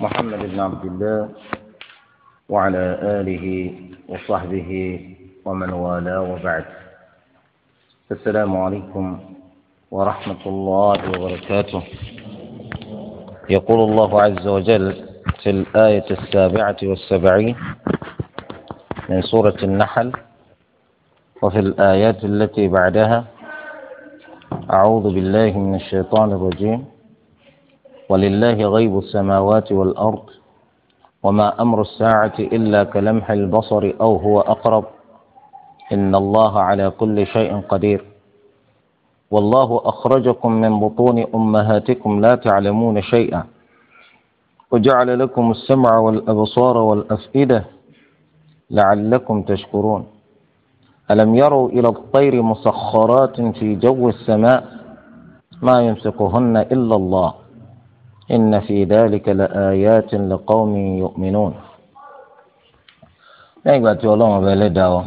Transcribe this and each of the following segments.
محمد بن عبد الله وعلى آله وصحبه ومن والاه وبعد السلام عليكم ورحمة الله وبركاته يقول الله عز وجل في الآية السابعة والسبعين من سورة النحل وفي الآيات التي بعدها أعوذ بالله من الشيطان الرجيم ولله غيب السماوات والأرض وما أمر الساعة إلا كلمح البصر أو هو أقرب إن الله على كل شيء قدير والله أخرجكم من بطون أمهاتكم لا تعلمون شيئا وجعل لكم السمع والأبصار والأفئدة لعلكم تشكرون ألم يروا إلى الطير مسخرات في جو السماء ما يمسكهن إلا الله إن في ذلك لآيات لقوم يؤمنون lẹ́yìn ìgbà tí ọlọ́run ọba ẹlẹ́dàá ọ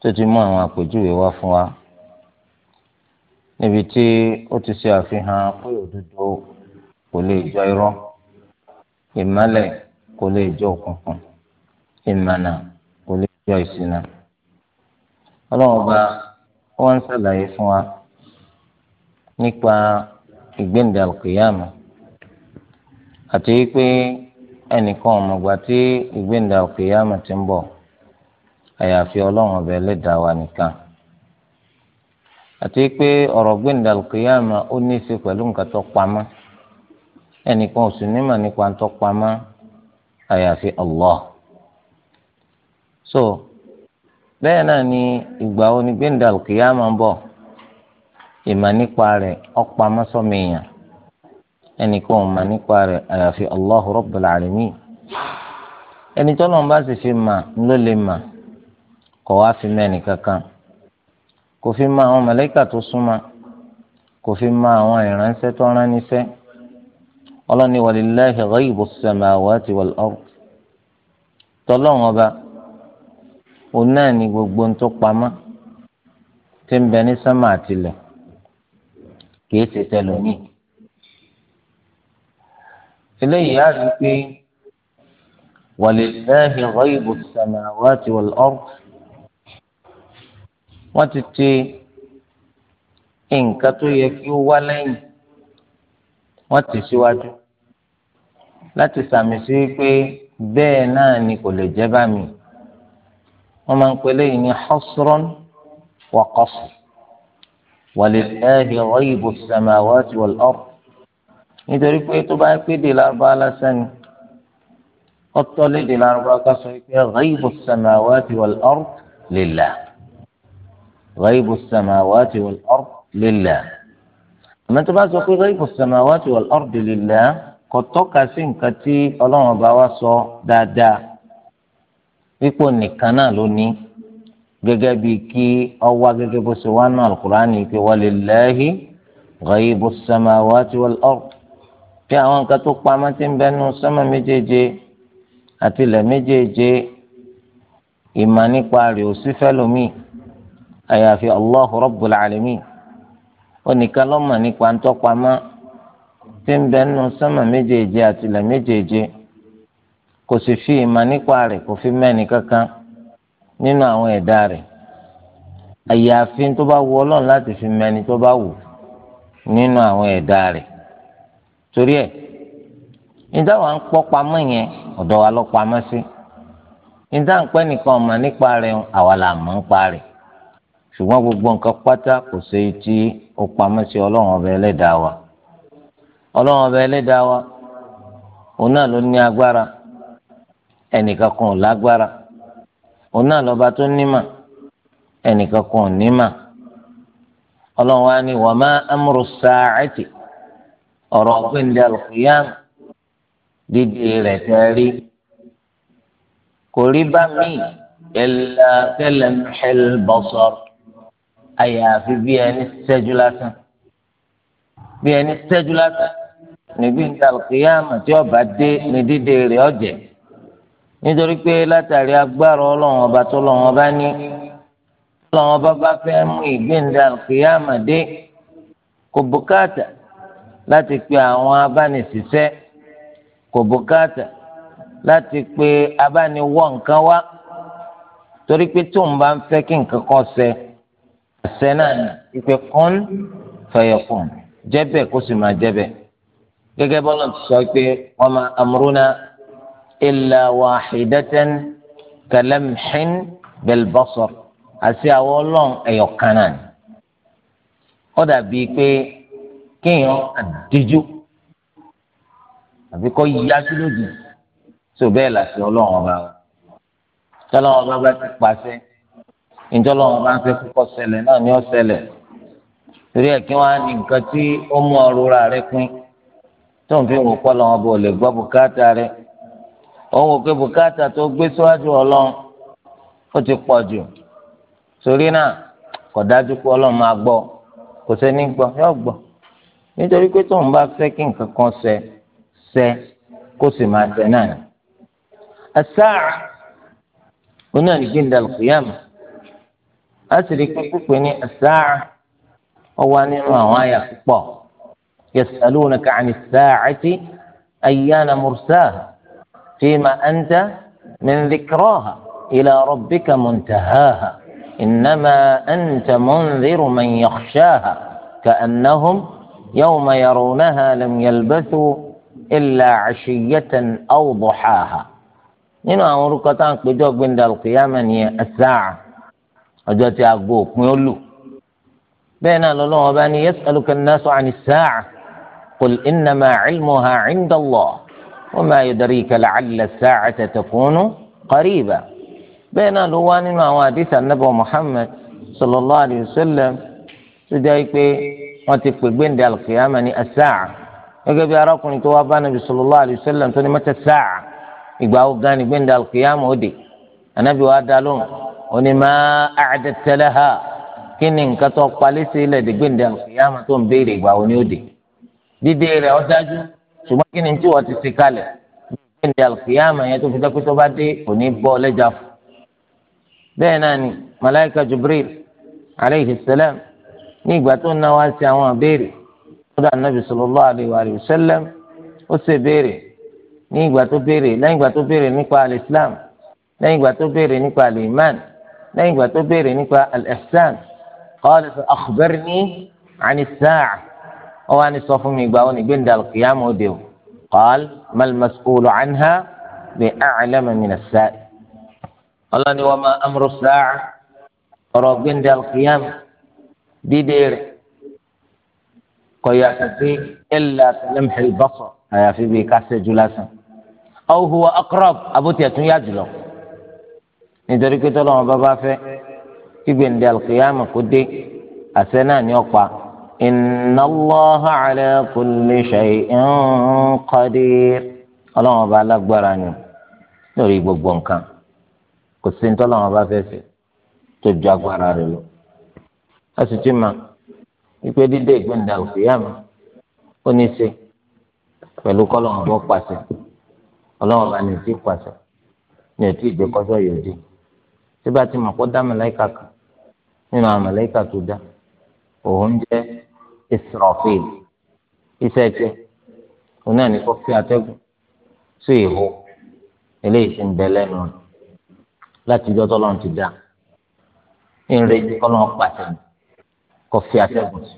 tó ti mú àwọn àpèjúwe wá fún wa níbi tí ó ti ṣe àfihàn pé òdodo kò lè jọ irọ́ ìmọ́lẹ̀ kò lè jọ òkùnkùn ìmọ̀nà kò lè jọ ìṣìnà ọlọ́run ọba wọ́n ń ṣàlàyé fún wa nípa ìgbéǹde àlùkìyàmù àti pé ẹnìkan ọ̀mọ̀gbà tí ìgbéǹda òkèèyàmọ̀ ti ń bọ̀ àyàfi ọlọ́run ọbẹ̀ ẹlẹ́dàá wa nìkan àti pé ọ̀rọ̀ gbéǹda òkèèyàmọ̀ ó ní í ṣe pẹ̀lú nǹkan tó pamọ́ ẹnìkan ò sì nímọ̀ nípa tó pamọ́ àyàfi so bẹ́ẹ̀ náà ni ìgbà wo ni gbéǹda ń bọ̀ ìmọ̀ nípa rẹ̀ ọ̀pamọ́ sọ́mìyàn. So, ẹnì kan ò mà nípa rẹ̀ àyàfi Allahu Rabbul Alamin ẹni tọ́lọ́ bá sì fi mà ló lè mà kọ́ wá fi mẹ́ni kankan kò fi mọ̀ àwọn màláíkà tó súnmọ́ kò fi mọ̀ àwọn ìránṣẹ́ tó rán níṣẹ́ ọlọ́ni walillahi ghaibus samawati wal ard tọ́lọ́run ọba òun náà ni gbogbo ń tó pamọ́ tí ń bẹ ní sánmà àtìlẹ̀ kì í ṣe tẹlómi eléyìí á rí i pé walillahi ghaibu samawati wal ard wọ́n ti ti nǹkan tó yẹ kí ó wá lẹ́yìn wọ́n ti síwájú láti sàmì sí pé bẹ́ẹ̀ náà ni kò lè jẹ́ bá mi wọ́n máa ń pè léyìn ní hasran wa qasr walillahi ghaibu samawati wal ard nítorí pé tó bá pé dè lárúbá lásán ni ọtọ́ lè dè lárúbá ká sọ pé ghaibu samawati wal ard lillah ghaibu samawati wal ard lillah àmọ́ tó bá sọ pé ghaibu samawati wal ard lillah kò tọ́ka sí nǹkan tí ọlọ́run ọba wa sọ dáadáa wípò nìkan náà ló gẹ́gẹ́ bíi kí ọwá gẹ́gẹ́ bó ṣe wá náà alukur'an ni pé walillahi ghaibu samawati wal ard fi àwọn nǹkan tó pamọ́ tí ń bẹnu sánmà méjèèje àti ilẹ̀ méjèèje ìmọ̀ nípa rẹ̀ ò sí fẹ́lómi àyàfi Allahu Rabbul Alamin onìkan ló mọ̀ nípa ń tọ́pamọ́ tí ń bẹnu sánmà méjèèje àti ilẹ̀ méjèèje kò sì fi ìmọ̀ nípa rẹ̀ kò fi mẹ́ni kankan nínú àwọn ẹ̀dá rẹ̀ àyàfi tó bá wù Ọlọ́run láti fi mẹ́ni tó bá wù nínú àwọn ẹ̀dá rẹ̀. torí ẹ níta wà ń pọ́ pamọ́ yẹn ọ̀dọ̀ wa lọ pamọ́ sí níta ń pẹ́ nìkan ọ̀mà nípa gbogbo nǹkan pátá kò sí tí ó pamọ́ sí ọba ẹlẹ́dàá wa ọba ẹlẹ́dàá wa òun náà ní agbára ẹnìkan kan ò lágbára òun náà tó nímà ẹnìkan kan ò ni ọ̀rọ̀ gbẹ̀ndẹ̀ alùpùpù dídì rẹ̀ tẹ́rí kò rí bá mi ẹ̀là tẹ́lẹ̀ mẹ́hẹ́l bọ́sọ̀ àyàfi bí ẹni sẹ́jú lásán bí ẹni sẹ́jú lásán níbi ìdàlùkìyàmù tí ọba dé ní dídì rẹ̀ ọ̀jẹ̀ nítorí pé látàrí agbára ọlọ́run ọba tó lọ́wọ́ bá ní ọlọ́run ọba bá fẹ́ mú ìgbéǹdàlùkìyàmù dé kò bùkátà láti pe àwọn abánisíṣẹ́ kò bùkátà láti pe abániwọ́ nǹkan wá torí pé tó ń bá ń fẹ́ kí nǹkan kan ṣẹ àṣẹ náà ní ìpè kan fẹ̀yẹ̀kùn jẹ́bẹ̀ kó sì máa jẹ́bẹ̀ gẹ́gẹ́ bọ́lá ti sọ pé wa ma amruna illa wahidatan kalamhin bil àti àwọn ọlọ́run ẹ̀yọ̀kan náà ó dàbí pé kéèyàn àdíjú àbí kọ́ yíyájú lójijì tó bẹ́ẹ̀ làṣẹ ọlọ́run ọba wa tọ́lọ́run ọba bá ti pàṣẹ ìjọlọ́run ọba ń fẹ́ kókó ṣẹlẹ̀ náà ni ó ṣẹlẹ̀ torí ẹ̀ kí wọ́n á ní nǹkan tí ó mú ọrùra rẹ pín tó ń fi wò pọ́ lọ́wọ́ bó lè gbọ́ bùkátà rẹ ó ń wò pé bùkátà tó gbé síwájú ọlọ́run ó ti pọ̀ jù torí náà kò dájú pé ọlọ́run máa gbọ́ kò sẹ́ni gbọ́ yóò gbọ́ nítorí pé tóun bá fẹ́ kí nǹkan kan ṣẹ ṣẹ kó sì máa ṣẹ náà ni. asáà ó náà oní àdìgbìndà lùkìyàmù a sì rí pípé pé ní asáà ó wá nínú àwọn àyà púpọ̀ yasalunaka ani saacati ayyana mursaha fima anta min dhikraha ila rabbika muntahaha innama anta mundiru man yakhshaha ka'annahum. يوم يرونها لم يلبثوا إلا عشية أو ضحاها نينو أمور كتان قدوك بند القيامة هي الساعة أجاتي أقبوك ميولو بين الله وباني يسألك الناس عن الساعة قل إنما علمها عند الله وما يدريك لعل الساعة تكون قريبا بين الوان وحديث النبي محمد صلى الله عليه وسلم سجايك wọ́n ti pè gbéǹde alùkìyàmà ní asáà gẹ́gẹ́ bí arákùnrin tó wá bá nàbì sallallahu alayhi wa sallam tó ní mẹ́ta sáà ìgbà wo gan ni gbéǹde alùkìyàmà ó dé ànábì wa dá lóhùn ó ní má a'dadta laha kí ni nǹkan tó palẹ́ sí ilẹ̀ dé gbéǹde alùkìyàmà tó ń béèrè ìgbà wo ni ó dídé rẹ̀ ó dájú ṣùgbọ́n kí ni tí wọ́n ti ṣe kalẹ̀ gbéǹde alùkìyàmà tó bá dé kò bọ́ lẹ́jà fún bẹ́ẹ̀ náà ni malaika Jibril alayhi salam ní ìgbà tó ń náwó tó béèrè lẹ́yìn ìgbà tó àwọn àbèrè lọ́dọ̀ ànábì sallallahu alaihi wa sallam o si ṣe béèrè ní ìgbà tó béèrè lẹ́yìn ìgbà tó béèrè nípa al-islam lẹ́yìn ìgbà tó béèrè nípa al-iman lẹ́yìn ìgbà tó béèrè nípa al-ihsan qala akubere ni ani saa ó wá ní sọ fún mi ìgbà òní gbẹ̀ndà òde o qala mal mas'ulu anha bi a'lama min as-sa'i ọlọ́ni wọ́n máa amúrò saa ọ̀rọ̀ gbẹ̀ndà dídé rẹ̀ kò yàtọ̀ sí illa lamhil basar àyàfi bíi kásẹ̀jú lásán aw huwa aqrab àbótiẹ̀ tún yá jùlọ nítorí pé tọ́lọ́wọ́n bá bá fẹ́ ìgbèǹde alqiyama kó dé àṣẹ náà ní ọ̀pá inna Allaha ala kulli shay'in qadir ọlọ́wọ́n bá lágbára ni lórí gbogbo nǹkan kò sí tọ́lọ́wọ́n bá fẹ́ fẹ́ tó ju agbára rẹ̀ lọ a sì ti mà wípé dídé ìgbéǹda òkèèyàmù ó ní í ṣe pẹ̀lú kọ́lọ́hún bọ́ pàṣẹ ọlọ́run bá ní ti pàṣẹ ní ètò ìgbẹ́kọ́sọ yòódì tí bá ti mọ̀ kó dá màláìka kan nínú àwọn màláìka tó dá òun jẹ́ Israfil iṣẹ́ tiẹ̀ òun náà ní kó fi atẹ́gùn sí ìhó eléyìí ti ń bẹ lẹ́nu rẹ̀ láti ìjọ́ tọ́lọ́run ti dá ń retí kọ́lọ́hún pàṣẹ ní kó fi atẹ́gùn sí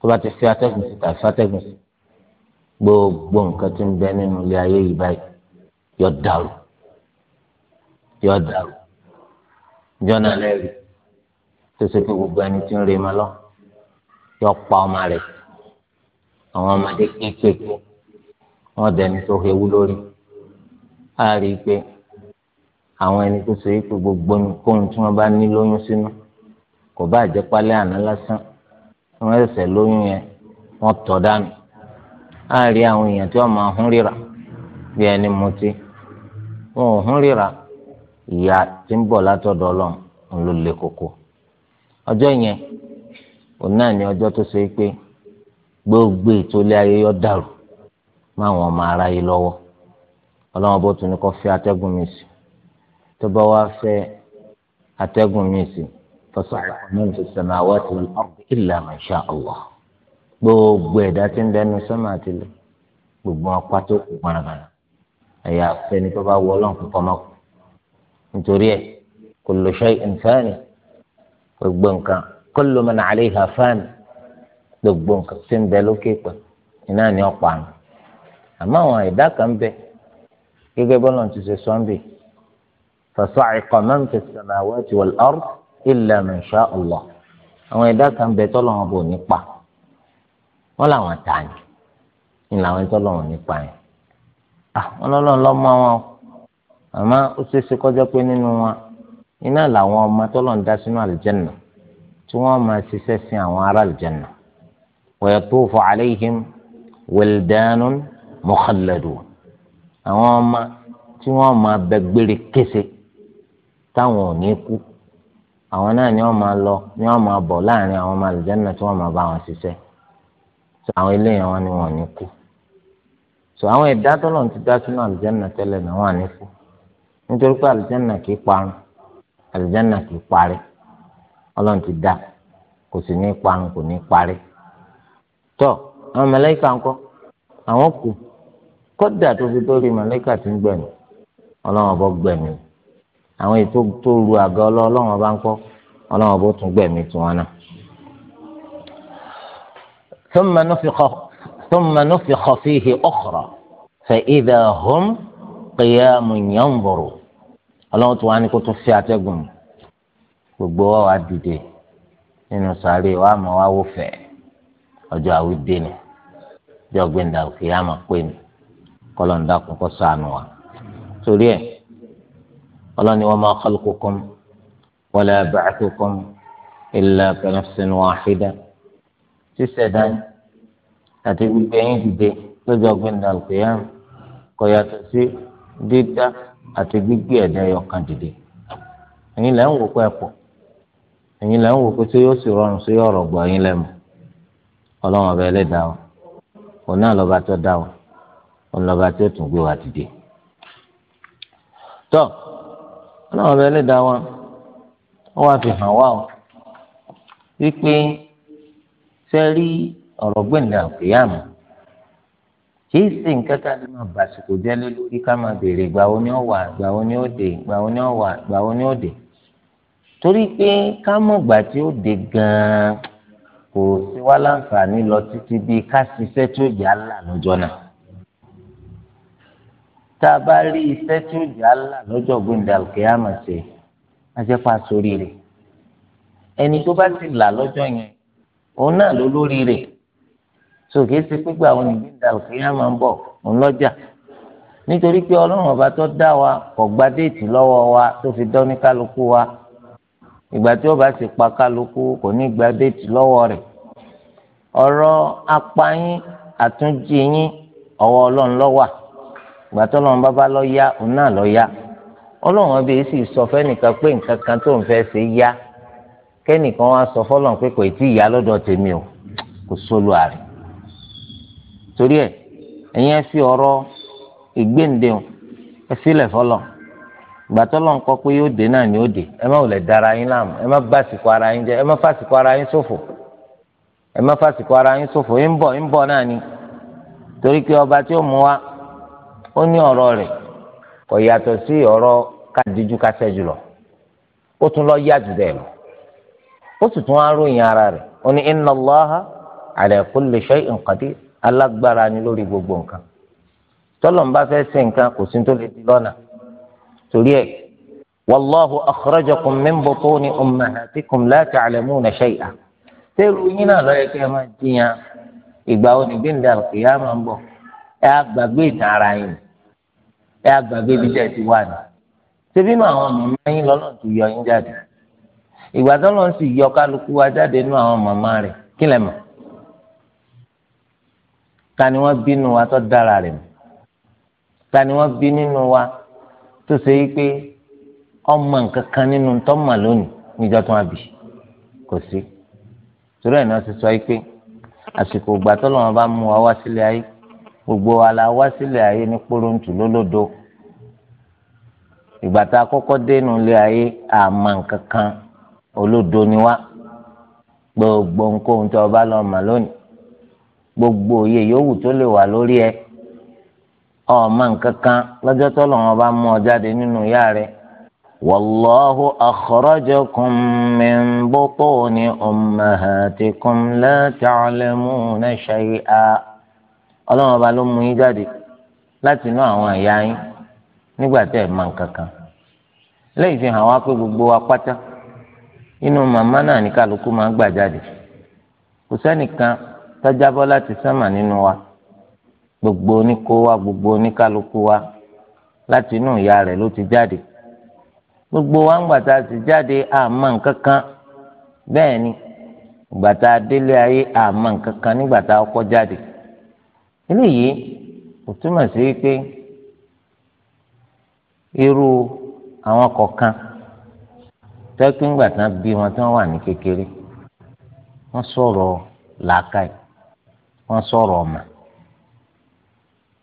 tó bá ti fi atẹ́gùn sí tàbí fatẹ́gùn sí gbogbo nǹkan tí ń bẹ nínú ilé ayé yìí báyìí yọ dàrú yọ dàrú jọ́nà lẹ́rìí tó ṣe pé gbogbo ẹni tí ń re ma lọ yọ pa ọmọ rẹ̀ àwọn ọmọdé kéékèèké wọn dẹni tó hewu lórí a rí i pé àwọn ẹni tó ṣe é pé gbogbo nǹkan tí wọ́n bá ní lóyún sínú kò bá àjẹpálẹ àná lásán wọn ẹsẹ lóyún yẹn wọn tọ dànù á rí àwọn èèyàn tí wọn máa hún ríra bí ẹni mutí wọn ò hún ríra ìyá tí ń bọ̀ látọ̀dọ̀ Ọlọ́run ló le koko ọjọ́ yẹn òun náà ni ọjọ́ tó ṣe pé gbogbo ìtòlé ayé yọ dàrú máwọn ọmọ aráyé lọ́wọ́ Ọlọ́run bó tún ní kó fẹ́ atẹ́gùn mi sí tó bá wá fẹ́ atẹ́gùn mi sí فصعق من في السماوات والأرض إلا ما شاء الله gbogbo ẹ̀dá tí ń dẹnu sọmọ àti lẹ gbogbo wọn pátó kù gbanagana ẹyà fẹni tó bá wọ Ọlọ́run kọkọ mọ kù nítorí ẹ kullu shay'in fani gbogbo nǹkan kullu man 'alayha fan gbogbo nǹkan tí ń bẹ lókè pẹ iná ni ọ àná àmọ́ àwọn ẹ̀dá kan bẹ gẹ́gẹ́ bọlọ ti ṣe sọmbì fasa'iqa man fi as-samawati wal-ard illa man sha Allah àwọn ẹ̀dá kan bẹ tọ́lọ́wọ́n bò nípa wọ́n làwọn tààyàn ní làwọn tọ́lọ́wọ́n nípa yẹn wọ́n lọ́lọ́run lọ́ mọ́ wọn àmọ́ ó ṣeé ṣe kọjá pé nínú wọn iná làwọn ọmọ tọ́lọ́run dá sínú àlùjẹ́nà tí wọ́n máa ṣiṣẹ́ sí àwọn ará àlùjẹ́nà wa yatufu alayhim wildanun mukhalladun àwọn ọmọ tí wọ́n máa bẹ gbére kése táwọn ò ní kú àwọn náà ni wọ́n máa lọ ni máa bọ̀ láàrin àwọn ọmọ àlùjànnà tí wọ́n máa bá wọn ṣiṣẹ́ so àwọn eléyìí wọn ni wọn ò ní kú so àwọn ẹ̀dá tọ́lọ̀ ti dá sínú àlùjànnà tẹ́lẹ̀ náà wọn à ní kú nítorí pé àlùjànnà kì í parun àlùjànnà kì í parí ti dá kò ní parun tọ́ àwọn ètò tó ru àga ọlọ́run ọba ń kọ́ ọlọ́run bó tún gbẹ̀mí tiwọn náà. ثم نفخ ثم نفخ فيه أخرى فإذا هم قيام ينظرون ọlọ́run tó wá ní kó tó fi àtẹ́gùn gbogbo wa wá dìde nínú sàárè wa mọ̀ wá wò fẹ́ ọjọ́ àwídé ni ọjọ́ gbẹ̀ndà òkè àmọ̀ pé ni kọ́lọ́ńdà kún kó sànù wa torí ẹ̀ ọlọ́ni wa ma khalqukum wala ba'thukum illa ka nafsin wahida ṣíṣẹ̀dá àti gbígbé yín dìde lójú ọgbìn nàlùkìyàm kò yàtọ̀ sí dídá àti gbígbé ẹ̀dá ẹyọkan dìde ẹ̀yin lẹ́ ń wò pé ẹ̀pọ̀ ẹ̀yin lẹ́ wò pé tí yóò sì rọrùn sí ọ̀rọ̀ gbọ́ ẹ̀yin lẹ́mu ọlọ́run ọba ẹlẹ́dàá wa òun náà lọ́ba tó dá òun lọ́ba tó tún gbé wa dìde. ọlọ́run ọba ẹlẹ́dàá wa ó wá fi hàn wá o wípé fẹ́ rí ọ̀rọ̀ gbẹ̀ǹdà àkúyàmù kì í sì nǹkan ká lè máa bàṣìkò jẹ́ lórí ká máa béèrè wo ni ó wà wo ni ó dé gba wo ni ó wà wo ni ó dé torí pé ká mọ̀ gbà tí ó dé gan-an kò sí wá lọ títí bíi ká ṣiṣẹ́ tá a bá rí iṣẹ́ tí ó jà ńlá lọ́jọ́ gbẹ̀ndà alkiyama ṣe ajẹ́pà sórí rẹ̀ ẹni tó bá ti là lọ́jọ́ yẹn òun náà ló lórí rẹ̀ sòkè ṣe pípa àwọn ìgbẹ̀ndà alkiyama ń bọ̀ òun lọ́jà nítorí pé ọlọ́run ọba tó dá wa kò gba déètì lọ́wọ́ wa tó fi dán ní kálukú wa ìgbà tí ó sì pa kálukú kò ní gba déètì lọ́wọ́ rẹ̀ ọ̀rọ̀ apayín àtúnjì yín ọwọ́ ọlọ́run ló wà. gbàtọ́ lọ́n bá bá lọ yá òun náà lọ yá ọlọ́run ọbẹ̀ sì sọ fẹ́nìkan pé nǹkan kan tó ń fẹ́ ṣe yá kẹ́nìkan wá sọ fọ́lọ́n pé kò tí ì yá lọ́dọ̀ tèmi o kò sólù àrè torí ẹ ẹ̀yin ẹ fi ọ̀rọ̀ ìgbéǹde o ẹ filẹ̀ fọ́lọ́n gbàtọ́ pé yóò dé náà ni dé ẹ má wòlẹ̀ dara yín ẹ má ara ẹ má ara yín ẹ má torí ọba tí ó mú wa ó ní ọ̀rọ̀ rẹ̀ kò yàtọ̀ sí ọ̀rọ̀ kádìjú kásẹ̀ jùlọ ó tún lọ yá jù bẹ́ẹ̀ lọ ó sì tún aróyìn ara rẹ̀ ó ní inna Allaha ala kulli shay'in qadir alágbára ni lórí gbogbo nǹkan tọ́lọ̀ ń bá fẹ́ ṣe nǹkan kò sí tó lè di lọ́nà torí ẹ̀ wallahu akhrajakum min butuni ummahatikum la ta'lamuna shay'a tẹ́lu yín náà lọ́yẹ kẹ́ ẹ máa jiyàn ìgbà wo ni gbẹ̀ndà máa ń bọ̀ ẹ á gbàgbé ìtàn ara yín ẹ àgbàgbé ibi tẹ́ ẹ ti wà ní. ṣébí mà àwọn màmá yín lọ́nà tó yọ yín jáde ìgbà tó lọ́n sì yọ kálukú wa jáde nú àwọn màmá rẹ̀ kí lẹ mọ̀ ta ni wọ́n bínú wa tó dára rẹ̀ mọ̀ ta ni wọ́n bí nínú wa tó ṣe yí pé ọmọ nǹkan kan nínú tó mà lónìí níjọ́ tó wà bì kò sí torí ẹ̀ náà ti sọ yí pé àsìkò ìgbà tó lọ́wọ́ bá mú wa wá sílé ayé gbogbo wa la wá sílẹ̀ ayé ní kpóróntù lólódo ìgbà tá a kọ́kọ́ dénú ilé ayé àmà kankan olódo ni wá gbogbo nǹkan tó o bá lọ mà lónìí gbogbo òye yòówù tó lè wà lórí ẹ ọmọ nǹkankan lọ́jọ́ tó lọ́wọ́ bá mú ọ jáde nínú ìyá rẹ wàlláhu akhrajakum min butuni ummahatikum la ta'lamuna shay'a ọlọ́run ọba ló mú yín jáde láti inú àwọn ẹ̀yà yín nígbà tẹ́ ẹ̀ mọ nǹkan kan lẹ́yìn fi hàn wá pé gbogbo wa pátá inú màmá náà ní kálukú máa ń gbà jáde kò sẹ́nìkan tọ́jábọ́ láti sánmà nínú wa gbogbo oníkó wa gbogbo oníkálukú wa láti inú ìyá rẹ̀ ló ti jáde gbogbo wa ń gbà tá a ti jáde àmọ́ nǹkan kan bẹ́ẹ̀ ni ìgbà tá délé ayé àmọ́ nǹkan kan nígbà tá jáde eléyìí kò túmọ̀ sí pé irú àwọn kọ̀ọ̀kan tẹ́kíngbà tí wọ́n bí wọn tí wọ́n wà ní kékeré wọ́n sọ̀rọ̀ làákàyè wọ́n sọ̀rọ̀ ọ̀mà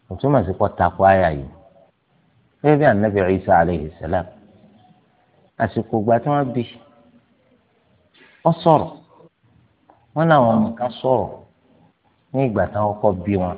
kò túmọ̀ sí pọ̀ takò àyà yìí bẹ́ẹ̀ bí anabi Isa aleyhi salam àsìkò ìgbà tí wọ́n bí wọ́n sọ̀rọ̀ wọ́n làwọn ọmọ kan sọ̀rọ̀ ní ìgbà tí wọ́n kọ́ bí wọn.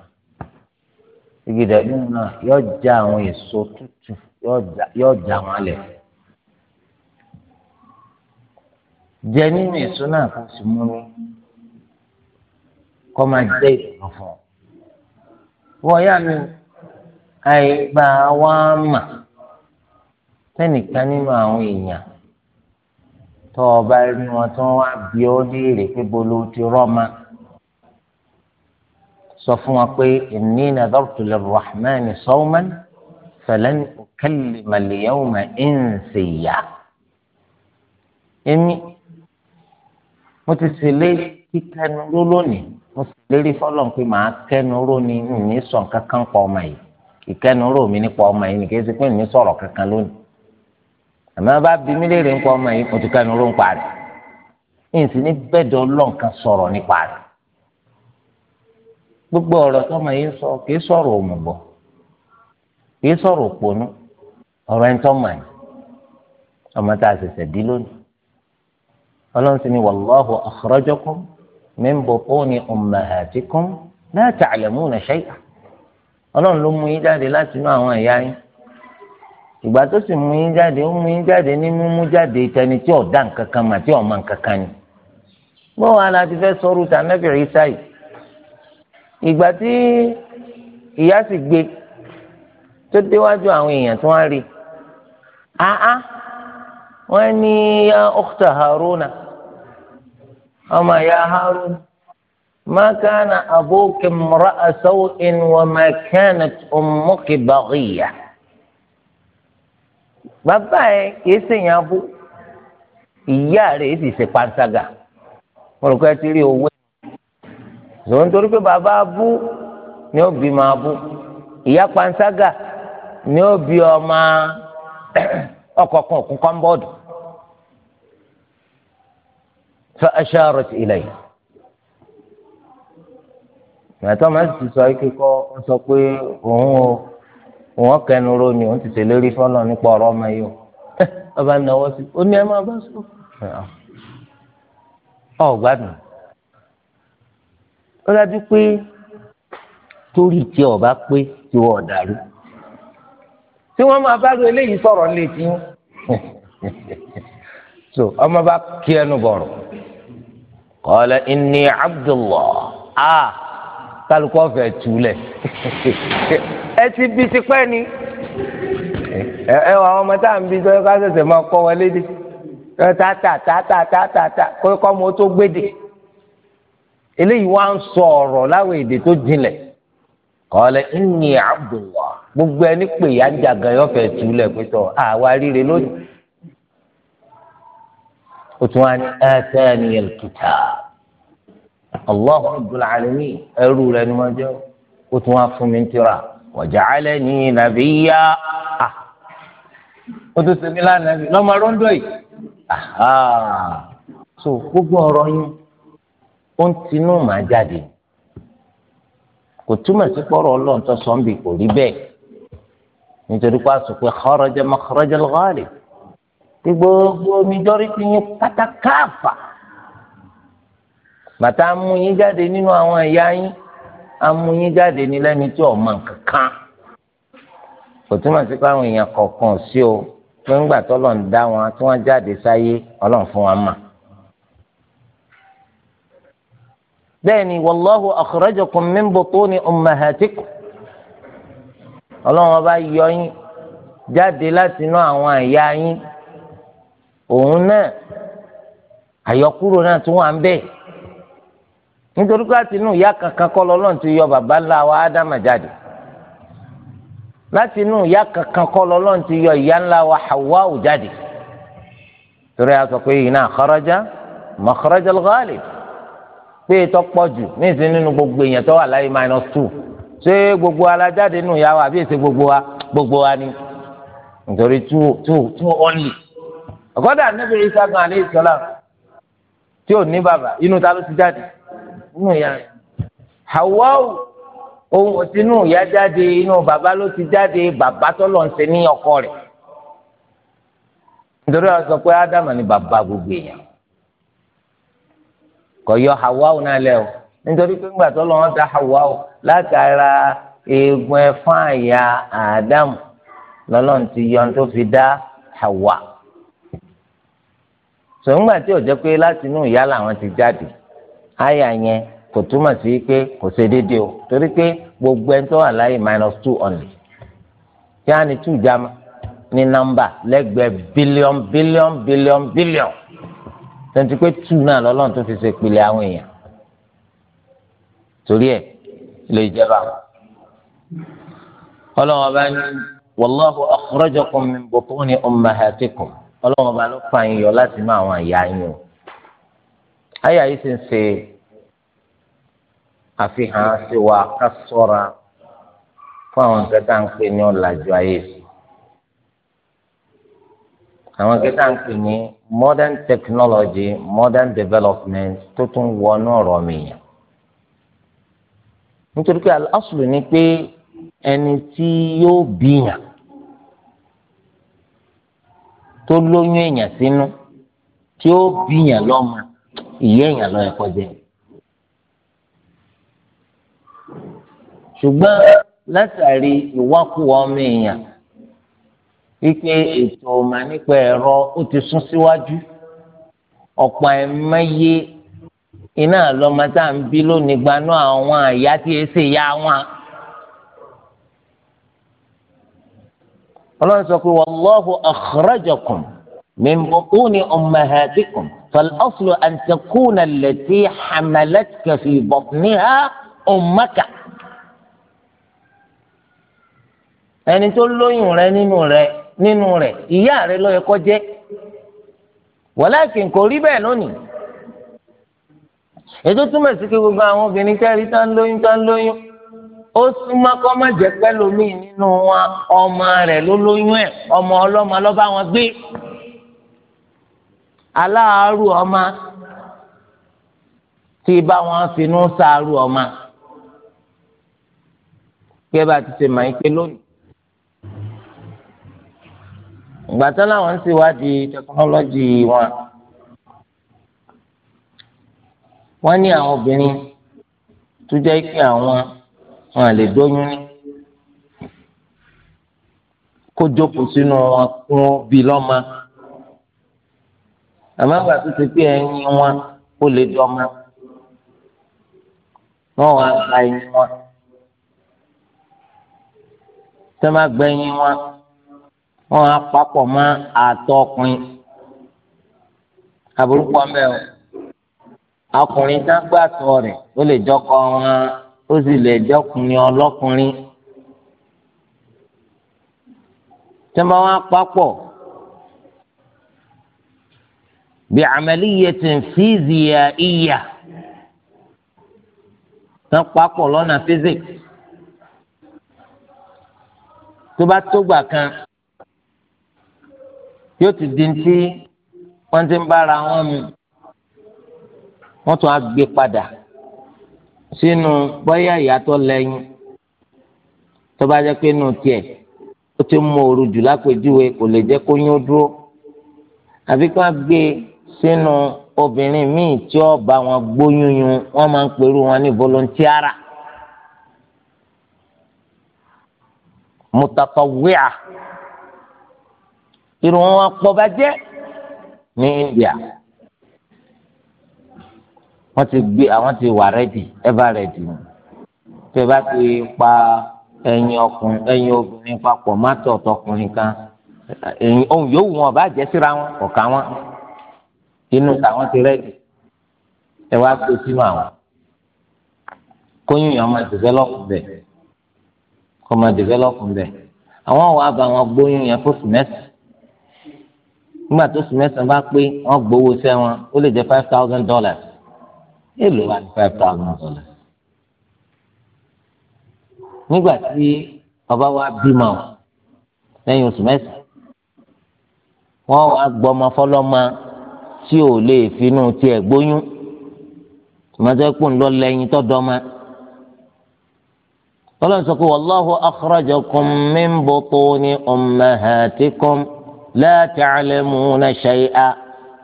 igi dàbí náà yóò já àwọn èso tútù yóò já wọn lẹ̀ jẹ nínú èso náà kó sì mú mi kó máa jẹ ìdùnnú fún ọ wọ́n yá mi àìgbà wa mà sẹ́nìkan nínú àwọn èèyàn tó o bá rí ti máa. sọ fún wa pé inni nadartu lirrahmani sawman falan ukallima al-yawma insiya èmi mo ti sèlé kíkẹnu ró lónìí mo sì lérí fọlọ́n pé màá kẹnu ró ni ní sọ nǹkan kan pa ọmọ yìí ìkẹnu ró mi nípa ọmọ yìí nìkan ṣe pé mi sọ̀rọ̀ kankan lónìí àmọ́ bá bí mi léèrè nípa ọmọ yìí mo ti kẹnu ró ń parí ní ìsìn ní bẹ́ẹ̀dọ̀ sọ̀rọ̀ nípa rẹ̀ gbogbo ọ̀rọ̀ tó máa yín sọ kì í sọ̀rọ̀ òmùgọ̀ kì í sọ̀rọ̀ òpònú ọ̀rọ̀ ẹni tó máa yín ọmọ tá a ṣẹ̀ṣẹ̀ dí lónìí ọlọ́run sì ni wàlláhu akhrajakum min butuni ummahatikum la ta'lamuna shay'a ọlọ́run ló mú yín jáde láti inú àwọn ìyá yín ìgbà tó sì mú yín jáde ó mú yín jáde ní mímú jáde tẹni tí ọ̀dà nǹkan kan mà tí ọ̀ma nǹkan kan ni bó wàá ti fẹ́ sọ́rù tà nẹ́bìrì sáyìí ìgbà tí ìyá sì gbé tó déwájú àwọn èèyàn tí wọ́n rí àá wọ́n ní ọkùtà haruna ọmọ ìyá haruna mákàna abókè mọ́ra àṣọwò ìnùwọ̀n mákàna ọmọkè bàríyà bàbá ẹ kìí ṣèyàn abó ìyá rẹ̀ sì ṣe panṣágà mo rò pé ẹ ti rí owó zòun torí pé bàbá abú ni ó bí máa bú ìyá panṣágà ni ó bí ọmọ ọkọ̀ọ̀kan òkun kọ́ńbọ́ọ̀dù fa asharat ilay màtọ́ máa ti sọ ike kọ́ ọ sọ pé òun o òun kẹnu ro ni òun ti ṣèlérí fọlọ nípa ọ̀rọ̀ ọmọ yìí o ọba náwó sí ó ní ẹ máa bá sọ ọ gbádùn. ó dájú pé torí tí ọba pé tí wọn dàrú tí wọn máa bá lu eléyìí sọ̀rọ̀ létí so ọmọ bá kí ẹnu bọrọ qala inni abdullah a kálukú ọfẹ túlẹ ẹ ti bí tipẹ́ ni ẹ ẹ wà ọmọ tá à ń bí sọ ká ṣẹ̀ṣẹ̀ máa kọ́ wọlé dé tá tá tá tá tá tá kó kọ́ tó gbé dé. eléyìí wá ń sọ ọ̀rọ̀ láwọn èdè tó jinlẹ̀ kọ́lẹ̀ inni abdullah gbogbo ẹni pè ya ń jàgàn yọ fẹ́ túlẹ̀ pẹ́tọ́ àwa ríre lónìí o tún wá ní atani al-kitab Allahu rabbul alamin ẹrú rẹ ni wọ́n jẹ́ o tún wá fún mi ń tira wa ja'alani nabiyya o ah. tún sèmi lánàá lọ́mọ rọ́ńdọ̀ yìí so gbogbo ọ̀rọ̀ yín ó ń tinú màá jáde kò túmọ̀ sí pọ́rọ̀ ọlọ́run tó sọ ń bì kò rí bẹ́ẹ̀ nítorí pé a sọ pé kharaja makhraja al-ghalib tí gbogbo majority yín pátákáàfà bàtà mú yín jáde nínú àwọn ẹ̀yà yín amú yín jáde ní lẹ́ni tí ò mọ nǹkan kò túmọ̀ sí pé àwọn èèyàn kọ̀ọ̀kan sí o pé ńgbà tọ́lọ̀ ń dá wọn tí wọ́n jáde sáyé ọlọ́run fún wa mà bẹ́ẹ̀ ni wallahu akhrajakum min butuni ummahatikum ọlọ́run ọba yọ yín jáde láti inú àwọn àyà yín òun náà àyọkúrò náà tún wà ń bẹ̀ nítorí pé láti inú ìyá kankan kọ́ lọ́lọ́run ti yọ bàbá ńlá wa ádámà jáde láti inú ìyá kankan kọ́ lọ́lọ́run ti yọ ìyá ńlá wa Hawwa'u jáde torí a sọ pé yìí náà kharaja makhraja al-ghalib pé ètò pọ̀ jù ní ìsìn nínú gbogbo èèyàn tó wà láyé minus two ṣé gbogbo alájáde nù yà wá àbí èsè gbogbo wa gbogbo wa ni nítorí two two two only ọ̀gọ́dà níbi ìṣàgùn àlẹ́ ìṣọ́lá tí ò ní bàbá inú ta ló ti jáde inú ìyá Hawa ohun òsínú ìyá jáde inú bàbá ló ti jáde bàbá tọ́lọ̀ ń ṣe ní ọkọ rẹ̀ nítorí àwọn sọ pé ádámà ni bàbá gbogbo èèyàn kò yọ Hawa náà lẹ o nítorí pé ńgbà tó lọ́wọ́ da Hawa láti ara eegun ẹ̀fọn àyà Ádámù lọ́lọ́run ti yọ tó fi dá Hawa sọ̀ngbà tí ò jẹ́ pé láti inú ìyá làwọn ti jáde àyà yẹn kò túmọ̀ sí pé kò ṣe déédéé o torí pé gbogbo ẹni tó wà láyé minus two only kí á ní two jama ní nọ́mbà lẹ́gbẹ̀ẹ́ bílíọ̀n bílíọ̀n bílíọ̀n bílíọ̀n tẹ̀sí pé tù náà lọ́lọ́run tó fi ṣe ìpìlẹ̀ àwọn èèyàn torí ẹ̀ lè jẹba ọlọ́run ọba ní wallahu akhrajakum min butuni ummahatikum ọlọ́run ọba ló fa yín yọ láti mú àwọn àyà yín o àyà yìí sì ń ṣe àfihàn sí wa ká sọ́ra fún àwọn nǹkan tá à ń pè ní ọ̀làjú ayé sí àwọn kẹta ń pè ní modern technology modern development tó tún wọnú ọ̀rọ̀ mìíràn nítorí pé aláṣùlù ni pé ẹni tí yóò bíyàn tó lóyún èèyàn sínú tí ó bíyàn lọ́mọ ìyá èèyàn ló yẹ kó ṣùgbọ́n látàrí ìwákùwà ọmọ èèyàn wípé ètò ọmọ nípa ẹ̀rọ ó ti sún síwájú ọ̀pọ̀ ẹ̀mẹ́yẹ iná lọ́mọ tá à ń bí lónìí gbaná àwọn àyà tí ẹ ṣe ya wọn. ọlọ́run sọ pé wallahu akhrajakum min butuni ummahatikum fal aslu an takuna allati hamalatka fi batniha ummaka. ẹni tó lóyún rẹ nínú rẹ nínú rẹ̀ ìyá rẹ̀ ló yẹ kó jẹ́ wàláàkì kò rí bẹ́ẹ̀ lónìí ètò túmọ̀ sí pé gbogbo àwọn obìnrin kẹ́rì tán lóyún tán lóyún ó súnmọ́ kọ́ má jẹ́ pẹ́lòmíì nínú wọn ọmọ rẹ̀ ló lóyún ẹ̀ ọmọ ọlọ́mọ ló wọn gbé aláàárù ọmọ tí bá wọn finú sáàárù ọmọ kí ẹ bá ti ṣe màá ike lónìí gbàtọ́ làwọn ń ṣèwádìí tẹkinọ́lọ́jì wọn wọ́n ní àwọn obìnrin tó jẹ́ pé àwọn wọn lè dóyún ní kó jókòó sínú wọn kún bí lọ́mọ àmọ́ àgbà tó ti pé ẹyin wọn ó lè dọ́mọ wọ́n wá gba ẹyin wọn tẹ́ máa gba ẹyin wọn wọn á papọ̀ mọ́ àtọ̀ ọkùnrin àbúrúkọ mẹ́ọ̀ ọkùnrin tá gbàtọ̀ rẹ̀ ó lè jọkọ wọn ó sì lè jọkùnrin ọlọ́kùnrin tí wọ́n bá wọn papọ̀ bí amaliyatin fiziyaiya tán papọ̀ lọ́nà physics tó bá tó gbà kan yóò ti di ti wọ́n ti ń bára wọn mu wọ́n tún á gbé padà sínú bóyá ìyàtọ̀ lẹ́yìn tó bá jẹ́ pé inú tiẹ̀ ó ti mú ooru jù lápèjúwe kò lè jẹ́ kó yín ó dúró àfi ká gbé sínú obìnrin míì tí ó bá wọn gbóyúnyún wọ́n máa ń perú wọn ní volontiara mutatawia irun wọn pọ̀ bàjẹ́ ní India wọ́n ti gbé àwọn ti wà rẹ́dì ẹ̀fà rẹ́dì ni tẹ́ bá ti pa ẹyin ọkùnrin ẹyin obìnrin papọ̀ má tọ̀ tọkùnrin kan ẹyin ohun yòówù wọn bá jẹ́ síra wọn ọ̀ka wọn inú tàwọn ti rẹ́dì ẹ wá gbé sínú àwọn kóyún yẹn máa dìvẹ́lọ́pù bẹ̀ kọ́ máa dìvẹ́lọ́pù bẹ̀ àwọn wàá bá wọn gbóyún yẹn fún sìmẹ́sì nígbà tó sì mẹ́sàn-án bá pé wọ́n gbowó sẹ́ wọn ó lè jẹ́ five thousand dollars èèlò wà ní five thousand dollars. nígbà tí ọba wa bímọ lẹ́yìn oṣù mẹ́sàn-án wọ́n wá gbọ́mọ fọlọ́mọ tí ò lè finú tiẹ̀ gbóyún tòmátò ẹ̀pọ̀ ńlọ lẹ́yìn tọ́dọ́ ma tọ́lá ń sọ pé wallahu akhrajakum min butuni ummahatikum la ta'lamuna shay'a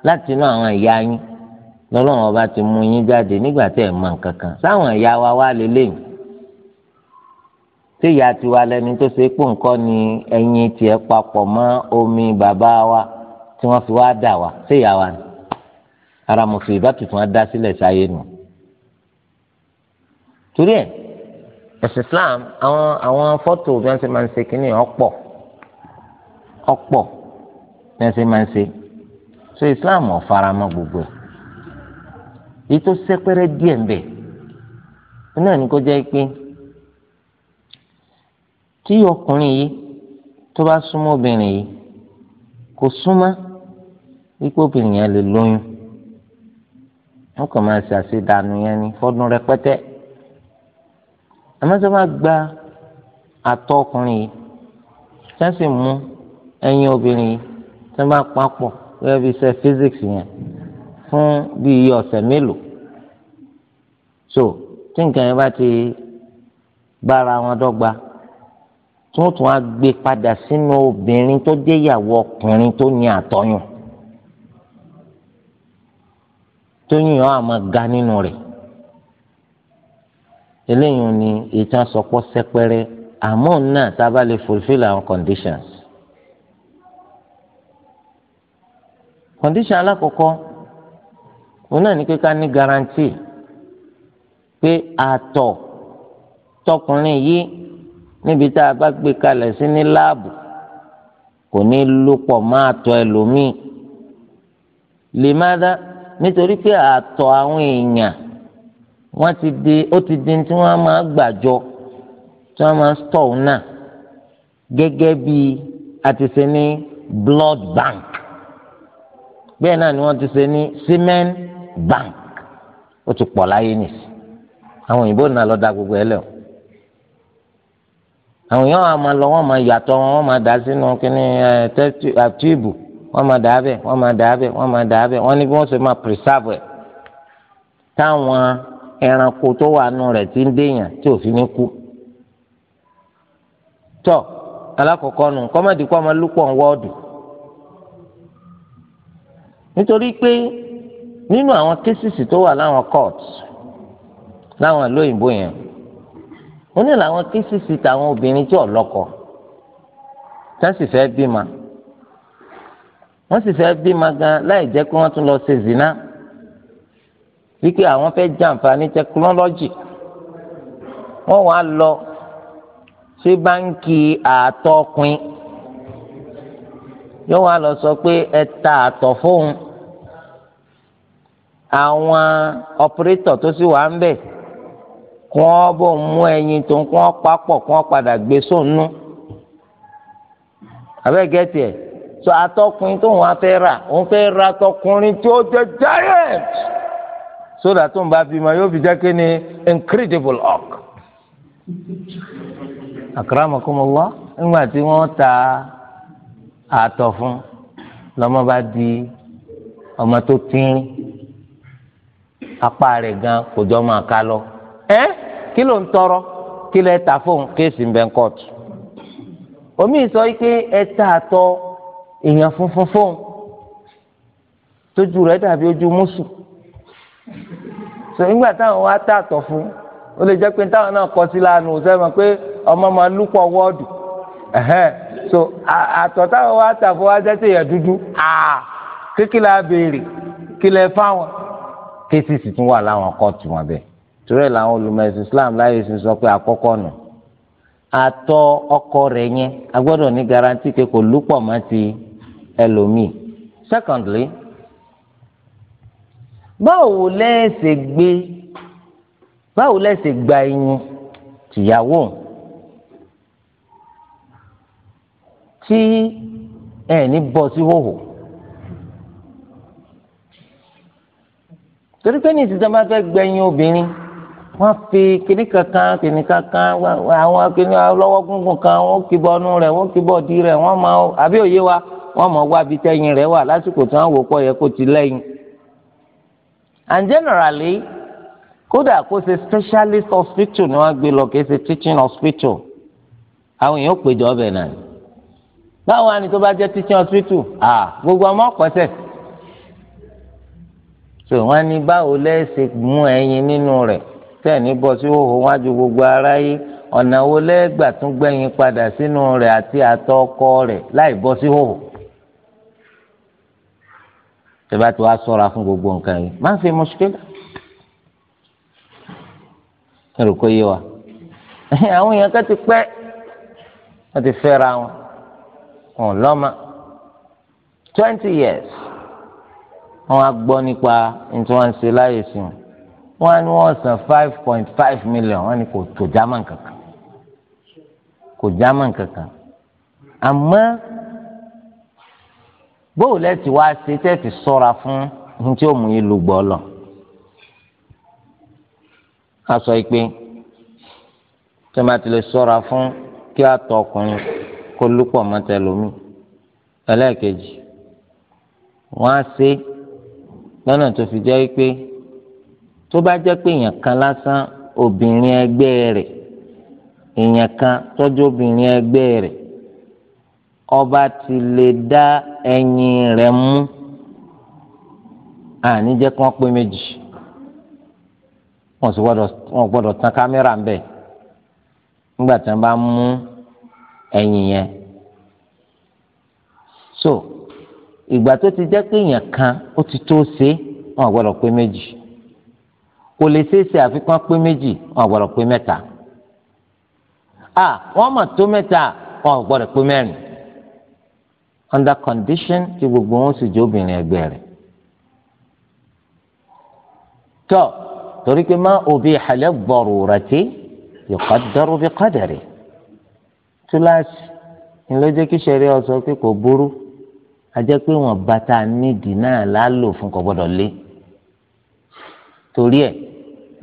láti inú àwọn ìyá yín lọ́lọ́run ọba ti mú yín jáde nígbà tẹ́ ẹ̀ mọ̀ nǹkan kan sáwọn ìyá wa wá lélẹ́yìn tí ìyá tiwa lẹni tó ṣe pò nǹkan ni ẹyin tiẹ̀ papọ̀ mọ́ omi bàbá wa tí wọ́n fi wá dà wá sí ìyá wa ni ara mọ̀fì ìbá tuntun dá sílẹ̀ sáyé nù. torí ẹ̀ ẹ̀sìn Islam àwọn àwọn fọ́tò bí wọ́n ti máa ń ṣe kínní ọ̀pọ̀ ọ̀pọ̀ mẹsẹ máa ń ṣe so islam ò fara mọ́ gbogbo ẹ èyí tó sẹpẹrẹ díẹ̀ ń bẹ náà ní kó jẹ́ pé tí ọkùnrin yìí tó bá súnmọ́ obìnrin yìí kò súnmọ́ wípé obìnrin yẹn lè lóyún wọn kàn máa ṣe àṣedànù yẹn ni fọdún rẹpẹtẹ àmọ́ tó gba àtọ̀ ọkùnrin yìí tí mú ẹyin obìnrin yìí tí wọ́n bá papọ̀ gẹ́gẹ́ bí iṣẹ́ physics yẹn fún bí iye ọ̀sẹ̀ mélòó so tí nǹkan yẹn bá ti bára wọn dọ́gba tí wọ́n tún á gbé padà sínú obìnrin tó jẹ́ ìyàwó ọkùnrin tó ní àtọ́yùn tó yìn ọ́ àmọ́ ga nínú rẹ̀ eléyìí ni ìtàn sọpọ́ sẹ́pẹ́rẹ́ àmọ́ náà tá a bá lè fulfil àwọn conditions. kọ̀ǹdíṣàn alákọ̀ọ́kọ́ òun náà ní pé ká ní garanti pé àtọ̀ tọkùnrin yìí níbi tá a bá gbé kalẹ̀ sí ní láàbù kò ní lòpọ̀ máa tọ̀ ẹlòmíì lè má dá nítorí pé àtọ̀ àwọn èèyàn wọ́n ti di ó ti di tí wọ́n máa gbàjọ tí wọ́n máa stọ̀ náà gẹ́gẹ́ bí a ti ṣe ní blood bank bẹ́ẹ̀ náà ni wọ́n ti ṣe ní cement bank ó ti pọ̀ láyé nìsí àwọn òyìnbó náà lọ da gbogbo ẹ o àwọn èèyàn wa máa lọ wọ́n máa yàtọ̀ wọn wọ́n máa dà sínú kíní tíìbù wọ́n máa dà bẹ̀ máa dà bẹ̀ máa dà bẹ̀ wọ́n bí wọ́n ṣe máa ẹ̀ táwọn ẹranko tó wà nù rẹ̀ ti ń déyàn tí òfin ní kú tọ alákọ̀ọ́kọ́ nù kọ́mọ̀dé nítorí pé nínú àwọn kéṣìṣì tó wà láwọn court láwọn ìlú òyìnbó yẹn ó ní làwọn kéṣìṣì tàwọn obìnrin tí ọlọ́kọ tá sì fẹ́ bímọ wọ́n sì fẹ́ bímọ gan láì jẹ́ pé wọ́n tún lọ ṣe zina wípé àwọn fẹ́ jàǹfààní tẹkinọ́lọ́jì wọ́n wá lọ sí báńkì àtọkùn yóò wá lọ sọ pé ẹ ta àtọ̀ fóun àwọn ọpẹrẹtọ tó sì wà ń bẹ kí wọn bò mú ẹyin tó ń kí wọn papọ̀ kí wọn padà gbé sóònù abẹ́gẹ́tì ẹ̀ sọ atọ́kùnrin tó wọn fẹ́ rà òun fẹ́ ra atọ́kùnrin tí ó jẹ giant sódà tó ń bá bímọ yóò fi jẹ́ ni incredible hawk akramakumullah nígbà tí wọ́n ta àtọ̀ fún lọ́mọ bá di ọmọ tó tínrín. apá rẹ gan kò jọ máa ká lọ ẹ kí ló ń tọrọ kí lẹ ta fóun kéèsì omi sọ pé ẹ ta àtọ èèyàn funfun fóun tójú rẹ̀ dàbí ojú mùsù sọ nígbà táwọn wá tá àtọ fún ó lè jẹ́ pé táwọn náà kọ sí lánàá ò sẹ́wọ̀n pé ọmọ máa lúpọ̀ wọ́ọ̀dù so àtọ̀ táwọn wá tà fún jẹ́ dúdú kékeré abèrè kílẹ̀ fáwọn. kéésìsì tún wà láwọn kóòtù wọn bẹ́ẹ̀ torí ẹ̀ làwọn olùmọ̀ẹ̀sìn Islam láyé sì sọ pé àkọ́kọ́ nù àtọ̀ ọkọ rẹ̀ yẹn a gbọ́dọ̀ ní garanti pé kò lúpọ̀ mọ́ ti ẹlòmíì secondly báwo lẹ́sẹ̀ gbé báwo lẹ́sẹ̀ gba ẹyin tìyàwó tí ẹ̀ ní bọ́ sí hòhò. Si torí pé ní ìsinsìnyí máa fẹ́ gbẹ̀yìn obìnrin wọ́n fi kíní kankan kíní kankan àwọn kíní lọ́wọ́ gúngùn kan wọ́n kì bọ́nú rẹ̀ wọ́n kì bọ́ọ̀dì rẹ̀ wọ́n máa àbí òye wa wọ́n máa wá bíi tẹ́yìn rẹ̀ wà lásìkò tí wọ́n wò pọ̀ yẹ kó ti lẹ́yìn. and generally kódà kó ṣe specialist hospital ni wọ́n gbé lọ kì í ṣe teaching hospital àwọn èèyàn péjọ ọbẹ̀ náà báwo ni tó bá jẹ́ teaching hospital ah gbogbo ọmọ ọ̀pọ̀ sẹ́ẹ̀ so wọ́n ní báwo lẹ́sẹ̀ mú ẹyin nínú rẹ̀ tẹ́ẹ̀ní bọ́ sí òhò wájú gbogbo aráyé ọ̀nà wo lẹ́gbà tún gbẹ̀yìn padà sínú rẹ̀ àti àtọ̀ ọkọ rẹ̀ láì bọ́ sí òhò tẹ́bá tí wàá sọ̀ra fún gbogbo nǹkan yìí má fi mọ̀ṣúkẹ́lá ẹ̀rù kò yé wa àwọn èèyàn kan ti pẹ́ wọ́n ti fẹ́ra wọn wọn lọ́mọ twenty years wọ́n á gbọ́ nípa ntí wọ́n ṣe láyè sí wọn wọ́n á ní san five point five million wọ́n ní kò tó german kankan kò german kankan àmọ́ bóòlù ẹ ti wá ṣe tẹ́tì sọ́ra fún ntí ó mú yín lùgbọ́ lọ a sọ pé tí wọ́n ti lè sọ́ra fún kí àtọ ọkùnrin kó lùpọ̀ mọ́tẹ́lómi ẹlẹ́ẹ̀kejì wọ́n á ṣe lọ́nà tó fi jẹ́ pé tó bá jẹ́ pé èèyàn kan lásán obìnrin ẹgbẹ́ rẹ̀ èèyàn kan tọ́jú obìnrin ẹgbẹ́ rẹ̀ ọba ti lè dá ẹyin rẹ̀ mú àní jẹ́ kí wọ́n pé méjì wọ́n sì gbọ́dọ̀ tán kámẹ́rà ń bẹ̀ nígbà tí wọ́n bá mú ẹyin yẹn so ìgbà tó ti jẹ́ pé èèyàn kan ó ti tó ṣe wọn gbọ́dọ̀ pé méjì kò lè ṣeé ṣe àfikún pé méjì wọn gbọ́dọ̀ pé mẹ́ta à wọ́n mà tó mẹ́ta wọn gbọ́dọ̀ pé mẹ́rin under condition tí gbogbo wọn sì jẹ́ obìnrin ẹgbẹ́ rẹ̀ tọ́ torí pé má òbí ìhàlẹ́ gbọ̀rọ̀ rẹ̀ tí yòókà dọ́rọ̀ bí kọ́dẹ̀ rẹ̀ túláàsì ńlọ́jẹ́ kí sẹ́rí ọ̀sán pé kò burú ajẹ́ pé wọ́n bàtà nídìí náà lálò fún kò gbọ́dọ̀ lé torí ẹ̀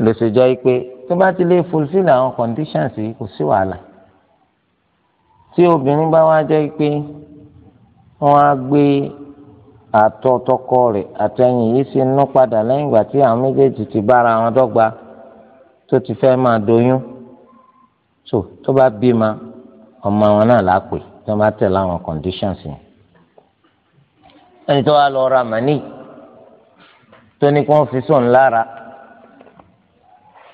ló ṣe jọ pé tó bá ti lè fulfil àwọn conditions yìí kò sí wàhálà tí obìnrin bá wá jẹ́ pé wọ́n á gbé àtọ̀ tọkọ rẹ̀ àtẹ̀yìn yìí sì nú padà lẹ́yìn ìgbà tí àwọn méjèèjì ti bára wọn dọ́gba tó ti fẹ́ máa doyún tó tó bá bímọ ọmọ wọn náà lápè tó bá tẹ̀lé àwọn conditions yẹn. ẹni tó wá lọ ra màní tó ní kí wọ́n fi sùn lára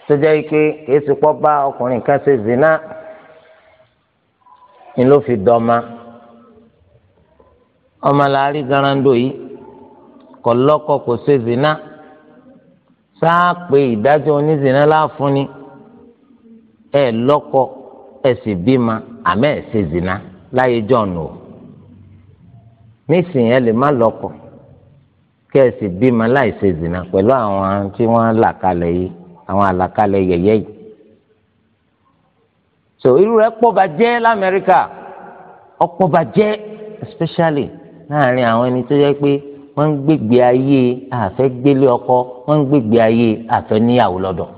tó jẹ́ pé kìí sì pọ́ bá ọkùnrin kan zina ni ló fi dọ́ma ọmọ làárí garando yìí kò lọ́kọ kò ṣe zina sáà pé ìdájọ́ zina láàfúnni ẹ lọ́kọ ẹ sì bímọ àmẹ́ ẹ ṣe zina láyé jọ̀ọ̀nù o. nísìnyí ẹ lè má lọ́kọ kẹ́ẹ̀sì bímọ láìṣe zìnà pẹ̀lú àwọn tí wọ́n là kalẹ̀ yìí àwọn àlàkalẹ̀ yẹ̀yẹ́ yìí so irú rẹ̀ pọ̀ bàjẹ́ l'Amẹ́ríkà ọ̀pọ̀ bàjẹ́ especially láàrin àwọn ẹni tó yẹ pé wọ́n ń gbégbé ayé àfẹ́ gbélé ọkọ wọ́n ń gbégbé ayé àfẹ́ níyàwó lọ́dọ̀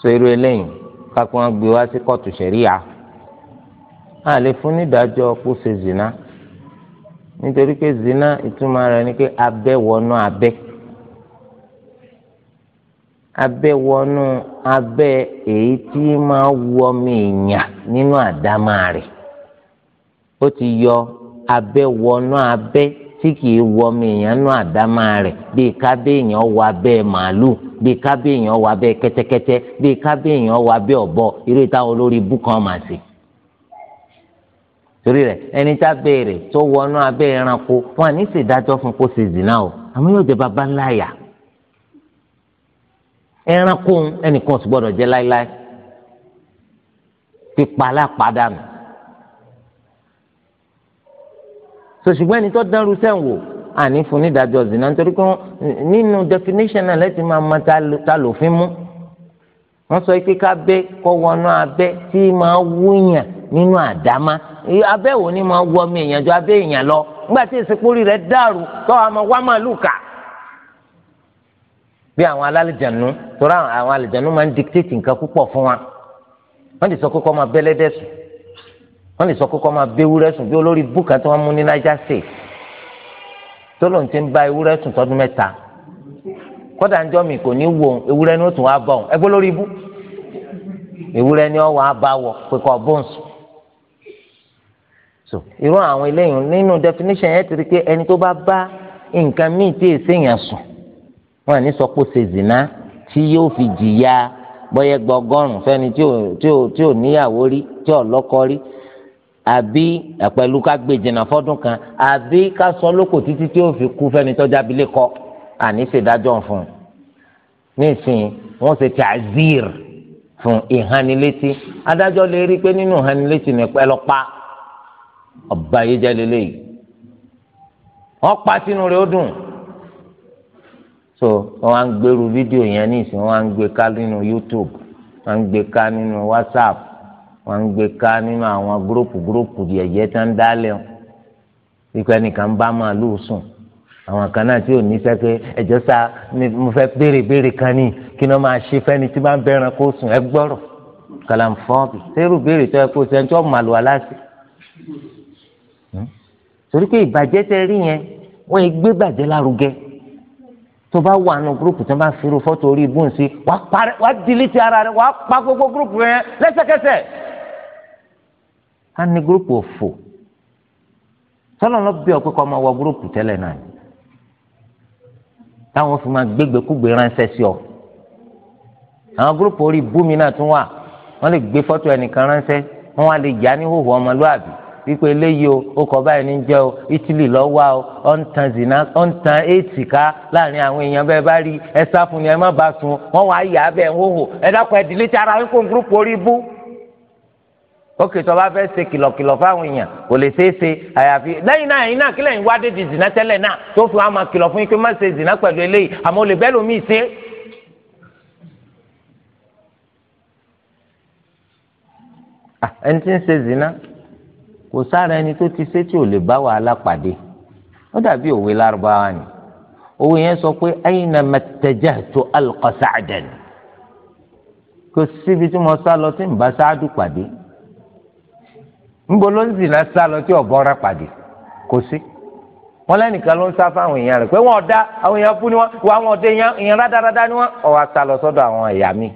so irú eléyìí kápẹ́ wọ́n gbé wá sí kóòtù ṣẹ̀ríyà. a lè fún nídàájọ́ kó ṣe zina nítorí pé zina ìtumọ̀ rẹ̀ ni pé abẹ́ wọnú abẹ́ abẹ́ wọnú abẹ́ èyí tí máa wú ọmọ ti yọ abẹ́ wọnú abẹ́ tí kìí wọ ọmọ èèyàn nú àdámà rẹ̀ bíi kábéèyàn wọ abẹ́ màálùú bíi kábéèyàn wọ abẹ́ kẹ́tẹ́kẹ́tẹ́ bíi ọ̀bọ torí rẹ ẹni tá béèrè tó wọnú abẹ ẹranko wọn àní ṣèdájọ́ fún kó ṣe zina o àmọ́ yóò jẹ bàbá ńlá yà ẹranko ẹnìkan sì gbọ́dọ̀ jẹ láéláé ti pàlà pàdánù sòṣùgbọ́n ẹni tó dánrú sẹ́wọ̀n wò àní fún nídàájọ́ zina nítorí pé nínú definition náà lẹ́tì máa ma ta lòfin mú wọ́n sọ pé kábẹ́ kọ́ wọnú abẹ́ tí máa wúyàn nínú àdámá abẹ́ wo ni máa wọ ọmọ èèyàn ju abẹ́ èèyàn lọ nígbà tí ìsìnkúrì rẹ̀ dàrú tó àmọ́ wá máa lù kà. bí àwọn alálejànú tọ́ra àwọn alejànú máa ń dikítẹ́tì nǹkan púpọ̀ fún wa wọ́n lè sọ pé kọ́ máa bẹ́lẹ́dẹ́ sùn wọ́n lè sọ pé kọ́ máa bẹ́ ewúrẹ́ sùn bí olórí búkà tí wọ́n mú ní Niger State tó lóun ti ń bá ewúrẹ́ sùn tọdún mẹ́ta kódà ń jọ́ mi kò ní wo ewúrẹ́ ni ó tún wá bọ̀ ọ́n ẹgbẹ́ lórí ibú ewúrẹ́ ni ó wà bá wọ̀ pé kọ́ bóńsù so irú àwọn eléyìí nínú definition yẹn ti rí pé ẹni tó bá bá nǹkan míì tí èsì yẹn sùn wọn àní sọ pé ó ṣe zìnà tí yóò fi jìyà bọ́yẹ gbọgọ́rùn fẹ́ni tí ò níyàwó rí tí ò lọ́kọ rí àbí pẹ̀lú ká gbèjìnà fọ́dún kan àbí ká sọ lóko títí tí ó fi kú fẹ́ni tọ́jà abilékọ àní ṣèdájọ́ fún un nísìnyí wọ́n ṣe tàzír fún ìhánilétí adájọ́ lè rí i pé nínú ìhánilétí ní pẹ́ lọ́pa ọba yìí jẹ́ lélẹ́yìí wọ́n pa sínú rẹ̀ ó dùn so wọ́n á ń gbèrú fídíò yẹn nísìnyí wọ́n á ń gbé ká nínú YouTube wọ́n á ń gbé ká nínú WhatsApp wọ́n á ń gbé ká nínú àwọn gúrúùpù gúrúùpù yẹ̀yẹ́ tán dálẹ̀ wípé ẹnìkan bá màálù sùn àwọn kan náà tí ò ní sẹ́kẹ́ ẹ̀jọ́ sá mo fẹ́ béèrè béèrè kan ní kí ni wọ́n máa ṣe fẹ́ni tí máa ń bẹ̀rẹ̀ kó sùn ẹ gbọ́rọ̀ kàlàǹfọ́ọ̀bì sẹ́rù béèrè tó yẹ kó sẹ́ni tó mà lù aláṣẹ. Hmm? torí pé ìbàjẹ́ tẹ rí yẹn wọ́n yẹ gbé bàjẹ́ lárugẹ tó bá wà nù gúrùpù tó bá firu fọ́tò orí ibùn sí wàá parẹ́ wàá dilítì ara rẹ wàá pa gbogbo gúrùpù yẹn lẹ́sẹ̀kẹsẹ̀. a ní gúrùpù òfò sọ́nà lọ bí ọ pé kọ́ ọmọ wọ gúrùpù tẹ́lẹ̀ náà ni táwọn fi máa gbégbékúgbé ránṣẹ́ sí ọ àwọn gúrúùpù orí búmi náà tún wà wọ́n lè gbé fọ́tò ẹnìkan ránṣẹ́ wọ́n wá lè yá ní hòhò ọmọlúàbí wípé eléyìí o ó kọ báyìí ní jẹ́ o Italy lọ wá o ó ń tan zina ó ń tan éètì ká láàrin àwọn èèyàn bẹ́ẹ̀ bá rí ẹ sá fún ni ẹ má bá sun wọ́n wá yà á bẹ́ẹ̀ hòhò ẹ dákun ẹ dìlítì ara yín kó gúrúùpù orí bú ókè tó bá fẹ́ ṣe kìlọ̀kìlọ̀ fáwọn èèyàn kò lè ṣeé ṣe àyàfi lẹ́yìn náà ẹ̀yin náà kílẹ̀ ń wá dédìí zìnà tẹ́lẹ̀ náà tó fi wọn máa kìlọ̀ fún yín pé má ṣe zìnà pẹ̀lú eléyìí àmọ́ olè bẹ́ẹ̀ lómi ṣe. ẹni tí ń ṣe zìnà kò sára ẹni tó ti ṣe tí ò lè bá wàhálà pàdé ó dàbí òwe lárúbáwá ni òwe yẹn sọ pé ayna mattajahtu alqa sa'dan kò síbi tí mo sá lọ tí ń bá sáádù pàdé ńbo ló ń zìnà sá lọ tí ọ̀bọ̀ra pàdé kò sí wọn lẹ́nìkan ló ń sá fáwọn èèyàn rẹ̀ pé wọn ọ̀dá àwọn èèyàn fún ni wọn wọ àwọn ọ̀dẹ èèyàn rádaràdá ni wọn ọ̀wá sá lọ sọ́dọ̀ àwọn ẹ̀yà mi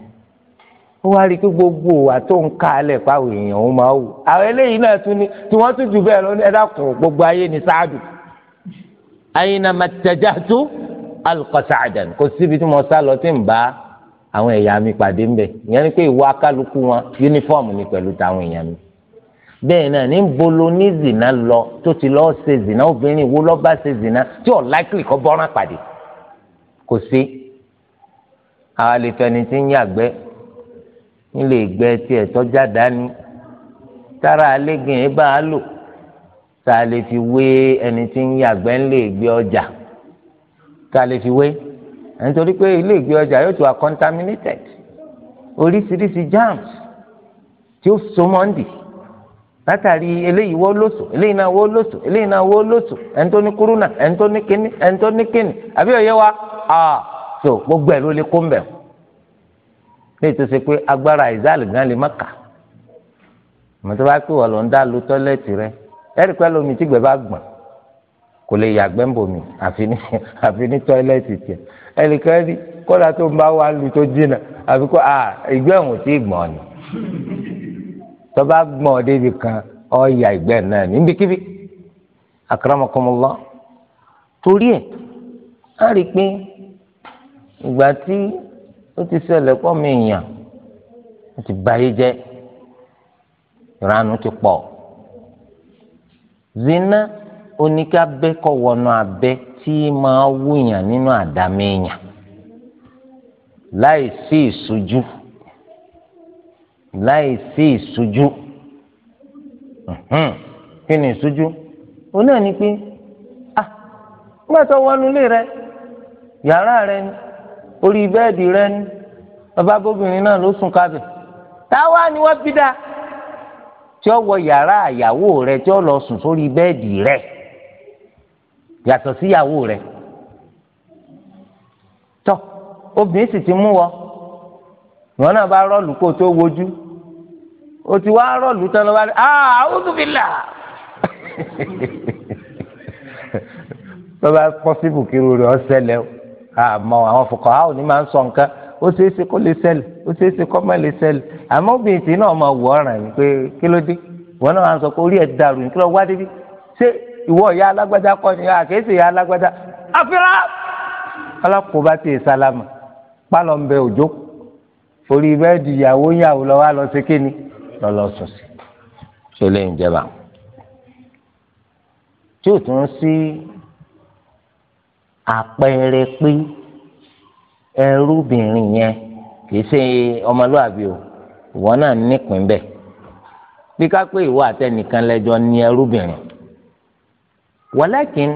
ó wá rí i pé gbogbo òwà tó ń ká alẹ̀ páwọn èèyàn ó máa wù àwọn eléyìí náà tún ni tí wọ́n tún jù bẹ́ẹ̀ lọ ní ẹ̀dá gbogbo ayé ni sáàdù àyìnà màtẹ̀já tó alùpàṣàdàn kò síbi tí mo sá lọ tí ń bá àwọn ẹ̀yà mi pàdé ńbẹ ìyẹn ni pé ìwà kálukú wọn yúnífọ́ọ̀mù ni pẹ̀lú táwọn èèyàn mi bẹ́ẹ̀ náà ní bolo ní zina lọ tó ti lọ́ọ́ ṣe zina obìnrin wo lọ́ọ́ bá ṣe zina tí ò láìkìlì kọ́ bọ́ràn pàdé kò sí àlefẹ́ni tí ń yàgbẹ́ nílé ìgbẹ́ tiẹ̀ tọ́já dání tára alégin ẹ̀ bá a lò tá a lè fi wé ẹni tí ń yàgbẹ́ nílé ìgbẹ́ ọjà tá a lè fi wé nítorí pé ilé ìgbẹ́ ọjà yóò tó a contaminated oríṣiríṣi germs tí ó so mọ́ ń látàrí eléyìí wọ́ lóṣù eléyìí náà wọ́ lóṣù eléyìí náà wọ́ lóṣù ẹni tó ní wa so gbogbo ẹ̀ ló lè kó ní ìtòsí pé agbára ìzáàlì gan lè má kà mọ̀tò bá pè wọ́n lọ ń dá lu rẹ lómi tí gbẹ bá gbọ̀n kò lè yàgbẹ́ ń bomi àfi ní tiẹ̀ kọ́lá tó ń bá lu tó jìnnà àfi ah ìgbẹ́ tọ́ba gbọ́n ọ débi kan ọ̀ya ìgbẹ́ náà níbikíbi akramakumullah torí ẹ̀ á rí i pé ìgbà tí ó ti ṣẹlẹ̀ pọ̀ mí èèyàn ó ti báyé jẹ́ ìranù ti pọ̀ zina oníkà bẹ́ kọ́ wọnú abẹ́ tí máa wúyàn nínú àdámẹ́yàn láì sí ìṣojú. Si láì sí ìṣojú kí ni ìṣojú ó náà ni pé ah nígbà tó wọnú ilé rẹ yàrá rẹ ni orí bẹ́ẹ̀dì rẹ ni bàbá bóbìnrin náà ló sùn kábẹ̀ táwa ni wọ́n fi dá tí ó wọ yàrá àyàwó rẹ tí ó lọ sùn sórí bẹ́ẹ̀dì rẹ yàtọ̀ síyàwó rẹ tọ́ obìnrin sì ti mú wọ wọn náà bá rọlù kó tó wojú o ti wá rọlù tán lọ bá rí ah a'udhu billah tó bá pọ́sibù kiri rẹ̀ ọ̀sẹ̀lẹ̀ àmọ́ àwọn fòkàn àwọn òní máa ń sọ nǹkan ó ṣeé ṣe kó lè ṣẹlẹ̀ ó ṣeé ṣe kó má lè ṣẹlẹ̀ àmọ́ obìnrin tí náà máa wọ ọ̀ràn ni pé kí ló dé wọn náà máa ń sọ pé orí ẹ̀ dàrú ní kí ló wá débi ṣé ìwọ ìyá alágbádá kọ́ ni àkẹ́sì ìyá alágbádá àfihàn alákòóbá ti sálámà pálọ̀ ń bẹ òjò kù forí bẹ́ẹ̀dì ìyàwó yàwó lọ wá lọ sí kíni lọ lọ sùn sí ṣe lè ń jẹba tí ò tún sí àpẹẹrẹ pé ẹrúbìnrin yẹn kì í ṣe ọmọlúwàbí o ìwọ náà nípìn bẹ́ẹ̀ bí ká pé ìwọ àtẹnìkan lẹjọ ní ẹrúbìnrin wàlákìn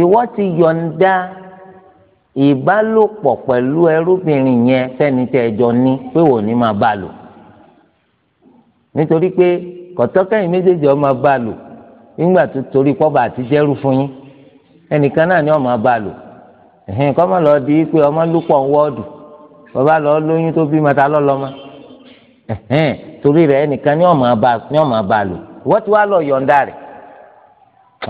ìwọ ti yọ̀ǹda ìbálòpọ̀ pẹ̀lú ẹrúbìnrin yẹn fẹ́ni tẹ́ ẹ ní pé wò ní máa bá lò nítorí pé kọ̀tọ́kẹ́yìn méjèèjì ọmọ bá lò nígbà tó torí pọ́bà àti jẹ́rú fún yín ẹnìkan náà ni ọmọ bá lò ẹ̀hìn lọ di pé ọmọ lúpọ̀ lọ lóyún tó bí mata lọ́lọ́mọ ẹ̀hìn torí rẹ̀ wọ́n ti wá lọ yọ̀ǹda rẹ̀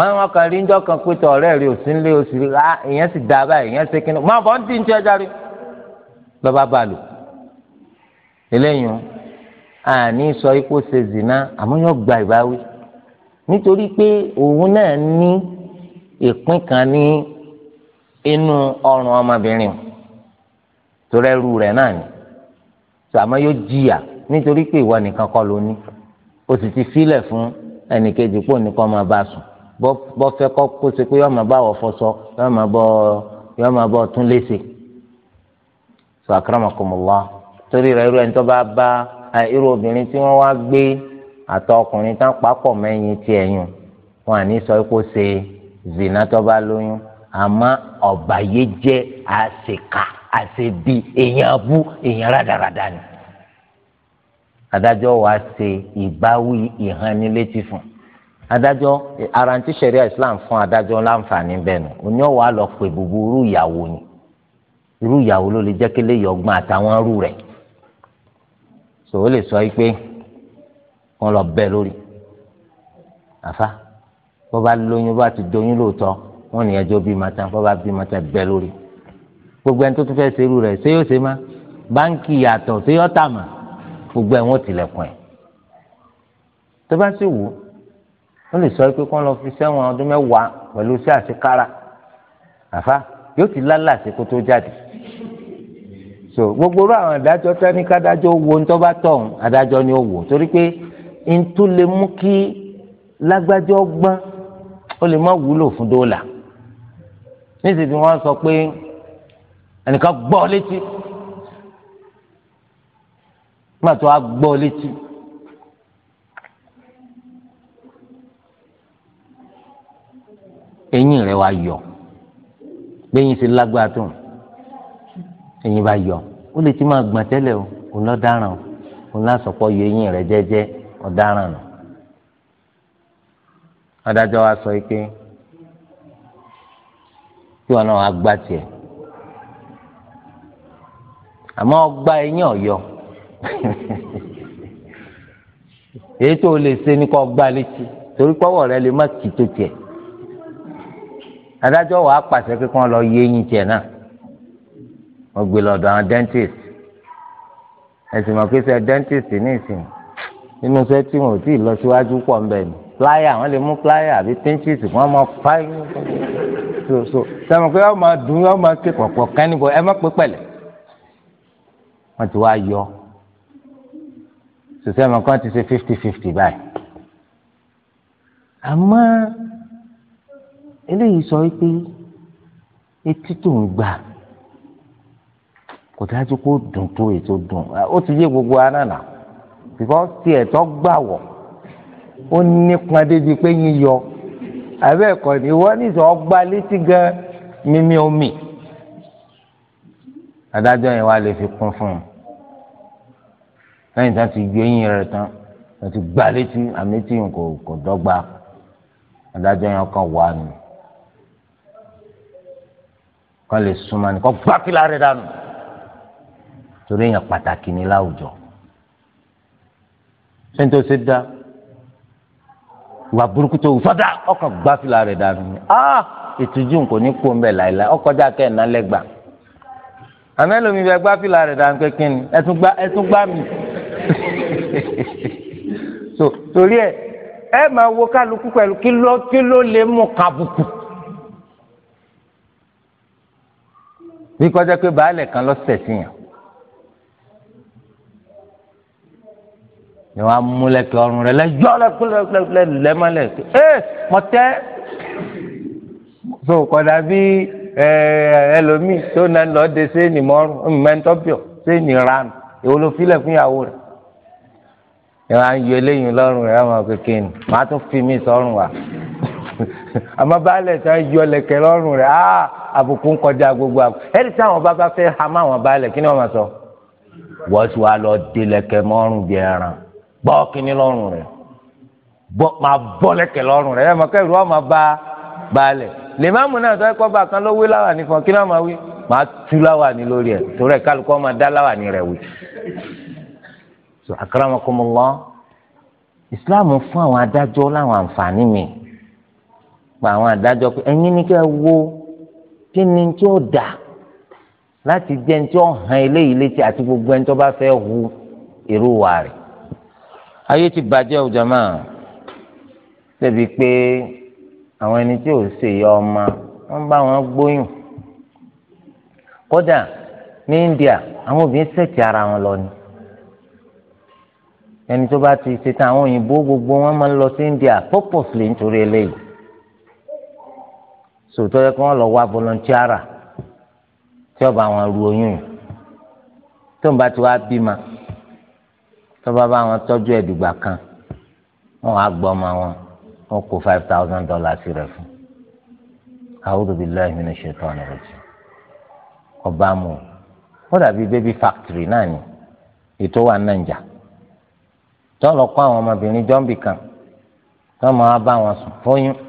àwọn kan rí njọ́ kan pété ọ̀rẹ́ rẹ òsín lé oṣù rí ah ìyẹn sì dá báyìí ìyẹn ṣe kíni máa bọ̀ ń dín jẹ́ járe lọ́ba bá lò eléyìí àní sọ ipò ṣe zìnà àmọ́ yóò gba ìbáwí nítorí pé òun náà ní ìpín kan ní inú ọrùn ọmọbìnrin torí ẹrú rẹ̀ náà ni sàmọ́ yóò jìyà nítorí pé ìwọ nìkan kọ́ ló ní o sì ti filẹ̀ fún ẹnìkejì pò ní máa bá sùn bọ́ fẹ́ kọ́ kó ṣe pé yọ́ máa bá wọ̀ fọṣọ yọ́ máa bọ́ yọ́ máa bọ́ tún léṣe sọ akramakumullah torí rẹ̀ irú ẹni tó bá bá irú obìnrin tí wọ́n wá gbé àtọ ọkùnrin tán papọ̀ mẹ́yìn tí ẹ̀yìn wọn àní sọ pé ṣe zina tó bá lóyún àmọ́ ọ̀bàyéjẹ́ àṣekà àṣebí èèyàn abú èèyàn rádaràdà ni adájọ́ wa ṣe ìbáwí ìhánilétí fún un adájọ́ ara ti sẹ̀ríà islam fún adájọ́ láǹfààní bẹ́ẹ̀ nù òní ọ̀wọ́ á lọ pè gbogbo irú ìyàwó ni irú ìyàwó ló lè jẹ́ kí léyìí ọgbọ́n àtàwọn rú rẹ̀ so ó lè sọ yìí pé wọ́n lọ bẹ́ lórí àfa bó bá lóyún bá ti doyún lóòótọ́ wọ́n ní ẹjọ́ bí mata bó bá bí mata bẹ́ lórí gbogbo ẹni tó tún fẹ́ ṣe irú rẹ̀ ṣé yóò ṣe má báńkì yàtọ̀ ṣé yóò tà mà gbogbo ẹ̀ wọ́n tilẹ̀kùn ẹ̀ tó bá sì wù ú wọ́n lè sọ pé kí wọ́n lọ fi sẹ́wọ̀n ọdún mẹ́wàá pẹ̀lú sí àṣekára àfa yóò ti lálàsì kó tó jáde so gbogbo irú àwọn adájọ́ tẹ́ni kádájọ́ wo ń tọ́ bá tọ̀hún adájọ́ ni ó wò torí pé n tó lè mú kí lágbájọ́ gbọ́n ó lè má wúlò fún dọ́là nísìsiyìí wọ́n sọ pé ẹnìkan gbọ́ létí nígbà tó wá gbọ́ létí eyín rẹ wa yọ bẹ́yìn sí lágbára tó eyín bá yọ ó lè ti máa gbọ̀n tẹ́lẹ̀ o kò ná dáràn o kò ná yọ rẹ wa sọ pé kí wọn náà wá gbá tiẹ̀ ọ ọgbà eyín ọ̀yọ́ èyí tó o lè ṣe lè má kì í tó adájọ́ wàá pàṣẹ pé kán lọ yé eyín tiẹ̀ náà wọ́n gbé lọ́dọ̀ àwọn dentist ẹ̀sìn mọ̀ pé sẹ́ dentist ní ìsìn nínú sẹ́ tí wọn ò tí ì lọ síwájú pọ̀ ńbẹ̀ ni plier wọ́n lè mú plier àbí pinches wọ́n máa fa yín so so sẹ́mi pé wọ́n máa dùn wọ́n máa ké pọ̀pọ̀ kẹ́nìbọ̀ ẹ má pé pẹ̀lẹ́ wọ́n ti wá yọ sọ́sẹ́ mọ̀ kí wọ́n ti ṣe fifty fifty báyìí àmọ́ eléyìí sọ pé etí tó ń gbà kò dájú kó dùn tó ètò dùn ó ti yé gbogbo ara nà because tí ẹ̀tọ́ gbà wọ̀ ó nípa débi pé yín yọ àbẹ́ ẹ̀kọ́ ni wọ́n ní sọ ọgbà létí gan mímí omi adájọ́ yẹn wá lè fi kún fún un lẹ́yìn tí wọ́n ti gbé yín rẹ̀ tán wọ́n ti gbà létí àmì tí yín kò dọ́gba adájọ́ yẹn kan wà nù kọ́ lè súnmọ́ ni kọ́ gbàpìlà rẹ̀ dànù torí èèyàn pàtàkì ní láwùjọ ṣé n tó ṣe dá ìwà burúkú tó wù fọ́dà ọkọ̀ gbàpìlà rẹ̀ dànù ni ah! ìtújú kò ní kó mbẹ láìláì ọkọ̀ já kẹ́ ẹ̀ ná lẹ́gbàá àmẹ́lòmí bẹ gbàpìlà rẹ̀ dànù pé kíni gbá mi so torí ẹ ẹ máa wo kálukú pẹ̀lú kí ló lè mú kàbùkù. bí kọjá pé baálẹ̀ kan lọ́sẹ̀ sí yàn ni wọn amúlẹ̀kẹ̀ ọrùn rẹ lẹ́jọ́ lẹ́mọ́lẹ̀ ẹ mọ̀tẹ́ so kọ̀dà bí ẹlòmíì tó náà lọ́ọ́ de séènì mọ́rùn mẹ́ńtọ́pìọ̀ séènì ránù èwo ló filẹ̀ fún ìyàwó rẹ̀ ẹ máa ń yọ eléyìí lọ́rùn rẹ̀ ẹ máa kékeré ni màá tún fi mí sọ́rùn wa àmọ́ baálẹ̀ tí wọ́n yọ lẹ̀kẹ̀ lọ́rùn rẹ̀ á àbùkù ń kọjá gbogbo àbùkù ẹ̀rí táwọn bá bá fẹ́ hamá àwọn baálẹ̀ kí ni wọ́n máa sọ. wọ́n sì wá lọ dé lẹ̀kẹ̀ mọ́rùn bí ẹran gbọ́ kínní lọ́rùn rẹ̀ bọ́ máa bọ́ lẹ̀kẹ̀ lọ́rùn rẹ̀ ẹ̀ mọ̀ kẹ́rù wọ́n máa bá baálẹ̀ lèmáàmù náà sọ bá kan ló wí láwàní kí náà máa máa wí. so akramakumullah islam fún àwọn adájọ́ láwọn àǹfààní pa àwọn àdájọ́ pé ẹ̀yin ní kẹ́ wo kí ni tí ó dà láti jẹ́ ní tí ó hàn eléyìí létí àti gbogbo ẹni tó bá fẹ́ hu irú wa rẹ̀ ayé ti bàjẹ́ o jàmá débi pé àwọn ẹni tí ò ṣe ìyá ọmọ wọn bá wọn gbóyún kódà ní India àwọn obìnrin ṣètì ara wọn lọ ni ẹni tó bá ti ṣe tán àwọn òyìnbó gbogbo wọn máa ń lọ sí India purposely nítorí eléyìí sòtọ́ yẹ kí wọ́n lọ wá volontiara tí ọba àwọn ru oyún tó ń bá ti wá bímọ tó bá bá wọn tọ́jú ẹ̀dùgbà kan wọn á gbọ́ ọmọ wọn wọn kó five thousand dollars rẹ̀ fún a'udhu billahi minash shaitani rajim ọba mu ó dàbí baby factory náà ni ètò wa náà ń jà tó lọ kó àwọn ọmọbìnrin jọ́ǹbì kan tó máa bá wọn sùn fóyún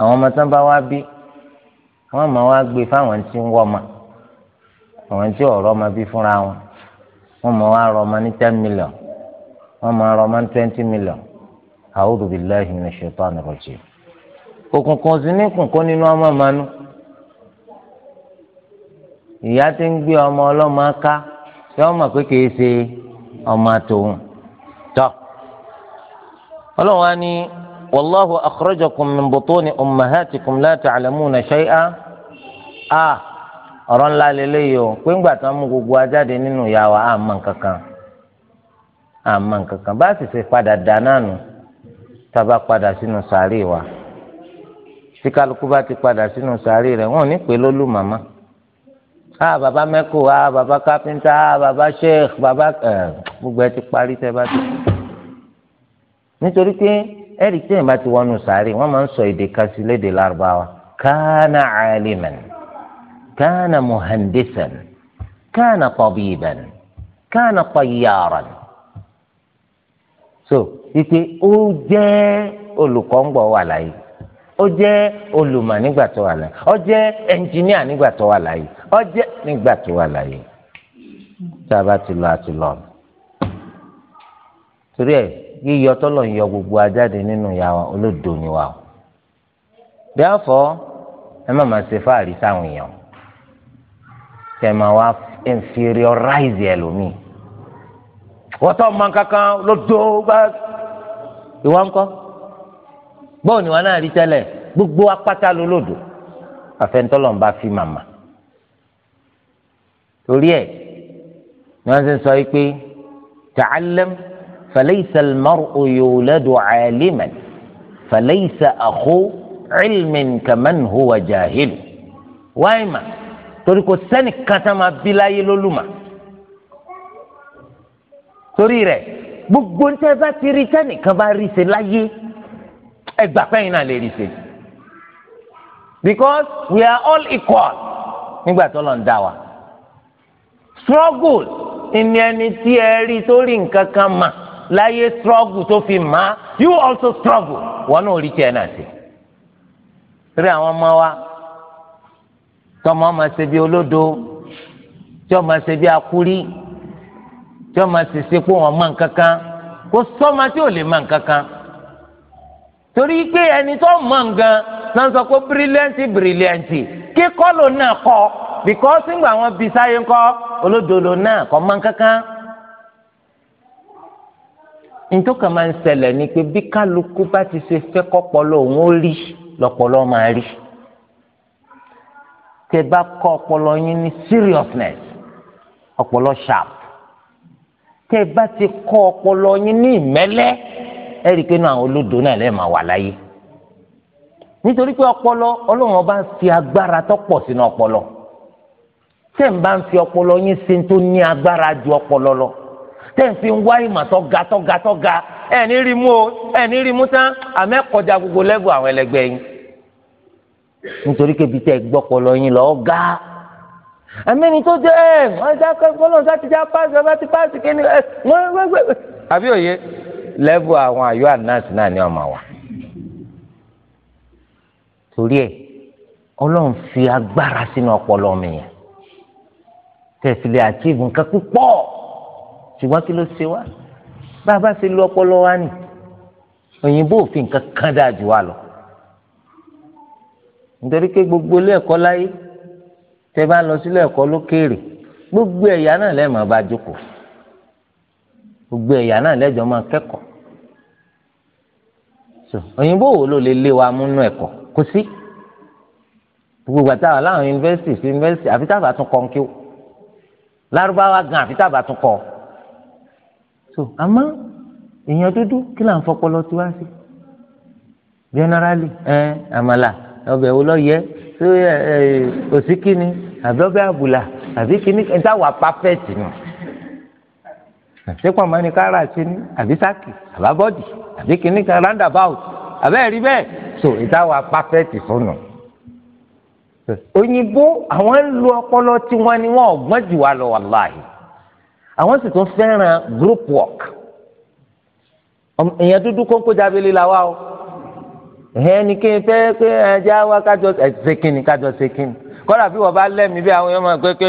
àwọn ọmọ tán bá wá bí wọn máa wá gbé fáwọn tí ń wọ ọmọ àwọn tí ọ̀rọ̀ ọmọ bí fúnra wọn wọn máa wá rọ ọmọ ní ten million wọn máa rọ ọmọ ní twenty million a'udhu billahi minash shaitani rajim òkùnkùn sí ní kùnkùn nínú ọmọ mànú ìyá tí ń gbé ọmọ ọlọ́mọ ká ṣé ọmọ pé kìí ṣe ọmọ àtòun tọ́ ọlọ́run á ní wallahu akhrajakum min butuni ummahatikum la ta'lamuna shay'a a ọ̀rọ̀ ńlá lélẹ́yìí o pé ńgbà tán mú gbogbo ajáde nínú ìyá wa àmọ́ nǹkankan àmọ́ nǹkankan bá sì ṣe padà dà nánu tábà padà sínú sàárè wa tí kálukú bá ti padà sínú sàárè rẹ̀ wọ́n ní pé lólú màmá a bàbá mẹ́kò a bàbá kápẹ́ńtà a bàbá sheikh bàbá ẹ̀ gbogbo ẹ ti parí tẹ́ bá ti nítorí pé. ẹ̀rí tí èèyàn bá ti wọnú sàárè wọ́n máa ń sọ èdè kan léde lárúbáwá kánà aliman kánà muhandisan kánà kánà so wípé ó jẹ́ olùkọ́ wà láyé ó jẹ́ olùmọ̀ nígbà tó wà láyé ó jẹ́ ẹnjìníà nígbà tó wà láyé ó jẹ́ nígbà yíyọ tọ́lọ̀ ń yọ gbogbo ajáde nínú ìyá wa olódo ni wa o therefore ẹ má máa ṣe fáàrí sáwọn èèyàn kẹ máa wá inferiorize ẹlòmíì wọ́tọ́ ọmọ kankan lódò bá ìwọ ńkọ́ bọ́ọ̀ ni wọn náà rí tẹ́lẹ̀ gbogbo apáta ló lòdò àfẹnutọ́lọ̀ ń bá fi màmá torí ẹ̀ ni wọ́n ti sọ yìí pé tàálẹ́mù. فليس المرء يولد عالما فليس أخو علم كمن هو جاهل وايما torí kò كتما kata máa bí láyé lólùmọ̀ torí rẹ̀ gbogbo ntẹ́ bá ti rí sẹ́nìkan bá because we are all equal nígbà tó lọ struggle ìní ẹni tí ẹ rí tó rí láyé struggle tó fi má you also struggle wọn náà rí tiẹ̀ náà sí. rí àwọn ọmọ wa tọmọ ọmọ ṣe bí olódo tí ọmọ ṣe bí akúrí tí ọmọ ṣe ṣe pé wọn mọ nǹkan kan kò sọmọ tí ò lè mọ nǹkan kan torí pé ẹni tó mọ nǹkan náà sọ pé bírílẹ́ǹtì bírílẹ́ǹtì kíkọ́ ló náà kọ́ bìkọ́ sígbà wọn bí sáyé ńkọ́ olódo ló náà kọ́ mọ nǹkan kan ntọ́ka máa ń ṣẹlẹ̀ ni pé bí kálukú bá ti ṣe fẹ́ kọ́pọ̀lọ́ òun ó rí lọ́pọ̀lọ́ máa rí tẹ bá kọ́ ọpọlọ yín ní seriousness ọpọlọ sharp tẹ bá ti kọ́ ọpọlọ yín ní ìmẹ́lẹ́ ẹ rí i pé náà àwọn olódò náà lè máa wà láyé nítorí pé ọpọlọ ọlọ́run ọba ń fi agbára tó pọ̀ sínú ọpọlọ tẹ̀ ń bá ń fi ọpọlọ yín ṣe tó ní agbára ju ọpọlọ lọ tẹ̀sí ń wá ìmọ̀ tọ́ga tọ́ga tọ́ga ẹ̀ ní rí mú o ẹ̀ ní rí mú tán àmẹ́ kọjá gbogbo lẹ́gùn àwọn ẹlẹgbẹ́ yín nítorí kébi tẹ́ gbọ́pọ̀lọ yín lọ́ọ́ ga àmẹ́ni tó jẹ́ ẹ̀ wọ́n já kọ́lọ́ sáti já páàsì ọba ti páàsì kí ni ẹ̀ wọ́n gbẹ́gbẹ́. àbí òye lẹ́gùn àwọn àyọ̀ ànáàsì náà ni ọmọ wa torí ẹ̀ ọlọ́run fi agbára sínú ọpọlọ mi yẹn tẹ̀sílẹ̀ àti ìbùnkẹ́ púpọ̀ ṣùgbọ́n kí ló ṣe wá bá a bá ṣe lu ọpọlọ wa nì òyìnbó òfin nǹkan kan dáa jù wá lọ nítorí pé gbogbo ilé ẹ̀kọ́ láyé tẹ́ bá lọ sílé ẹ̀kọ́ lókèèrè gbogbo ẹ̀yà náà lẹ́ẹ̀mọ́ bá jókòó gbogbo ẹ̀yà náà lẹ́jọ́ máa kẹ́kọ̀ọ́ òyìnbó wo ló lè lé wa múnú ẹ̀kọ́ kò sí gbogbo àti àwọn aláwọn yunifásitì sí yunifásitì àfi tábà tún kọ́ ń kí o lárúbáwá gan àfi tábà tún kọ́ ọ so àmọ́ èèyàn dúdú kí là ń fọpọlọ tí wá sí generally ẹ àmàlà ọbẹ̀ wo lọ yẹ ṣé ẹ òsì kíni àbí ọbẹ̀ àbùlà àbí kíni ẹ dáwà perfect nù sẹ́kọ̀ máa ní kára ṣe ní àbí sáàkì àbábọ́dì àbí kíní kan roundabout àbẹ́ẹ̀ rí bẹ́ẹ̀ so ìdáwà perfect fún nù òyìnbó àwọn ń lo ọpọlọ tiwọn ni wọn ò gbọ́n jù wá lọ wàláhì àwọn sì tún fẹ́ràn group work èèyàn dúdú kónkó jábélé la wá o ẹ̀hẹ́n ni kí n fẹ́ pé ẹja wá kájọ ṣe kínni kájọ ṣe kínni kọ́dà bí wọ́n bá lẹ́mìí bí àwọn ọmọ ẹgbẹ́ pé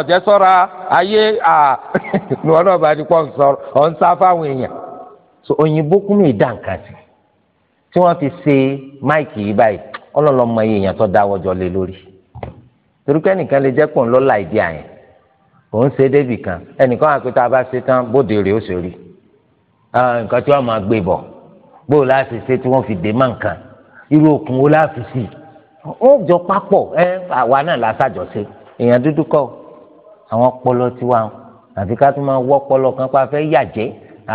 ọ̀jẹ̀ sọ́ra ayé ni wọ́n náà bá ti pọ̀ sọ̀rọ̀ ọ̀ sá fáwọn èèyàn so òyìnbó kún mi dá nǹkan sí tí wọ́n fi ṣe máìkì yìí báyìí ọlọ́lọ́mọ èèyàn tó dáwọ́jọ lé lórí torí pé ẹnìkan lè jẹ́ pọ̀ ńlọ́lá ìdí àyẹn òun ṣe débì kan ẹnìkan àti tá a bá ṣe tán bóde rèé ó ṣe rí nǹkan tí wọ́n máa gbé bọ̀ bóò láti ṣe tí wọ́n fi dé máa nǹkan irú okùn wo láti sí ó jọ papọ̀ ẹ àwa náà lásàjọṣe èèyàn dúdú kọ́ àwọn ọpọlọ tiwa àfi ká tún máa wọ ọpọlọ kan pa fẹ́ yàjẹ́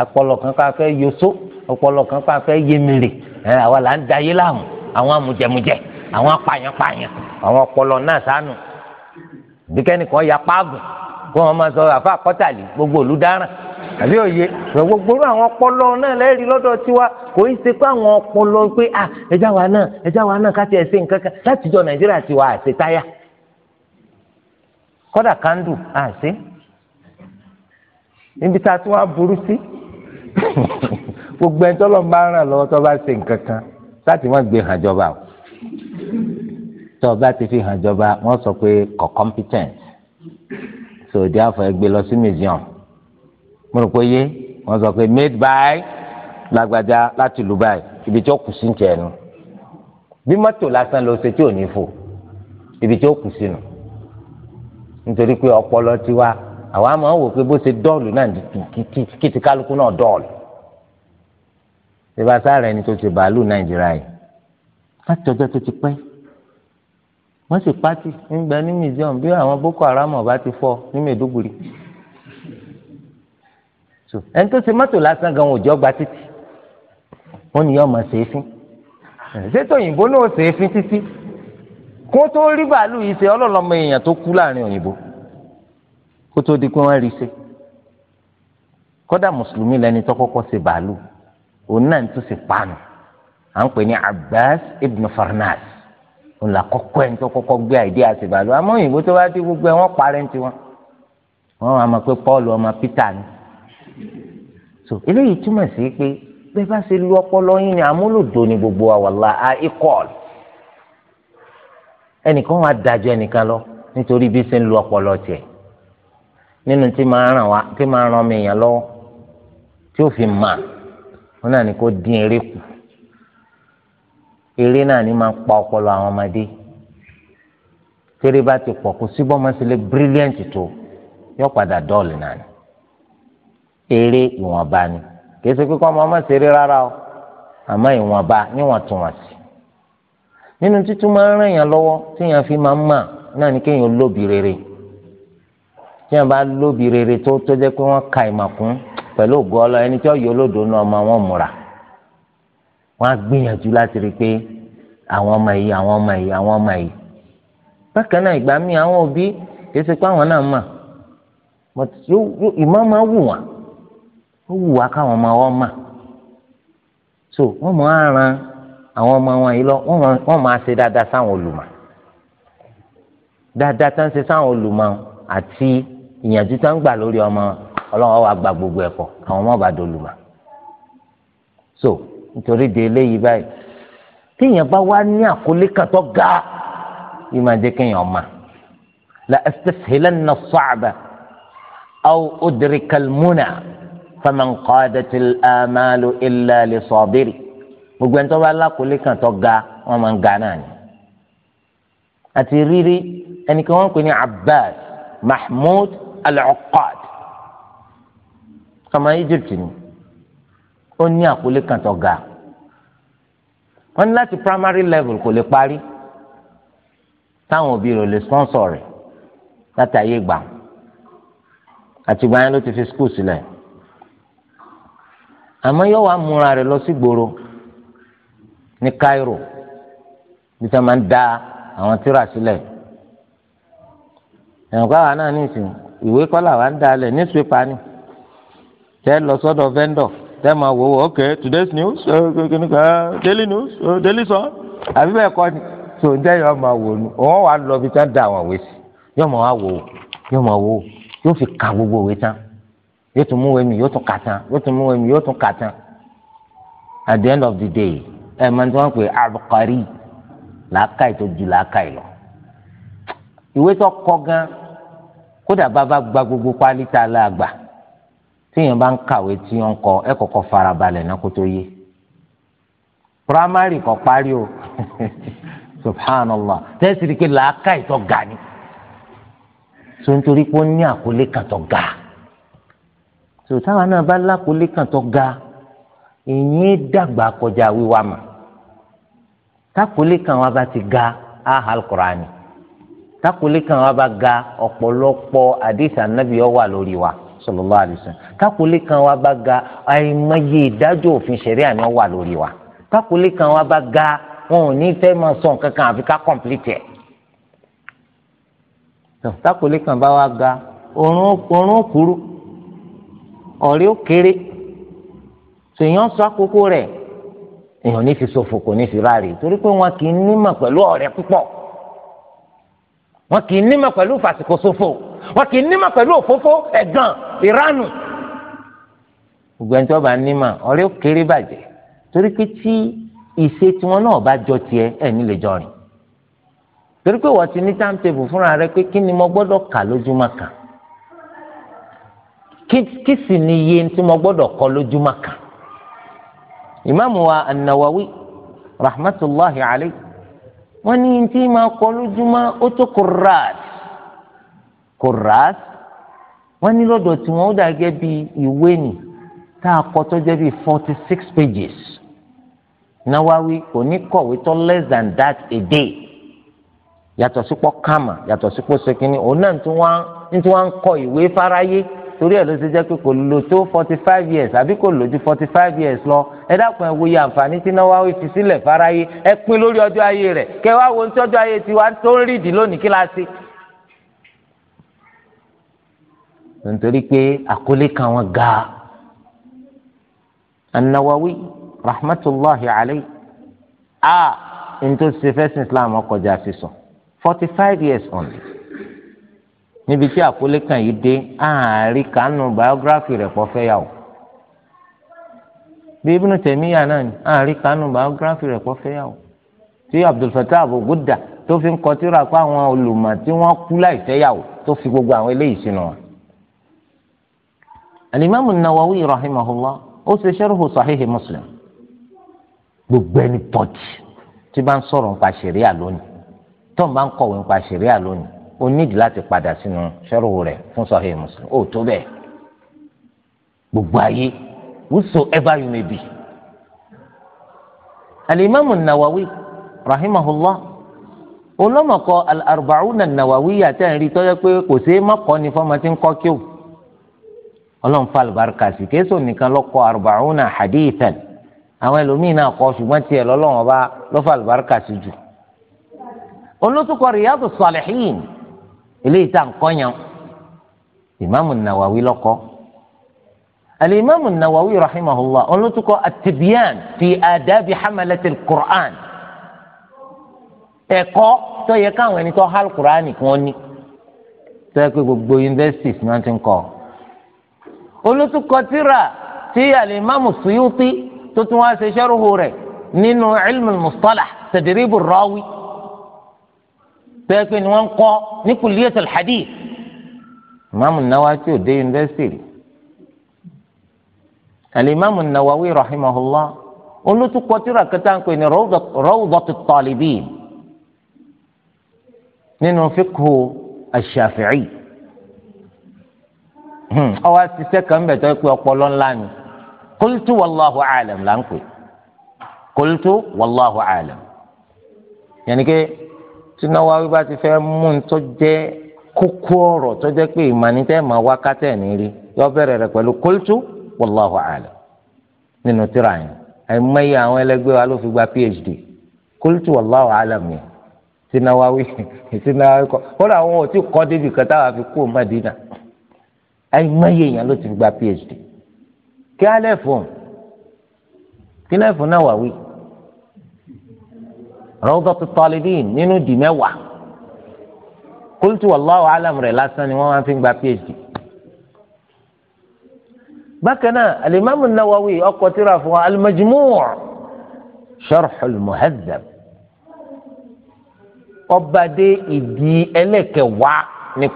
ọpọlọ kan pa fẹ́ yoso ọpọlọ kan pa fẹ́ yemire ẹ àwa là ń dayé láàmú àwọn amújẹmújẹ àwọn apàyànpàyàn àwọn ọpọlọ náà sánú bí kẹ́nìkan ya páàgùn kó wọn máa sọ àfa àkọ́tàlì gbogbo olùdáràn àbí òye gbogbo àwọn ọpọlọ náà lẹ́rìí lọ́dọ̀ tiwa kò í ṣe pé àwọn ọpọlọ pé à ẹja wa náà ẹja wa náà káti ẹsẹ̀ nǹkan kan látijọ́ nàìjíríà tiwa àti táyà kọ́dà kandu àti níbi tá a tún wá burú sí gbogbo ẹjọ́ lọ́n bá ràn lọ́wọ́ tó bá ṣe nǹkan kan láti wọ́n gbé hàn jọba o tó bá ti fi hàn jọba wọ́n sọ pé kọ̀ competent sòdí àfọ ẹgbẹ lọ sí museum mo rò pé wọn sọ pé made by lágbájá láti lù báyìí ibi tí ó kù sí ń tẹnu bí mọ́tò lásán ló ṣe tí ò ní fò ibi tí ó kù sí nù nítorí pé ọpọlọ tiwa àwa máa ń wò pé bó ṣe dọ́ọ̀lù náà kìtì kálukú náà dọ́ọ̀lù ṣé bá sáré ẹni tó ti bàálù nàìjíríà yìí látọjọ́ tó ti pẹ́ wọ́n sì pátì ńgbẹ ní museum bí àwọn boko haram ọba ti fọ́ ní mẹdógùrì so ẹni tó ṣe mọ́tò lásán gan òjò gba títì wọ́n ní yọ ọmọ ṣèéfín ṣètò òyìnbó náà ṣèéfín títí kó tó rí bàálù yìí ṣe ọlọ́lọ́mọ èèyàn tó kú láàrin òyìnbó kó tó di pé wọ́n rí ṣe kódà mùsùlùmí lẹni tó kọ́kọ́ ṣe bàálù òun náà tún ṣe paanu à ń pè ní Abbas ibn Farnas òun là kọ́kọ́ ẹni tó kọ́kọ́ gbé àìdí àṣìbàlù àmọ́ òyìnbó tó bá dé gbogbo ẹ wọ́n parẹ́ ti wọn wọ́n pé Paul ọmọ Peter ni so eléyìí túmọ̀ sí pé bẹ́ẹ̀ bá ṣe lu ọpọlọ yín ni àmúlòdò ni gbogbo wa wàlá a equal ẹnìkan wà dájú ẹnìkan lọ nítorí bí ṣe ń lu ọpọlọ tiẹ̀ nínú tí máa ràn wá tí máa ràn mí èèyàn lọ́wọ́ tí ó fi mà wọn náà ni kó dín eré kù eré náà ni máa pa ọpọlọ àwọn ọmọdé tẹ́rẹ́ bá ti pọ kó síbọ̀ máa ṣe lé brilliant tó yọ padà dọ́ọ̀lù náà ni eré ìwọ̀nba ni kìí ṣe pípọ́ ọmọ ọmọ ṣeré rárá o àmọ́ ìwọ̀nba níwọ̀ntúnwọ̀nsì nínú títún máa ń ràn yàn lọ́wọ́ tí yàn fi máa ń mà náà ni kéèyàn lóbi rere bá lóbi tó tó pé wọ́n ka ìmàkún wọ́n á gbìyànjú láti rí i pé àwọn ọmọ yìí àwọn ọmọ yìí àwọn ọmọ yìí bákan náà ìgbà míì àwọn òbí kìí ṣe pé àwọn náà mà ìmọ̀ máa wù wọ́n ó wù wá káwọn ọmọ wọn mà so wọ́n máa ran àwọn ọmọ wọn yìí lọ wọ́n máa ṣe dáadáa sáwọn olùmọ̀ dáadáa tán ṣe sáwọn olùmọ̀ àti ìyànjú tán gbà lórí ọmọ ọlọ́wọ́ wa gba gbogbo ẹ̀kọ́ àwọn ọmọ bá dolùmọ̀ so nítorí de eléyìí báyìí téèyàn bá wá ní àkólé kan tó ga yìí máa jẹ́ kéèyàn ọmọ la astashilanna as-sa'ba aw udrika al-muna faman qadat al-amalu illa li sabiri gbogbo ẹni tó bá lákòólé kan tó ga wọn máa ń ga náà ni àti rírí ẹnìkan wọn pè ní Abbas Mahmud al-Uqqad ọmọ Egypt ni ó ní àkólé kan ga wọ́n ní láti primary level kò lè parí táwọn òbí rẹ̀ lè sponsor rẹ̀ láti ayé gbà àtìgbà yẹn ló ti fi school sílẹ̀ àmọ́ yóò wá múra rẹ̀ lọ sí gbòòrò ní Cairo bí sọ máa ń da àwọn tíra sílẹ̀ ẹ̀wọ̀n káwa náà ní ìsìn ìwé kọ́là wa ń dalẹ̀ ní sùpà ni tẹ́ lọ sọ́dọ̀ vendor tẹ́ máa wò ok today's news eh, daily news eh, daily sun àbí bẹ́ẹ̀ kọ́ ni So ń jẹ́ yọ máa wò ó wọ́n wà lọ bí tán da àwọn òwe sí yọ máa wá wò ó yọ máa wò ó yóò fi ka gbogbo òwe tán yóò tún mú wẹ̀mí yóò tún kà tán yóò tún mú wẹ̀mí yóò tún kà tán at the end of the day ẹ̀ máa ń tí wọ́n pè abukari làákàyè tó ju làákàyè lọ ìwé tó kọ gan kódà bàbá gba gbogbo pálí la gbà téèyàn bá ń kàwé tí wọ́n kọ ẹ kọ́kọ́ farabalẹ̀ náà kó tó yé primary kò parí o subhanallah tẹ́sí rí i pé làákà ìtọ́ ga ni so nítorí pé ó ní àkólé kan tó ga so táwọn náà bá lákòólé kan tó ga ìyẹn dàgbà kọjá wíwá mà tákòólé kan wa bá ti ga ahal Qur'ani tákòólé kan wa bá ga ọ̀pọ̀lọpọ̀ àdìsí ànábìyọ́ wà lórí wa sallallahu alaihi wasallam kákòlé kan wa bá ga àìmọye ìdájọ́ òfin ṣẹ̀ríà ni wọ́n wà lórí wa kákòlé kan wa bá ga wọn ò ní fẹ́ máa sọ nǹkan kan àfi ká kọ̀m̀plìtì ẹ̀. kákòlé kan bá wa ga òórùn òkúrú ọ̀rẹ́ ó kéré tèèyàn sọ àkókò rẹ̀ èèyàn ní fi ṣòfò kò ní fi ráre torí pé wọn kì í nímọ̀ pẹ̀lú ọ̀rẹ́ púpọ̀ wọn kì í nímọ̀ pẹ̀lú fàṣíkò ṣòfò wọn kì í nímọ̀ pẹ̀lú òfófó ẹ̀gàn ìranù. gbogbo ẹni tó bá nímọ̀ ọ̀rẹ́ ò kéré bàjẹ́ torí pé tí ìṣe tiwọn náà bá jọ tiẹ̀ ẹ̀ nílé jọrìn torí pé wọ́n ti ní táǹtẹ̀bù fúnra rẹ pé kí ni mo gbọ́dọ̀ kà lójúmọ́ kan kí sì ni iye tí mo gbọ́dọ̀ kọ lójúmọ́ kan ìmáàmù wa an-Nawawi rahmatulahi alayhi wọ́n ní tí máa kọ lójúmọ́ ó tó kúrò ráàdì kòrás wọ́n ní lọ́dọ̀ tí wọ́n ó dà gẹ́ bí ìwé nì tá a kọ tó jẹ́ bí forty six pages náwáwí kò ní kọ̀wé tó less than that a day yàtọ̀ sípò kàmà yàtọ̀ sípò sẹ́kìnì òun náà tí wọ́n tí wọ́n ń kọ ìwé fáráyé torí ẹ̀ ló ṣe jẹ́ pé kò lò tó forty five years àbí kò lò ju forty five years lọ ẹ dákun ẹ wòye àǹfààní tí náwáwí fi sílẹ̀ fáráyé ẹ pín lórí ọjọ́ ayé rẹ̀ kẹwàá wo ń tọ́jú ayé tiwa tó ń rídìí lónìí kí la ṣe nítorí pé àkọlé kan wọn ga An-Nawawi rahmatulahi alayhi a nítorí fẹsẹ̀ islam ọkọjà sísọ forty five years only níbi tí àkọlé kan yìí dé ààrí kanu biography rẹ̀ pọ̀ fẹ́ yà o bí Ibn Taymiyyah náà ni ààrí kanu biography rẹ̀ pọ̀ fẹ́ yà o tí Abdul Fattah Abu Gudda tó fi ń kọtíra pé àwọn olùmọ̀ tí wọ́n kú láì fẹ́ yà o tó fi gbogbo àwọn eléyìí sínú wọn alimami nawawi rahimahullah ó ṣe sẹ́rùhù sahihi muslim gbogbo ẹni pọ̀jù tí bá ń sọ̀rọ̀ nípa ṣẹ̀ríà lónìí tó ń bá ń kọ̀wé nípa ṣẹ̀ríà lónìí ó nídìí láti padà sínú sẹ́rùhù rẹ̀ fún sahihi muslim ó tó bẹ́ẹ̀ gbogbo ayé whosoever you may be alimami nawawi rahimahullah olómọkọ al-arba'una nawawi yàtẹ̀ ń rí tọ́jọ́ pé kò sí mọ́kọ́ ni fọ́ọ̀mù ti ń kọ́ kí o ọlọ́run fa àlùbáríkà sí kéésù nìkan lọ́kọ́ arbauna hadithan àwọn ẹlòmíín náà kọ́ ṣùgbọ́n tiẹ̀ lọ́lọ́run ọba ló fa àlùbáríkà sí jù. olótùkọ riyadu salihin eléyìí tá à ń kọ́yàn ìmáàmù nàwáwí lọ́kọ́ alimami nawawi rahimahullah olótùkọ atibiyan fi adabi hamalatil qur'an ẹ̀kọ́ tó yẹ káwọn ẹni tó hal qur'an kí wọ́n gbogbo yunifásitì ni wọ́n ti ń olùtúkọtìrà tí alimami Suyuti tó tún wá ṣe sẹ́rùhù rẹ̀ nínú ilmu mustalah tadribu rawi bẹ́ẹ̀ pé ni wọ́n ń kọ́ ní kulliyatul hadith imaamu nawawi ò dé yunifásitì alimami nawawi rahimahullah olùtúkọtìrà kẹta ń pè ní rawdatu nínú fiqhu ash ọwọ́ hmm. àtisẹ́ kan bẹ̀ tó pé ọpọlọ ńlá ni qultu wallahu a'lam là ń pè qultu wallahu a'lam yẹnni pé tinubu awi bá ti fẹ́ mú un tó jẹ́ kókó ọ̀rọ̀ tó jẹ́ pé ìmọ̀nitẹ́ máa wá kátẹ́ ní rí yọ bẹ̀rẹ̀ rẹ̀ pẹ̀lú qultu wallahu a'lam nínú tíra yẹn àìmọye àwọn ẹlẹgbẹ́ wa ló fi gba phd qultu wallahu a'lam yẹn tinubu awi tinubu awi ò tí kọ́ débi kẹta wà fi kú Madina àìmọye èèyàn ló ti fi gba phd kí alẹ́ fún kí alẹ́ fún náà wà wí Rawdatu Talibin nínú dì mẹ́wàá qultu wallahu alam rẹ̀ lásán ni wọ́n máa fi gba phd bákan náà alimami nawawi ọkọ̀ tíra fún wa al-Majmu' sharh ọba dé ìdí ẹlẹ́kẹ̀wá ní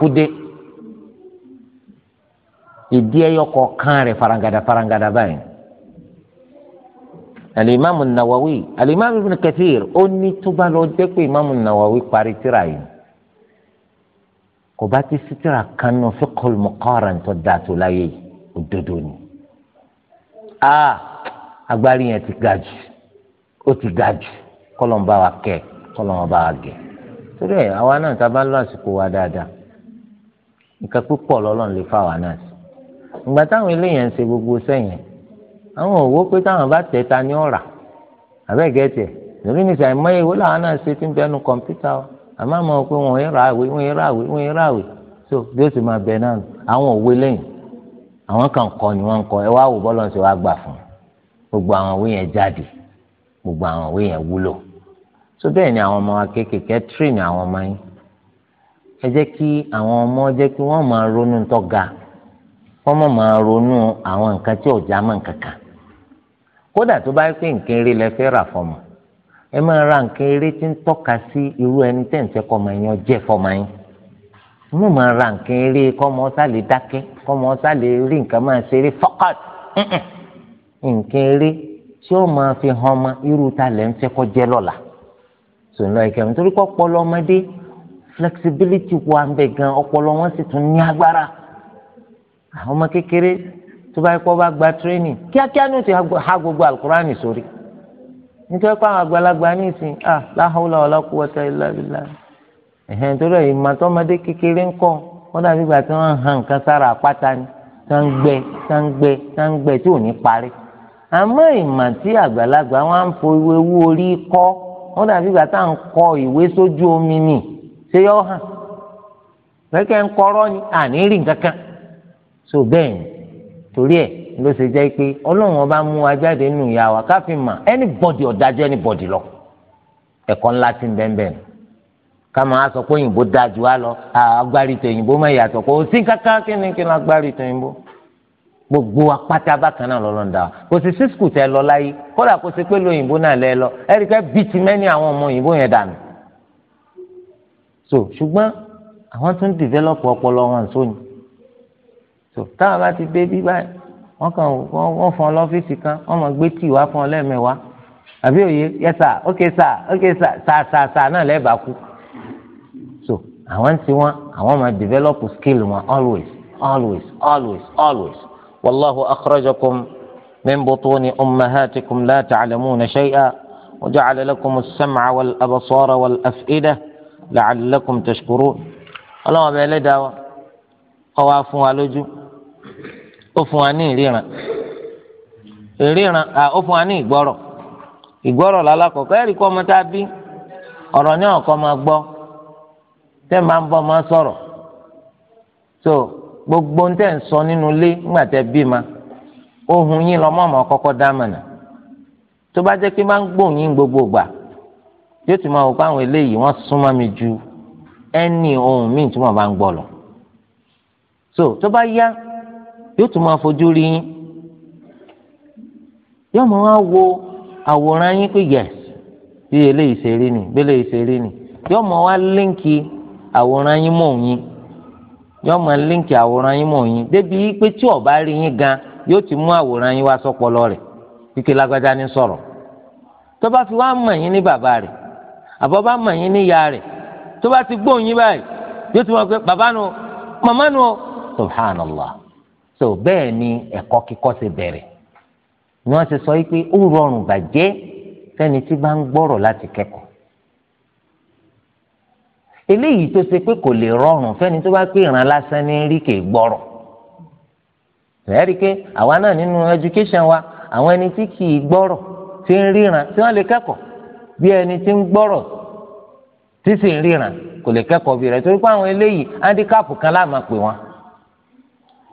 ìdí ẹyọ kọ̀ọ̀kan rẹ̀ farangada farangada báyìí alimami nawawi alimami ibn kathir ó ní tó bá lọ jẹ́ pé imami nawawi parí tírà yìí kò bá ti sí tírà kan nù fiqhul muqaran tó dáa tó láyé òdodo ni a agbárí yẹn ti ga jù ó ti ga jù kọlọm bá wa kẹ kọlọm bá wa gẹ torí ẹ àwa náà ta bá lọ àsìkò wa dáadáa nǹkan púpọ̀ lọ́lọ́run lè fa àwa náà sí ìgbà táwọn eléyàn ń ṣe gbogbo sẹ́yìn àwọn òwò pé táwọn bá tẹ̀ ta ní ọ̀rà àbẹ́gẹ́ tiẹ̀ lórí nìṣẹ́ àìmọ́ ìwé làwọn náà ṣe ti ń bẹnu kọ̀ǹpútà o àmọ́ àmọ́ pé wọ́n ń ra wọ́n ń ra wọ́n ń ra àwé so bí ó sì máa bẹ náà àwọn òwe lẹ́yìn àwọn kan kọ ni wọ́n ń kọ ẹ wá wò bọ́lọ̀ ṣe wá gbà fún gbogbo àwọn òwe yẹn jáde gbogbo àwọn òwe yẹn wúlò so bẹ́ẹ̀ ni àwọn ọmọ wa kéékèèké tírì ni àwọn ọmọ yín ẹ jẹ́ kí àwọn ọmọ jẹ́ kí wọ́n máa ronú tó ga wọ́n ma máa ronú àwọn nǹkan tí ọ̀já mọ̀ kankan kódà tó bá pé nǹkan eré lẹ fẹ́ rà fọmọ ẹ máa ra nǹkan eré tí ń tọ́ka sí irú ẹni tẹ̀ ń ọmọ fọmọ máa ra nǹkan eré kọ́ ọmọ dákẹ́ kọ́ ọmọ rí nǹkan máa nǹkan eré tí fi hàn ọmọ ta lẹ́ ń jẹ́ lọ́la ọpọlọ ọmọdé flexibility wà ń bẹ ọpọlọ wọn sì tún àwọn ọmọ kékeré tó bá kọ́ bá gba training kíákíá ní o ti ha gbogbo alukurani sórí nítorí pé àwọn àgbàlagbà ní ìsìn à ah, láhùlà ọ̀làkú wọ́tá ìlàbílà ẹ̀hẹ́n nítorí ẹ̀yìn màtọ́mọdé kékeré ń kọ́ wọ́n dàbí ìgbà tí wọ́n nǹkan sára àpáta ni tá ń gbẹ tí ò ní parí àmọ́ ìmọ̀ tí àgbàlagbà wọn ń fo ìwé orí kọ́ wọ́n dàbí omi nì ṣé yọ hàn ń kọ́rọ́ ni àní so bẹ́ẹ̀ torí ẹ̀ ló ṣe jẹ́ pé ọlọ́run ọba mú wa jáde nínú ìyá wa ká fi mà anybody ọ̀dájú anybody lọ ẹ̀kọ́ ńlá ti ń bẹ́ẹ̀ bẹ́ẹ̀ ká máa sọ pé òyìnbó dájú wa lọ agbárí tó òyìnbó má yàtọ̀ kó o sí kankan kí ni kí ni agbárí tó òyìnbó gbogbo apáta bákan náà lọ́lọ́ ń da kò sì sí skul tẹ lọ láyé kódà kò sí pé lóyìnbó náà lẹ lọ ẹ̀ríkẹ́ bíi ti mẹ́ni àwọn ọmọ òyìnbó yẹn dànù so ṣùgbọ́n àwọn tún develop ọpọlọ wọn sóni so táwọn bá ti dé bí báyìí wọ́n kàn wọ́n fún ọ lọ́fíìsì kan wọ́n mọ̀ gbé tíì wá fún ọ lẹ́ẹ̀mẹ́wàá àbí òye yes sir okay sir okay sir sà sà sà náà lẹ́ẹ̀bà kú so àwọn ń ti àwọn máa develop skill wọn always always always always wallahu akhrajakum min butuni ummahatikum la ta'lamuna shay'a وجعل لكم السمع والأبصار والأفئدة لعلكم تشكرون الله بلا دعوة قوافوا لجو ó fún wa ní ìríran ìríran à ó fún wa ní ìgbọ́rọ̀ ìgbọ́rọ̀ lálákọ̀ọ́kọ́ ẹ̀rí kọ́ ọmọ tá a bí ọ̀rọ̀ ní ọ̀kọ́ máa gbọ́ tẹ́ máa so gbogbo ń tẹ̀ ń sọ nínú ilé nígbà tẹ́ bí ma ohun yín lọ́mọ ọmọ kọ́kọ́ dámọ̀nà tó bá jẹ́ pé gbogbo gba yóò ti máa wò pé àwọn eléyìí mi ju ẹni ohun míì tí wọ́n bá lọ so tó bá yá yóò tún máa fojú rí yín yóò máa wá wo àwòrán yín pé yes bí eléyìí ṣe rí ni bí eléyìí ṣe rí ni yóò máa wá líǹkì àwòrán yín mọ̀ yín yóò máa líǹkì àwòrán yín mọ̀ yín débi pé tí ọba bá rí yín gan yóò ti mú àwòrán yín wá sọ́pọlọ rẹ̀ kíkẹ́ lágbájá ní sọ̀rọ̀ tó bá fi wá mọ̀ yín ní bàbá rẹ̀ àbọ̀ bá mọ̀ yín ní ìyá rẹ̀ tó bá ti gbóhùn yín báyìí yóò ti mọ̀ pé bàbá nu màmá nu subhanallah so bẹ́ẹ̀ ni ẹ̀kọ́ kíkọ́ bere. bẹ̀rẹ̀ ni wọ́n ti sọ yìí pé ó rọrùn bàjẹ́ fẹ́ni tí bá ń gbọ́rọ̀ láti kẹ́kọ̀ọ́ eléyìí tó ṣe pé kò lè rọrùn fẹ́ni tó bá pé ìran lásán ní rí kè gbọ́rọ̀ pé àwa náà nínú education wa àwọn ẹni tí kì í gbọ́rọ̀ tí ń ríran tí wọ́n lè kẹ́kọ̀ọ́ bí ẹni tí ń gbọ́rọ̀ tí sì ń ríran kò lè kẹ́kọ̀ọ́ bí rẹ̀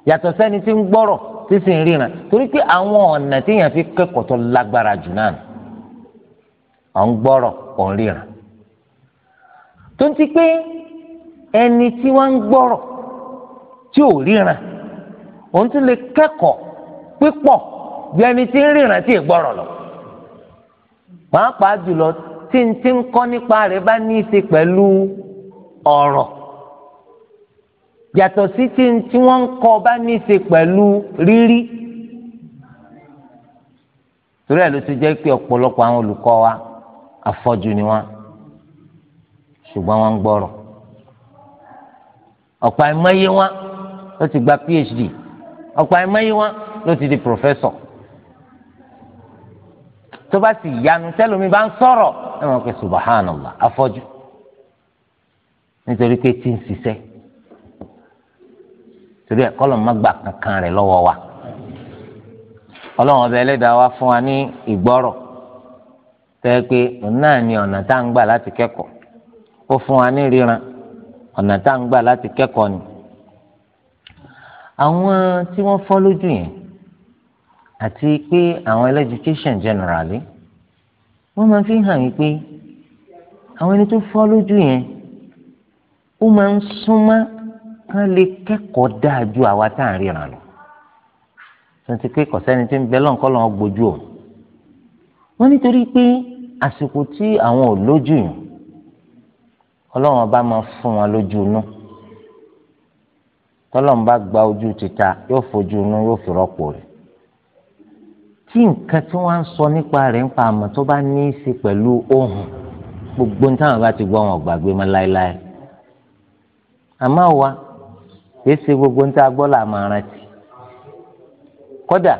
yàtọ̀ sẹ́ni tí ń gbọ́rọ̀ tí sì ń ríran torí pé àwọn ọ̀nà tí èèyàn fi kẹ́kọ̀ọ́ tó lágbára jù náà ọ̀ ń gbọ́rọ̀ ọ̀ ń ríran tó ń ti pé ẹni tí wọ́n ń gbọ́rọ̀ tí ò ríran òun tún lè kẹ́kọ̀ọ́ pípọ̀ bí ẹni tí ń ríran tí ì gbọ́rọ̀ lọ pàápàá jùlọ tí ń tí ń kọ́ nípa rẹ̀ bá ní í ṣe pẹ̀lú ọ̀rọ̀ yàtọ̀ sí tí tí wọ́n ń kọ́ bá ní í ṣe pẹ̀lú rírí torí ẹ̀ ló ti jẹ́ pé ọ̀pọ̀lọpọ̀ àwọn olùkọ́ wa afọ́jú ni wọ́n ṣùgbọ́n wọ́n ń gbọ́rọ̀ ọ̀pọ̀ àìmọye wọn ló ti gba PhD ọ̀pọ̀ àìmọye wọn ló ti di professor tó bá sì yanu tẹ́lómi bá ń sọ̀rọ̀ ẹ̀ wọ́n pe subahánàlá afọ́jú nítorí pé tí ń ṣiṣẹ́ torí ẹ kọlọ má gbà kankan rẹ lọ́wọ́ wa Ọlọ́run ọbẹ Ẹlẹ́dàá wa fún wa ní ìgbọ́rọ̀ tẹ pé náà ni ọ̀nà tá à ń gbà láti kẹ́kọ̀ọ́ ó fún wa ní ríran ọ̀nà tá à ń gbà láti kẹ́kọ̀ọ́ ni àwọn tí wọ́n fọ́ lójú yẹn àti pé àwọn education generally wọ́n máa fi hàn yín pé àwọn ẹni tó fọ́ lójú yẹn ó máa ń súnmọ́ kán lè kẹ́kọ̀ọ́ dáa ju àwa tá à ń ríran lọ tuntun pé kọ̀sẹ́ni tí ń bẹ lọ́nkọ́ lọ́n gbójú o wọ́n nítorí pé àsìkò tí àwọn ò lójú yìí ọlọ́run ọba máa fún wọn lójú inú tọ́lọ́run bá gba ojú títa yóò fojú inú yóò fi rọ́pò rẹ̀ tí nǹkan tí wọ́n á sọ nípa rẹ̀ ń pa àmọ́ tó bá ní í ṣe pẹ̀lú ohùn gbogbo ní táwọn bá ti gbọ́ wọn gbàgbé mọ́ láéláé àmọ́ wa. kìí gbogbo ń a gbọ́ là máa rántí kódà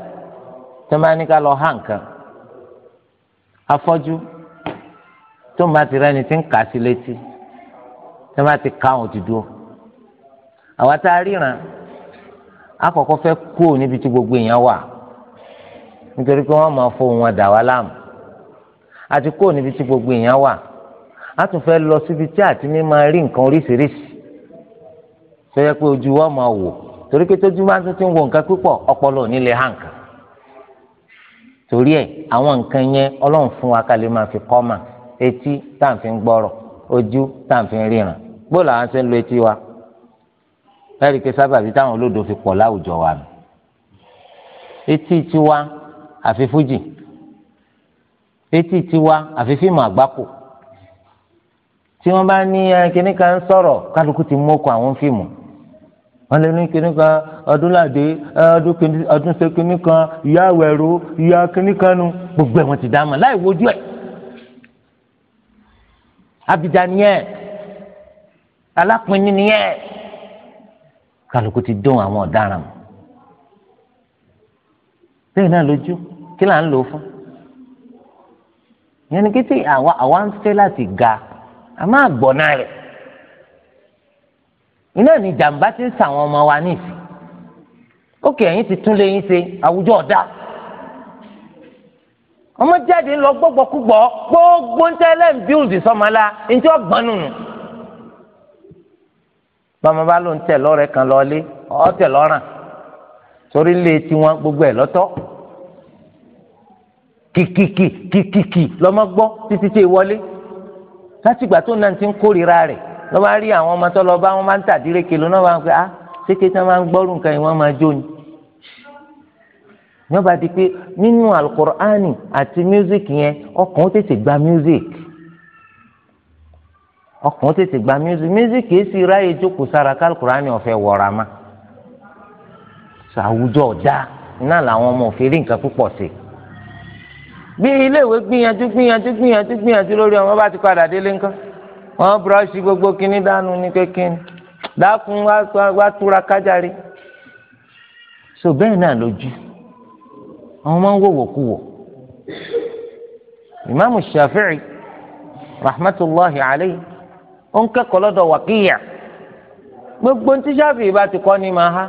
tó máa ní ká lọ há nǹkan afọ́jú tó máa ti rẹ́ni tí ń kà sí létí ti ka àwọn òdìdó àwa tá a ríran àkọ́kọ́ fẹ́ kú níbi tí gbogbo èèyàn wà nítorí pé wọ́n máa fohùn wọn dà wá láàmú àti kú níbi tí gbogbo èèyàn wà a tún fẹ́ lọ síbi tí àti mi máa rí nǹkan sọyẹ pé ojú wa máa wò torí pé tójú bá tún ti ń wo nǹkan púpọ̀ ọpọlọ ní lè hàn kàn torí ẹ àwọn nǹkan yẹn ọlọ́run fún wa ká lè máa fi kọ́ mà etí tá à ń fi ń gbọ́rọ̀ ojú tá à ń fi ń ríran bó làwọn ṣe ń lo etí wa ẹ̀rí pé sábàbí táwọn olódò fi pọ̀ láwùjọ wa nù etí tiwa àfi fújì etí tiwa àfi fíìmù àgbákò tí wọ́n bá ní kíní kan sọ̀rọ̀ kálukú ti mú ọkọ̀ àwọn fíìmù wọn lè ní kinní kan ọdún ládé ọdún ṣe kinní kan ìyá àwẹ̀rú ìyá kinní kan gbogbo ẹ̀ wọ́n ti dá mọ̀ láì wojú ẹ̀ abidjan yẹn alápinni nìyẹn kálukú ti dún àwọn ọ̀daràn bẹ́ẹ̀ náà lójú kí là ń lò fún yẹn ni kété àwa ń fẹ́ láti ga àmọ́ àgbọ̀nà rẹ̀ iná ní jàǹbá ti ń sàwọn ọmọ wa nísì ókè ẹ̀yin ti tún lé yín ṣe àwùjọ ọ̀dà ọmọ jáde lọ gbọ́gbọ́kúgbọ́ gbogbo ń tẹ́lẹ̀ ń bíúdì sọ́mọ́lá ní tí wọ́n gbọ́n nù nù bàmọ́ bá ló ń tẹ̀ lọ́rẹ̀ kan lọ́lé ọ̀tẹ̀ lọ́ràn torí lé tiwọn gbogbo ẹ̀ lọ́tọ̀ kìkìkì kìkìkì lọ́mọ gbọ́ títí tẹ̀ wọlé látìgbà tó náà ti ń kórìíra rẹ̀ lọ́ bá rí àwọn ọmọ tó lọ bá wọn máa ń tàdíreke lọ náà bá wọn pé ah ṣéke tí wọn máa ń gbọ́rù nǹkan yìí wọ́n máa jó ni. yọba di pé nínú alukur'ani àti music yẹn ọkàn ó tètè gba music ọkàn ó tètè gba music music kìí sì ráyè jókòó sára kálukùránì ọ̀fẹ́ wọ̀ra ma àwùjọ ọ̀dá náà làwọn ọmọ òfin rí nǹkan púpọ̀ sí i bí iléèwé gbìyànjú gbìyànjú gbìyànjú gbìyànjú lórí ọmọ bá ti padà délé nǹkan. wọ́n búrọ́ọ̀ṣì gbogbo kínní dànù ní kékin dákun wá túra kájàre so bẹ́ẹ̀ náà lójú àwọn máa ń wòwò kú wò ìmáàmù Shafi'i rahmatulahi alayhi ó ń kẹ́kọ̀ọ́ lọ́dọ̀ wàkíyà gbogbo ní tí Shafi'i bá ti kọ́ ni màá ha.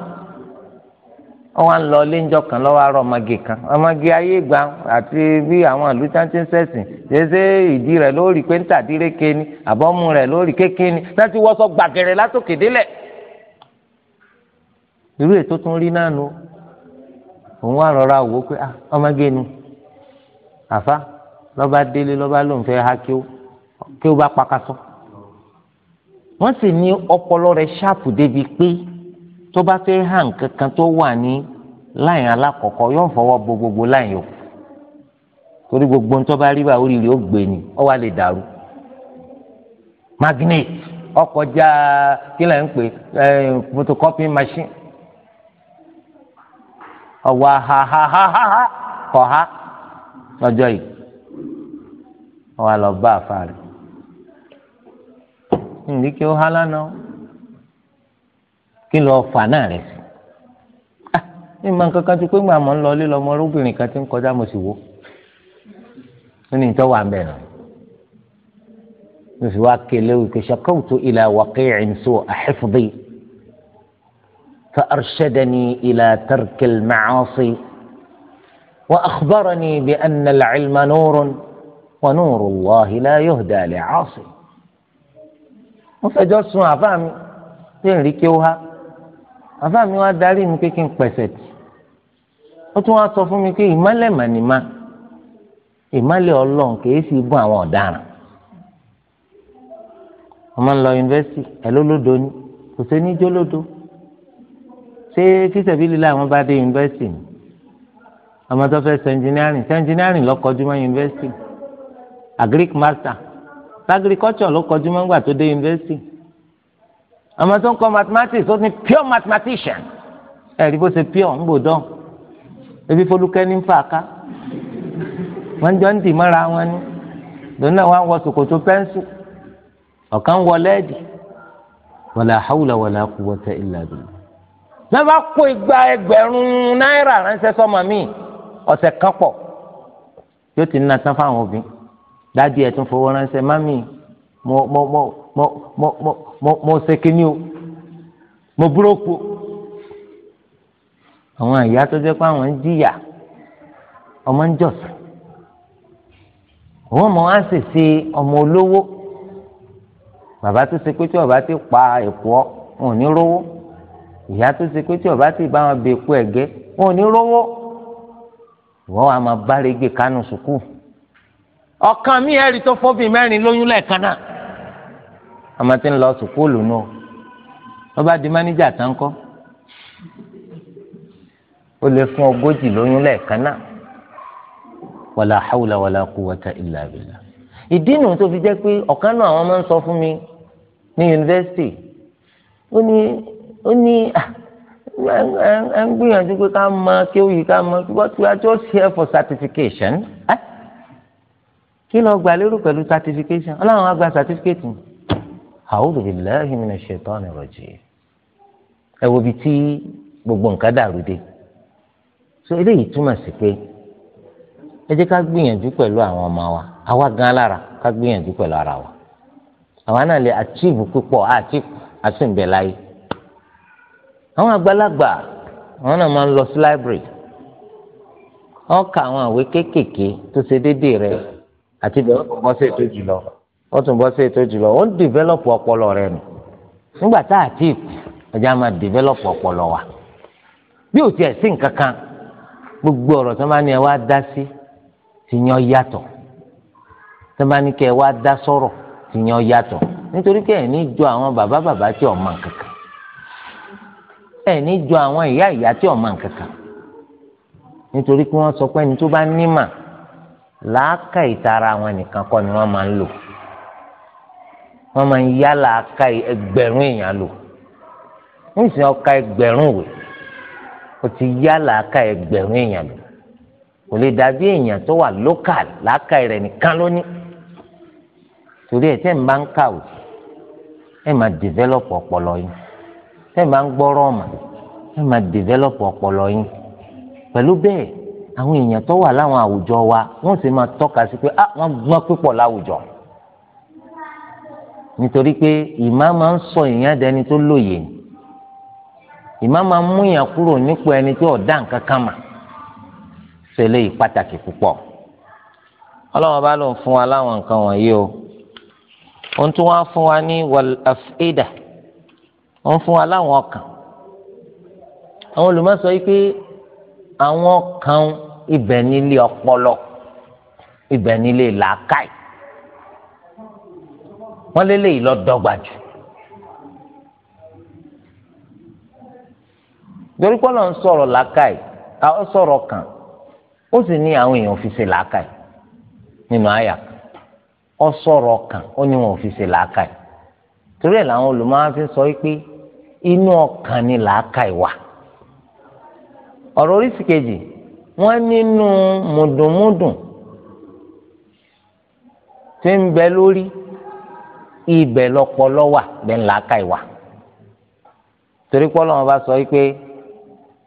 wọ́n wá ń lọ ilé ńjọ kan lọ́wọ́ arọ ọmọge kan ọmọge ayé gba àti bí àwọn ìlú tí ń sẹ̀sìn ṣeéṣe ìdí rẹ̀ lórí pé ń tàdíreke ni àbọ̀mú rẹ̀ lórí kékeré ni láti wọ́sọ gbàgẹ̀rẹ̀ látòkè délẹ̀ irú ètò tó ń rí náà nu òun wá rọra wò ó pé ah, ọmọge nu àfa lọ́ba délé lọ́ba lóun fẹ́ ha kí ó kí ó bá pakasọ́ wọ́n sì ní ọpọlọ rẹ̀ ṣáàpù débi pé tó bá fẹ́ hàn kankan tó wà ní láyìn alákọ̀ọ́kọ́ yóò fọwọ́ bo gbogbo láyìn o torí gbogbo ń tó bá rí bá oríire ó gbé ni ó wá lè dàrú magnet ọkọjá kí lè ń pè ẹ photocopy machine ọwọ́ ha kọ̀ ha lọ́jọ́ yìí ọwọ́ àlọ́ bá àfa rẹ̀ ǹdí kí ó há lánàá kí lọ fà náà rẹ̀ sí. Ah, mi máa ń kankan ti pé gbà mọ́ ń lọ lílọ ọmọ ọlọ́bìnrin kan ti ń kọjá mo sì wò ó ní ìtọ́wà ń bẹ̀ nà mo sì wá kele wípé ṣàkóso ìlà wàkẹ́yìn so àhẹ́fọ́dé فأرشدني إلى ترك المعاصي وأخبرني بأن العلم نور ونور الله لا يهدى لعاصي mo fẹjọ́ sùn àfáà àfáà mi wá darí mi pé kí n pẹ̀sẹ̀ tì ó tún wá sọ fún mi pé ìmọ́lẹ̀ mànìmá ìmọ́lẹ̀ ọlọ́run kìí sì bún àwọn ọ̀daràn ọmọ ń lọ yunifásitì ẹ̀ lólódo ni kò sí ní jólódo ṣé títẹ̀bílì làwọn bá dé yunifásitì ni ọmọ tó fẹ́ sẹ́ńjìnírìn sẹ́ńjìnírìn ló kọjú mọ́ yunifásitì agric master agriculture ló kọjú mọ́ ńgbà tó dé yunifásitì àmọ́ tó ń kọ́ mathematics ó ní pure mathematician ẹ̀rí bó ṣe pure ń bò dán ebi folúkẹ́ ní fà ká wọ́n jọ ń dì mọ́ra wọn ni lónìí náà wọ́n wọ ṣòkòtò pẹ́ńsù ọ̀kan wọ lẹ́ẹ̀dì wàlà hàwùlà wàlà kúwọ́tà ìlàbí. lọ́ba kó igba ẹgbẹ̀rún náírà ránṣẹ́ sọ́mọ mi ọ̀sẹ̀ kan pọ̀ yóò ti ná tán fáwọn òbí dájú ẹ̀ tún fowó ránṣẹ́ mami mo mo mo mo mo mo mo mo ṣe kíní o mo búrọ́pù àwọn àyà tó jẹ́ pé àwọn ń jìyà ọmọ ń jọ̀sìn wọ́n mọ̀ á sì ṣe ọmọ olówó bàbá tó ṣe pé tí ọba ti pa èkó wọn ò ní rówó ìyá tó ṣe pé tí ọba ti bá wọn bẹ èkó ẹ̀gẹ́ wọn ò ní rówó ìwọ́n wa máa bá rege kánú sùkúù ọ̀kan mi ẹ̀rí tó fọ́ bíi lóyún lẹ́ẹ̀kan náà ọmọ tí ń lọ sùkúlù nù wọ́n bá di mánéjà tán kọ́ ó lè fún ogójì lóyún lẹ́ẹ̀kan náà wàlà hàwùlà wàlà kúwàtà ìlà bìlà ìdí nu tó fi jẹ́ pé ọ̀kan náà àwọn máa ń sọ fún mi ní yunifásitì ó ní ó ní ẹ ah, ń gbìyànjú pé ká mọ kí ó yí ká mọ ṣùgbọ́n tí a just here for certification ah, kí lọ gbà lérò pẹ̀lú certification ọlọ́run á gba certificate mi a'udhu billahi minash shaitani rajim ẹ wo ibi tí gbogbo nǹkan dàrú dé so eléyìí túmọ̀ sí pé ẹ jẹ́ ká gbìyànjú pẹ̀lú àwọn ọmọ wa àwa gan lára ká gbìyànjú pẹ̀lú ara wa àwa náà lè achieve púpọ̀ àti àsìnbẹ̀ láyé àwọn àgbàlagbà àwọn náà máa ń lọ sí library wọn ka àwọn àwé kéékèèké tó ṣe déédéé rẹ àti bẹ̀rẹ̀ kọ́kọ́ ṣètò jùlọ ó tún bọ́ sí ètò jùlọ ó ń dìvẹ́lọ́pù ọpọlọ rẹ nù nígbà tá a ti kù ẹja máa dìvẹ́lọ́pù ọpọlọ wa bí ò tiẹ̀ sí nǹkan kan gbogbo ọ̀rọ̀ tó máa ní ẹ wá dá sí ti yan yàtọ̀ tó máa ní kẹ ẹ wá dá sọ̀rọ̀ ti yan yàtọ̀ nítorí kẹ ẹ ní àwọn bàbá bàbá tí ọ̀ máa kankan ẹ ní àwọn ìyá ìyá tí ọ̀ máa kankan nítorí kí wọ́n sọ pé ẹni tó bá nímà làákà ìtara àwọn nìkan kọ́ ni wọ́n máa ń lò wọ́n máa ń yálà ka ẹgbẹ̀rún èèyàn lò nísìnyí ọka ẹgbẹ̀rún wè o ti yálà ka ẹgbẹ̀rún èèyàn lò kò lè dàbí èèyàn tó wà lókàl láka rẹ̀ nìkan lónìí torí ẹ̀ tẹ́ ń bá ń kàwé ẹ̀ máa develop ọpọlọ yín tẹ́ ń bá ń gbọ́rọ̀ ọ̀mà ẹ̀ máa develop ọpọlọ yín pẹ̀lú bẹ́ẹ̀ àwọn èèyàn tó wà láwọn àwùjọ wa wọ́n sì máa tọ́ka sí pé ah wọ́n gbọ́n púpọ̀ láwùjọ nítorí pé ìmá máa ń sọ èèyàn dẹni tó lóye ni ìmá máa ń mú èèyàn kúrò nípò ẹni tí ọ̀dá nǹkan kan mà ṣẹlẹ̀ yìí pàtàkì púpọ̀ ọlọ́run bá ló ń fún wa láwọn nǹkan wọ̀nyí o ó ń tún wá fún wa ní wàlàfẹ́dà ó ń fún wa láwọn ọkàn àwọn olùmọ̀ yìí pé àwọn ọkàn ibẹ̀ nílé ọpọlọ ibẹ̀ nílé làákàyè wọ́n lé léyìí lọ dọ́gba jù. torí pọ́lọ́ ń sọ̀rọ̀ làákàyè ó sọrọ kan ó sì ní àwọn èèyàn fi ṣe làákàyè nínú àyà ọ sọrọ kan ó ní wọn ò fi ṣe làákàyè torí ẹ làwọn olùmọ̀ọ́ fi sọ pé inú ọkàn ni làákàyè wà ọ̀rọ̀ oríṣi kejì wọ́n nínú mùdùnmùdùn tí ń bẹ lórí ibẹ̀ lọpọlọ wà bẹ́ẹ̀ ńlá ka ìwà torí pọlọ wọn bá sọ wípé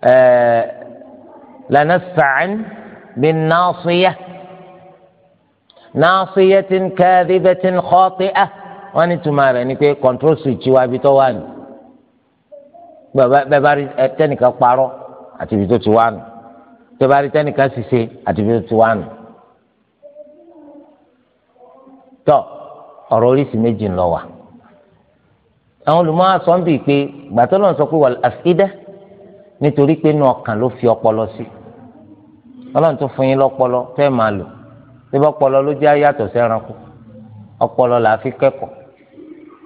ẹẹ lana sàn bí nàásìyà nàásìyà tí ń kẹ́rì bẹ́ẹ̀ tí ń xọ́tì á wọn ní tuma rẹ̀ ni pé control switch wa ibi tó wà nù bẹ́ẹ̀ bá rí tẹnìkan parọ́ àti ibi tó ti wà nù bẹ́ẹ̀ bá rí tẹnìkan ṣiṣẹ́ àti ibi tó ti wà nù tọ ọ̀rọ̀ oríṣi méjì ńlọ wà àwọn olùmọ̀ asọ́nbì pé gbàtọ́lọ́ sọ pé wàl àfídá nítorí pé inú ọkàn ló fi ọpọlọ sí ọlọ́run tó fún yín lọ́pọlọ tẹ́ máa lò síbẹ̀ ọpọlọ ló jẹ́ yàtọ̀ sẹ́ranko ọpọlọ là á fi kẹ́kọ̀ọ́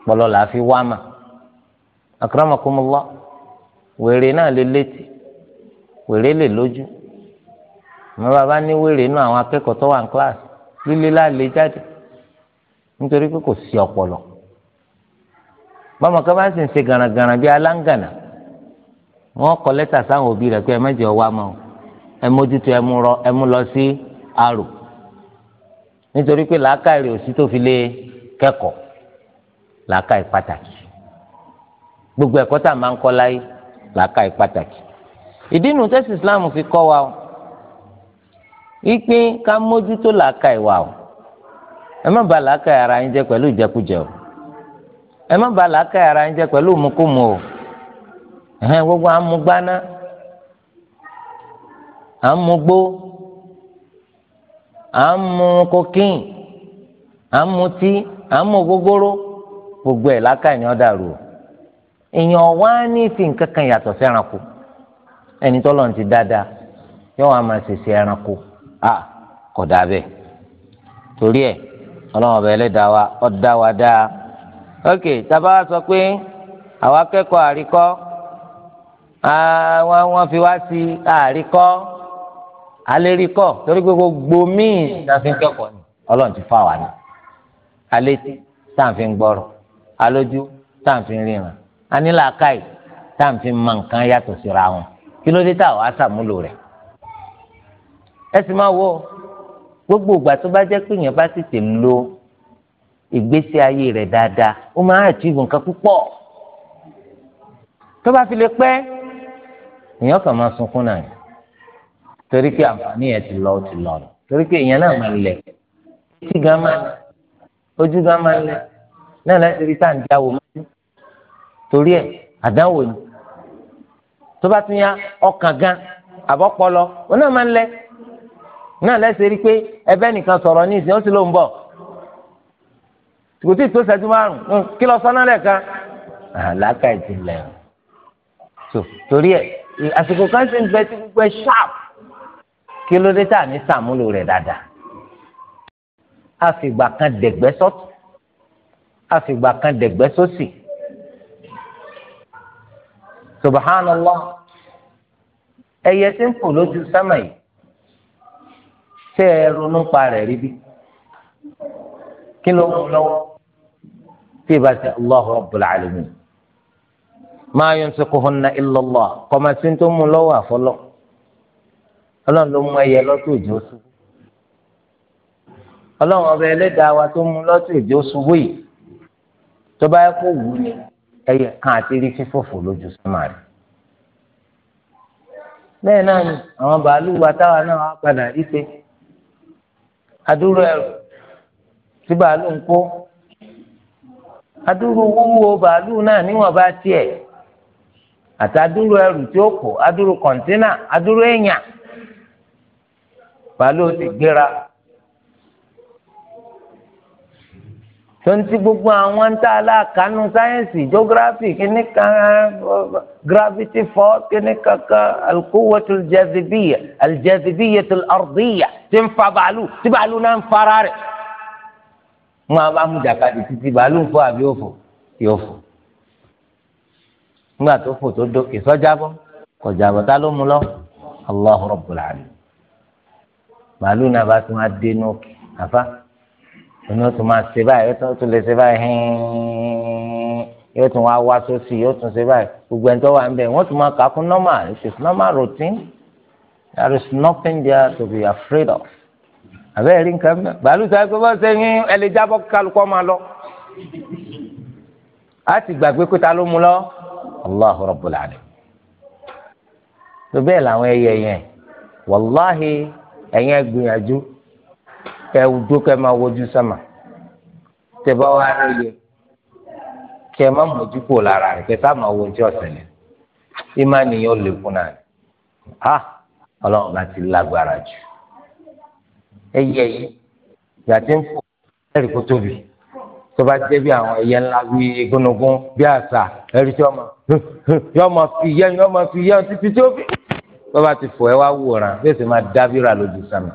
ọpọlọ là á fi wá mà akramakumullah wèrè náà lè létí wèrè lè lójú àmọ́ bàbá ní wèrè inú àwọn akẹ́kọ̀ọ́ tó wà ní kíláàsì líle láà jáde nítorí pé kò sí ọpọlọ báwọn kan bá sì ń ṣe garagara bíi aláǹgànà wọn kọ lẹ́tà sáwọn òbí rẹ̀ pé ẹ mẹ́jọ wá mọ́ ẹ mójútó ẹ mú lọ sí àrò nítorí pé làákàyè òsì tó fi lé kẹ́kọ̀ọ́ làákàyè pàtàkì gbogbo ẹ̀kọ́ tá a máa ń kọ́ láyé làákàyè pàtàkì ìdí nu tẹ́sí Islam fi kọ́ wa o ìpín ká mójútó làákàyè wa o ẹ má bà làákàyè ara yín jẹ́ pẹ̀lú ìjẹkújẹ o ẹ má bà làákàyè ara yín o gbogbo à ń mu gbaná à gbogbo èèyàn wá ní fi nǹkan kan yàtọ̀ sí ẹranko ẹni ti a bẹ́ẹ̀ ọlọ́run ọbẹ̀ ẹlẹ́dàá wa ọ̀dá wa dáa ok tábà sọ pé àwọn akẹ́kọ̀ọ́ àríkọ́ àwọn wọn fi wá sí àríkọ́ alẹ́ríkọ́ torí pé gbogbo míì láti kẹ́kọ̀ọ́ ni ọlọ́run ti fà wá ní alétí tá à ń fi gbọ́rọ̀ alójú tá à ń fi ríran anílàákàyè tá à ń fi mọ nǹkan yàtọ̀ síra wọn kí ló dé tá àwọn aṣàmúlò rẹ̀ ẹ sì máa wo gbogbo ìgbà tó bá jẹ́ pé èèyàn bá tètè ń lo ìgbésí ayé rẹ̀ dáadáa ó máa àtìwò nǹkan púpọ̀ tó bá fi lè pẹ́ èèyàn kàn máa sunkún náà ni torí pé àǹfààní yẹn ti lọ ti lọ nù torí pé èèyàn náà máa lẹ̀ etí gan máa lẹ̀ ojú gan máa lẹ̀ náà láti rí tá à ń jáwó máa ń torí ẹ̀ àdánwò ni tó bá tún yá ọkàn gan àbọ̀pọ̀lọ òun náà máa lẹ̀ náà lẹ́sẹ̀ rí pé ẹbẹ́ nìkan sọ̀rọ̀ ní ìsìn ó sì ló ń bọ̀ kò tí ì tó ṣẹ́jú márùn-ún kí lọ sọ náà lẹ́ẹ̀kan àlàkà ah, ìtìlẹ̀ so torí ẹ àsìkò kan ṣe ń bẹ tí gbogbo ẹ ṣáàp kí ló dé tà ní sàmúlò rẹ̀ dáadáa àfìgbà kan dẹ̀gbẹ́ sọ́tù àfìgbà kan dẹ̀gbẹ́ sósì subhanallah ẹyẹ tí ń fò lójú sámà yìí tẹ ẹ ronú pa rẹ̀ rí bí kí ló ń lọ́wọ́ tí ì bá ṣe Allahu Rabbul Alamin ma yumsikuhunna illa Allah kọ̀mọ̀sí tó mú lọ́wọ́ àfọlọ́ ọlọ́run ló mú ẹyẹ lọ́tò ìjọ ṣubú ọlọ́run ọba ẹlẹ́dàá wa tó mú lọ́tò ìjọ ṣubú yìí tó bá yẹ kó wù ní ẹyẹ kan àti rí fífòfò lójú sọ́mà rẹ̀ bẹ́ẹ̀ náà ni àwọn bàálù wa táwa náà wá padà rí pé. adúrú ẹrù tí bàálù ń kó adúrú wúwo bàálù náà níwọ̀n bá tiẹ̀ àtàdúró ẹrù tí ó kó adúrú kọ̀ńtínà adúrú èèyàn bàálù ti gbéra tonti gbogbo àwọn tá a lákàánú sáyẹ́nsì geography kíní kan gravity force kíní kankan alquwwatu aljazibiya aljazibiya alardiya ti ń fa bàálù tí bàálù náà ń fara rẹ̀ wọn a bá mú jàkadì títí bàálù ń fò àbí òfò yóò fò nígbà tó fò tó dókè sọ́jábọ́ kọjábọ́ tá ló mú lọ Allahu rabbul alamin bàálù náà bá tún á dé nókè àfa òun ó tún máa ṣe báyìí ó tún lè ṣe báyìí hẹ́ẹ́n yóò tún wá wá sósì yóò tún ṣe báyìí gbogbo ẹni tó wà ń bẹ̀ wọ́n tún máa kà á kún normal it is normal routine there is nothing there to be afraid of àbẹ́rẹ́ rí nǹkan mẹ́ bàálù sọ pé wọ́n ṣe yín ẹ lè jábọ́ kálukọ́ máa lọ á ti gbàgbé pé ta ló mú lọ Allahu Rabbul Alamin tó bẹ́ẹ̀ làwọn ẹyẹ yẹn wàláhì ẹ̀yẹn gbìyànjú kẹ ojú kẹ máa wojú sàmà tẹ bá wà lóye kẹ má mójú kúrò lára rẹ kẹ máa wo ojú ìmá nìyẹn lè kún náà ha ọlọ́run bá ti lágbára jù ẹyẹ yìí yàtí ń fò ẹ̀rí kó tóbi tó bá jẹ́ bí àwọn ẹyẹ ńlá bí egungun bí àṣà ẹ̀rí tí ọmọ yọmọ fi yẹn yọmọ fi yẹn títí tí ó fi tó bá ti fò ẹ wá wòran bí ó máa dábìrà lójú sàmà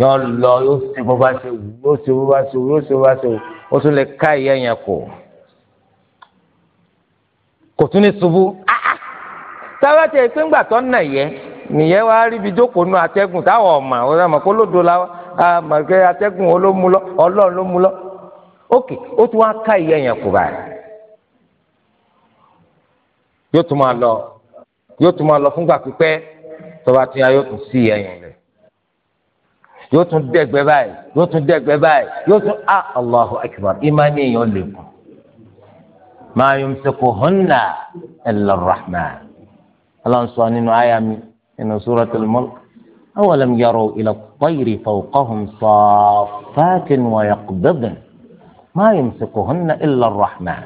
yọ lọ yóò ṣe bó bá ṣe wù yóò ṣe bó bá ṣe wù yóò ṣe bó bá ṣe wù ó tún lè ká ìyá yẹn kù kò tún ní ṣubú sábà ah, ah. tẹ pé ńgbà tó ń nà yẹ nìyẹn wá rí ibi jókòó nu atẹ́gùn táwọn ọ̀mà ó sàmọ̀ kó lódo la àmọ̀ pé atẹ́gùn olómulọ ọlọ́run ló mu lọ ókè ó tún wá ká ìyá yẹn kù báyìí yóò tún máa lọ yóò tún máa lọ fúngbà pípẹ́ tó bá tún yá yóò tún sí ìyá yẹn lẹ̀ yóò tún dẹgbẹ báyìí yóò tún dẹgbẹ báyìí yóò tún a ah, allahu akbar imani èèyàn lè kù ma yumsikuhunna illa ar-rahman ọlọ́run sọ nínú àyà mi nínú suratul mulk awalam yaraw ila at-tayri fawqahum saffatin wa yaqbidna ma yumsikuhunna illa ar-rahman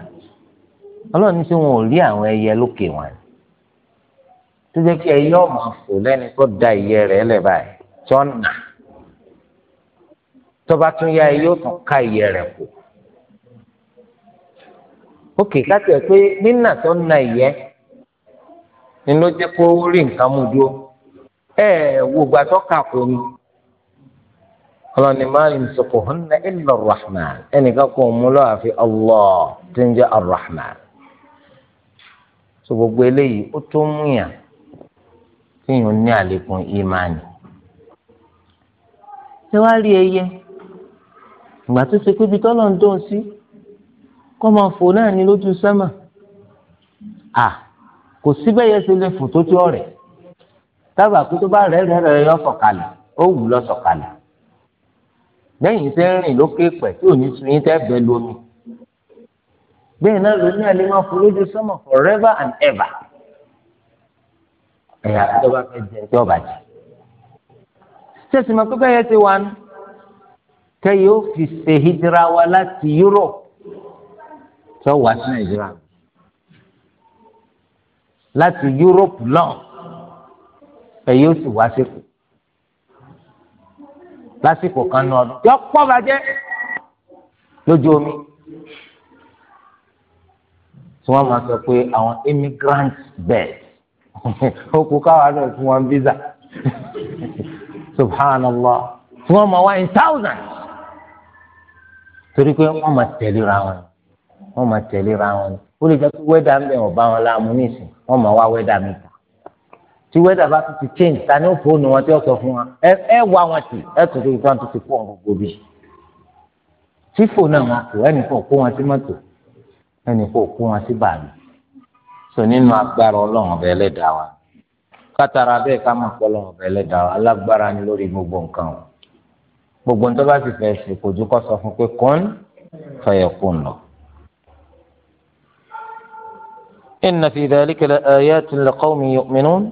wọn ò rí àwọn ẹyẹ lókè wọn tó jẹ́ kí ẹyẹ ọmọ àfò lẹ́ni tó da ìyẹ́ rẹ̀ lẹ́ báyìí tọ́nà tọba tún yá ẹ yóò tún ká iyẹ rẹ kù ókè káti ẹ pé nínà tó na iyẹ ni ló jẹ kó rí nǹkan mú dúró ẹ wò gbà tó kà kó ni ọlọ́ni máa ń sọ̀kò hàn ní illa rahman ẹnìkan kò mú lọ́wọ́ àfi Allah tó ń jẹ́ arrahman so gbogbo eléyìí ó tó mú yàn kéèyàn ní àlékún ìmánì ṣé wàá rí ẹyẹ ìgbà tó ṣe pé ibi tọ́lọ̀ ń dùn sí kọ́ máa fò náà ní lójú sẹ́mà à kò síbẹ̀ yẹn ṣe lè fò tó tí ọ̀rẹ́ tábà pé tó bá rẹ̀ rẹ̀ rẹ̀ yọ sọ̀kalẹ̀ ó wù lọ sọ̀kalẹ̀ lẹ́yìn tẹ́ ń rìn lókè pẹ̀ tí ò ní sun yín tẹ́ bẹ́ lómi bẹ́ẹ̀ náà ló ní máa fò lójú sẹ́mà forever and ever ẹ̀yà tó bá fẹ́ jẹ́ ẹjọ́ bàjẹ́ sẹ́sìmọ́ pípẹ́ yẹn ti wà nù tẹ yóò fi ṣe hijira wa láti Europe tó wá sí Nàìjíríà láti Europe náà ẹ yóò sì wá sípò lásìkò kan náà yọ pọ̀ bàjẹ́ lójú omi tí wọ́n máa sọ pé àwọn immigrant bed ó kú káwọn náà fún wọn visa subhanallah tí wọ́n máa wá in thousands torí pé wọ́n máa tẹ̀léra wọn wọ́n máa tẹ̀léra wọn ó lè jẹ́ pé wẹ́dà ń bẹ̀ wọ́n bá wọn láàmú nísìn wọ́n máa wá wẹ́dà mi kà tí wẹ́dà bá ti ti change ta ni ó fóònù wọn tí ó sọ fún wa ẹ wá wọn tì ẹ tún tó ìfọ̀n tó ti kó wọn gbogbo bí fífò náà wọn kò ẹnì kan kó wọn sí mọ́tò ẹnì kan kó wọn sí bàálù sọ nínú agbára ọlọ́run ọbẹ̀ ẹlẹ́dàá wa kátàrà bẹ́ẹ̀ ká máa pọ́ ọlọ́run ọbẹ̀ ẹlẹ́dàá wa alágbára ni lórí gbogbo nǹkan o gbogbo nítorí bá ti fẹ́ ṣe kò ju kọ́ sọ fún pé kún fẹ̀yẹ̀ kún lọ. inna fi dhalika la ayatin li qawmin yu'minun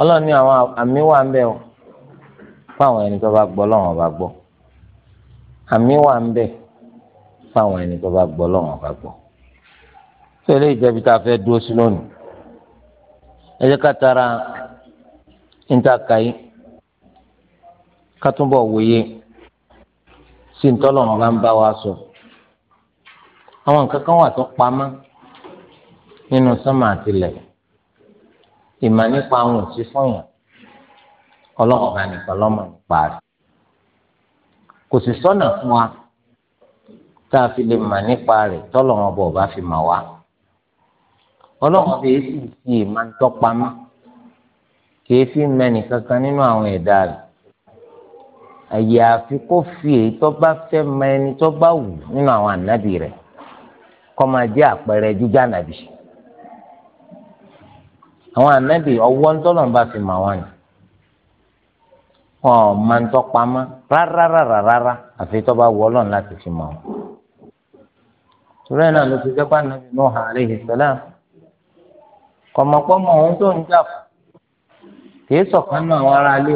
ọlọ́run ní àwọn àmì wà ń bẹ̀ o fún àwọn ẹni tó bá gbọ́ lọ́wọ́n bá gbọ́ àmì wà ń bẹ̀ fún ẹni tó bá gbọ́ lọ́wọ́n bá gbọ́. sọlẹ́ ìjẹ́bi tá a fẹ́ dúró sí lónìí ẹ ká tara ń kàyí ká túnbọ̀ wòye sí ntọ́lọ̀ wọn bá ń bá wa sọ àwọn nǹkan kan wà tó pamọ́ nínú sánmà àtìlẹ̀ ìmọ̀ nípa àwọn òsì fọyàn ọlọ́run bá nìkan lọ́mọ nípa rẹ̀ kò sì sọ́nà fún wa tá a fi lè mọ̀ nípa rẹ̀ tọ́lọ̀ wọn bá fi mọ̀ wá ọlọ́run fi èsì ìmọ̀ ń tọ́pamọ́ kì í fi mẹ́nì kankan nínú àwọn ẹ̀dá rẹ̀ àyè àfi kó fi èyí tó bá fẹ́ mọ ẹni tó bá wù nínú àwọn ànábì rẹ̀ kó máa jẹ́ àpẹẹrẹ jíjá nàbì àwọn ànábì ọwọ́ ńtọ́nà bá fi mọ̀ wọ́n ni wọn ò máa ń tọpamọ́ rárárárárá àfi tó bá wù Ọlọ́run láti fi mọ̀ wọ́n. torí ẹ̀ náà ló ti jẹ́ pé ànábì Nuh alayhi salam kọ̀mọ̀pọ̀ mọ̀ ohun tó ń jà fún kì í sọ̀kan náà wọ́n ara lé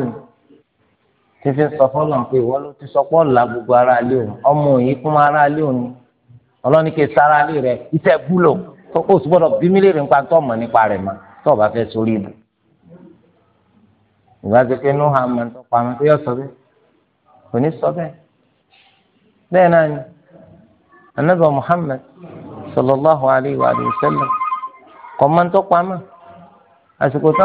tí fi sọ fọlọ́n pé ìwọ ló ti sọpọ́ la gbogbo ara alẹ́ òun ọmọ yìí kún ara alẹ́ òun ni ọlọ́ni kì í sára alẹ́ rẹ iṣẹ́ búlò tó o sì gbọ́dọ̀ bí mílíọ̀nù nípa tó mọ̀ nípa rẹ̀ mọ́ tó o bá fẹ́ sórí ibù. ìgbà tó pé nù hàn máa ń tọpa àmọ́ tó yọ sọ bẹ́ẹ̀ kò ní sọ bẹ́ẹ̀ bẹ́ẹ̀ náà ni anábà Muhammad sallallahu alayhi wa sallam kọ́ máa ń tọpa mọ́ àsìkò tó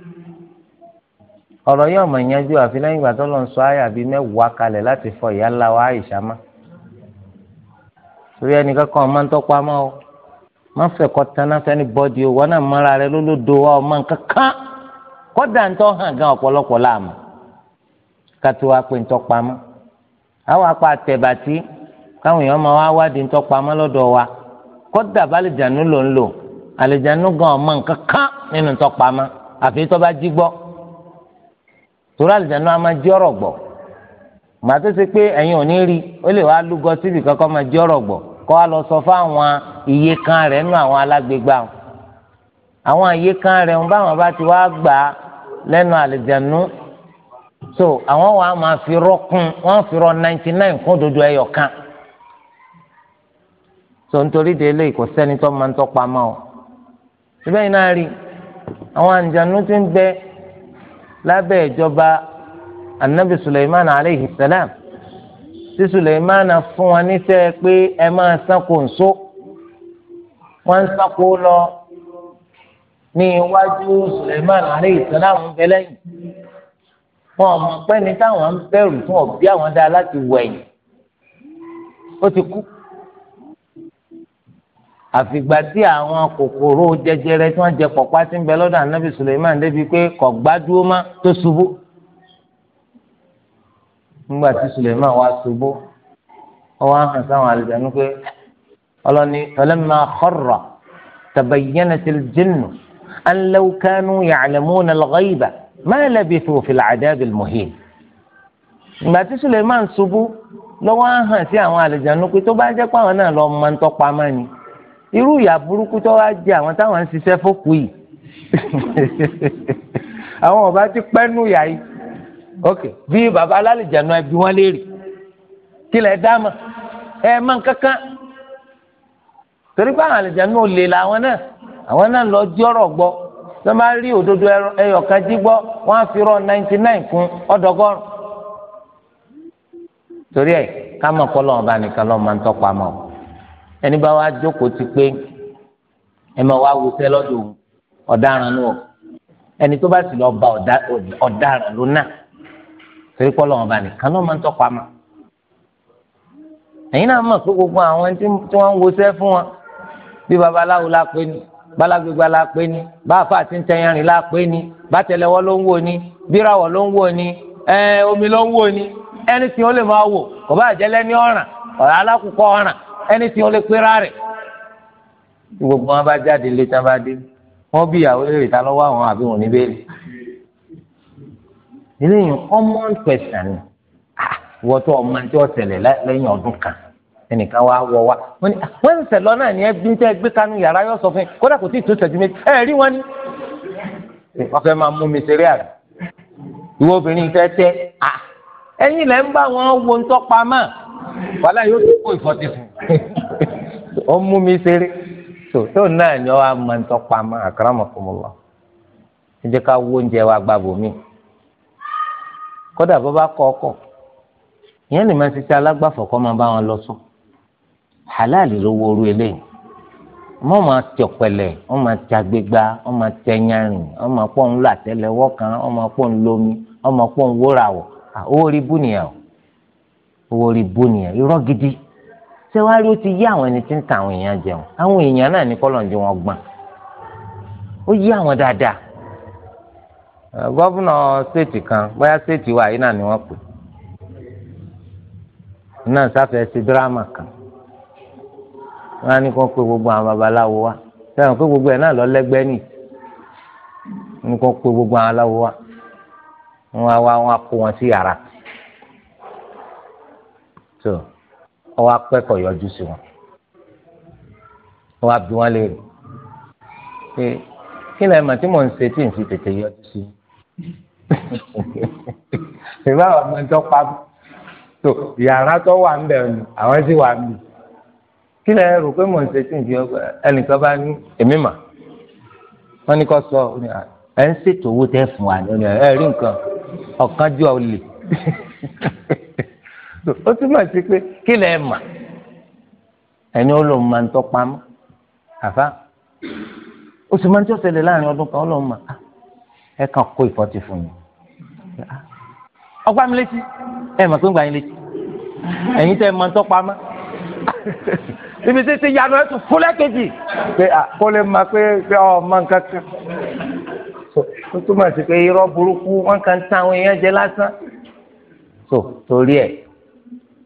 ọ̀rọ̀ yóò mọ̀ ìyanjú àfi lẹ́yìn ìgbà tó lọ sọ àyà bíi mẹ́wàá kalẹ̀ láti fọ ìyá ńlá wa àyíṣà má torí ẹnì kankan máa ń tọ́pọ̀ àmọ́ ọ má fẹ̀kọ́ taná fẹ́ni bọ́dì owó náà mọ́ra rẹ lólódo wa ọmọ kankan kọ́dà ń tọ́ hàn gan ọ̀pọ̀lọpọ̀ láàmú kátó wa pé ń tọ́pọ̀ àmọ́ àwọn apá àtẹ̀bàtì káwọn èèyàn máa wá wádìí ń tọ́pọ̀ àmọ́ lọ́dọ̀ torí àlùjánu a máa jẹ́ ọ̀rọ̀ gbọ̀ màá tó ṣe pé ẹ̀yin ò ní rí ó lè wá lúgọ síbi kankan máa jẹ́ ọ̀rọ̀ gbọ̀ kọ́ wa lọ iye kan rẹ̀ nú àwọn alágbègbà wọn àwọn iye kan rẹ̀ ń báwọn bá ti wá gbà á lẹ́nu so àwọn wa máa fi rọ́ kún wọ́n fi rọ́ ninety nine kún dodo ẹyọ kan so nítorí de eléyìí kò sẹ́ni tó máa ń tọ́ pamọ́ o síbẹ̀ yìí náà rí àwọn àlùjánu ti ń bẹ́ẹ̀ lábẹ́ ìjọba anabi suleiman aleyhi salam tí suleiman fún wa níṣẹ́ pé ẹ máa sanko nso wọ́n ń sanko lọ ní iwájú suleiman aleyhi salam ń bẹ lẹ́yìn wọn ò mọ̀ pé ní táwọn ń bẹ̀rù fún ọ̀bí àwọn dá láti wẹ̀yìn ó ti kú àfìgbà tí àwọn kòkòrò jẹjẹrẹ tí wọ́n jẹ pọ̀pá tí ń bẹ lọ́dọ̀ ànábì Suleiman débi pé kò gbádùó má tó ṣubú nígbà tí Suleiman wá ṣubú ọwọ́ hàn sáwọn àlùjánu pé ọlọ́ni falamma kharra tabayyanatil jinnu an law kanu ya'lamuna al-ghayba ma labithu fil 'adabil muhin ìgbà tí Suleiman ṣubú lọ́wọ́ hàn sí àwọn àlùjánu pé tó bá jẹ́ pé àwọn náà lọ́ọ́ Iru ìyà burúkú tó wá jẹ àwọn táwọn ń ṣiṣẹ́ fókù yìí àwọn ọba ti pẹnu ya yìí ok bí baba alálejànú ẹbí wọn léèrè kílẹ̀ dáàmà ẹ ma kankan torí pé àwọn àlejànú olè làwọn náà àwọn náà lọ jí ọ̀rọ̀ gbọ́ tó máa rí òdodo ẹyọ jí gbọ, wọ́n á fi rọ ninety nine fún, ọ̀dọ́gọ́rùn torí ẹ̀ ká mọ̀ kọ́ lọ́wọ́ nìkan máa ń ẹni bá wá jókòó ti pé ẹ máa wá ọ̀daràn ẹni tó bá sì lọ ba ọ̀daràn ló náà torí pọ́ lọ́wọ́ bá nìkan náà máa ma ẹ̀yin náà mọ̀ pé gbogbo àwọn tí wọ́n ń wusẹ́ fún wọn bí babaláwo la pé ni balagbegba la pé ni báfa àti la pé ni ló ń ni ló ń ni omi ló ń ni ẹni tí lè máa wò kò bá ẹni tí wọn lè pé rárẹ̀ gbogbo wọn bá jáde lé tí wọn bá dé wọn bí ìyàwó lè ta lọ́wọ́ àwọn àbí wọn ní bẹ́ẹ̀lì eléyìí common question ah, wọ́n tó ọmọ tí wọ́n tẹ̀lé lẹ́yìn ọdún kan ẹnìkan wá wọ wá ah, wọ́n ń sẹ̀lọ́ náà ní ẹbí tẹ́ gbé kánú yàrá yóò sọ fún yín kódà kò tí ì tó tẹ̀jú méjì ẹ rí wọn ni wọ́n fẹ́ máa mú mi ṣeré àrà ìwọ obìnrin fẹ́ tẹ́ ah, ẹ̀yin lẹ́ ń bá wọn wo ń tọ́pa mọ́ wàhálà yóò tó kó ìfọ́tí fún un. ó mú mi ṣeré tó tó náà ni ọ́ máa ń tọ́pa mọ́ akramakumullah ẹ jẹ́ ká wó oúnjẹ wa gba bòmí kódà bó bá kọ ọkọ ìyẹn ni alágbàfọ̀ kọ́ máa bá wọn lọ sùn halali ló wo eléyìí wọ́n ma tẹ ọ̀pẹ̀lẹ̀ wọ́n máa tẹ agbégbá wọ́n máa tẹ yanrìn pọ̀ ń lo ṣé wàá ó ti yí àwọn ẹni tí ń ta àwọn èèyàn jẹun àwọn èèyàn náà ní kọ́lọ̀ ní wọn gbọ́n ó yí àwọn dáadáa gọ́vùnà kan bóyá stéètì wa yìí náà ni wọ́n pè náà sáfẹ́ sí dírámà kan wọ́n á ní kó gbogbo àwọn babaláwo wa sẹ́wọ̀n gbogbo ẹ̀ náà lọ lẹ́gbẹ́ẹ́ nì ní kó gbogbo àwọn aláwo wa wọ́n á wá wọn ọwọ́ akẹ́kọ̀ọ́ yọjú sí wọn ọwọ́ abí wọn léèrè pé kí lẹ́yìn mà tí mò ń ṣe tí n fi tètè yọjú sí ìbá àwọn ọmọ ẹjọ́ pa tó yàrá tó wà ń bẹ̀ ni àwọn sì wà ń bì kí lẹ́yìn rò pé mò ń ṣe tí n fi ẹnìkan bá ní èmi mà wọ́n ní kó sọ ẹ ń ṣètò owó tẹ́ fún wa ní ẹ rí nǹkan ọ̀kan jù ọ lè ó túmọ̀ sí pé kí lẹ mà ẹni ó lòun máa ń tọ́ pamọ́ àfa ó sì máa ń tọ́sẹ̀lẹ̀ láàrin ọdún kan ó lòun mà ah, ẹ kàn kó ìfọ́tí fún mi ọgbà ah, mi létí ẹ mọ̀ pé ń gbà yín létí ẹ̀yin tẹ́ ẹ máa ń tọ́ pamọ́ ibi títí yanu ẹ tún fúlẹ̀ kejì pé ah, kó lè máa pé ọ máa ń kankan tó túmọ̀ sí pé irọ́ burúkú wọn kàn ń àwọn èèyàn jẹ lásán tó torí ẹ̀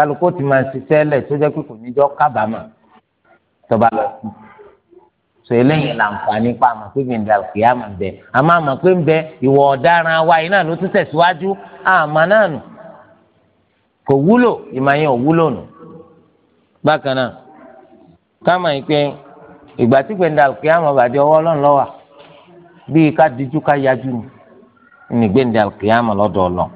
kálukó ti máa ṣiṣẹ́ lẹ̀ tó jẹ́ pé kò ní jọ́ kábàámà tọba lọ sí so eléyìí làǹfààní pa àmọ́ pé gbèǹda òkè àmọ́ ń bẹ àmọ́ àmọ́ pé ń bẹ ìwọ ọ̀daràn wa yìí náà ló tún tẹ̀síwájú àmọ́ náà nù kò wúlò ìmọ̀ yẹn nù bákan náà káàmà yìí pé ìgbà tí gbèǹda òkè àmọ́ bàjẹ́ ọwọ́ ọlọ́run lọ́wà bíi ká dijú ká yájú ni ní gbèǹda òkè àmọ́ lọ́dọ̀ ọlọ́run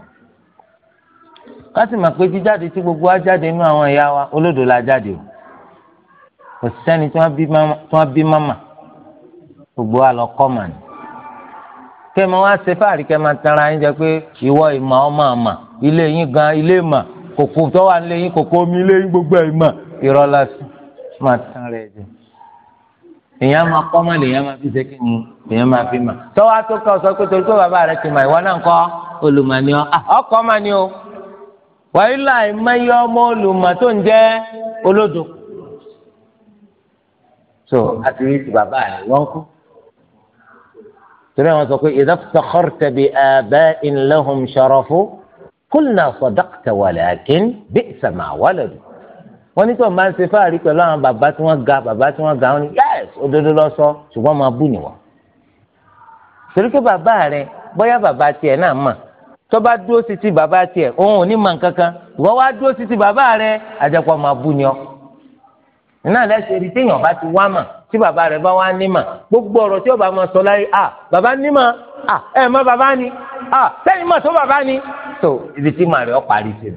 kásì máa pé jíjáde tí gbogbo wa jáde nínú àwọn ìyá wa olódò la jáde o kò sẹ́ni tí wọ́n bí mama gbogbo wa lọ kọ́ màní. kẹ́mi wá ṣe fáàrí kẹ́mi tara yín jẹ pé ìwọ ìmọ̀ ọmọ àmà ilé yín gan ilé ìmọ̀ kòkó tó wà nílé yín kòkó omi ilé yín gbogbo ìmọ̀ ìrọ̀lá sí máa tán rẹ̀ jẹ. èèyàn máa kọ́ mọ́ lèèyàn máa fi ṣe kí ni èèyàn máa fi mà. tọ́wọ́ á tó kọ́ sọ pé torí tó bàbá rẹ̀ wàhálà ìmọ̀yé ọmọ olùmọ̀ tó ń jẹ́ olódo so àti rí ti bàbá rẹ̀ wọ́n kú torí àwọn sọ pé idha iftakharta bi aba'in lahum sharafu kulna sadaqta walakin bi'sa ma waladu wọ́n ní tí wọ́n bá ń ṣe fáàrí pẹ̀lú àwọn bàbá tí wọ́n ga bàbá tí wọ́n ga wọ́n ní yẹ́s òdodo lọ sọ ṣùgbọ́n máa bù níwọ̀n torí pé bàbá rẹ̀ bóyá bàbá tiẹ̀ náà mà tọ́ba dúró sí ti bàbá tiẹ̀ òun ò ní mọ̀ nǹkankan ìwọ́ wá dúró sí ti bàbá rẹ àjẹpọ̀ máa bú ni ọ́ iná lẹ́sẹ̀ rí téèyàn bá ti wá mà tí bàbá rẹ bá wá ní mà gbogbo ọ̀rọ̀ tí ọba máa sọ láyé à bàbá ní mà à ẹ mọ bàbá ni à sẹ́yìn mọ̀ tó bàbá ni tó ibi tí màrí ọ parí sí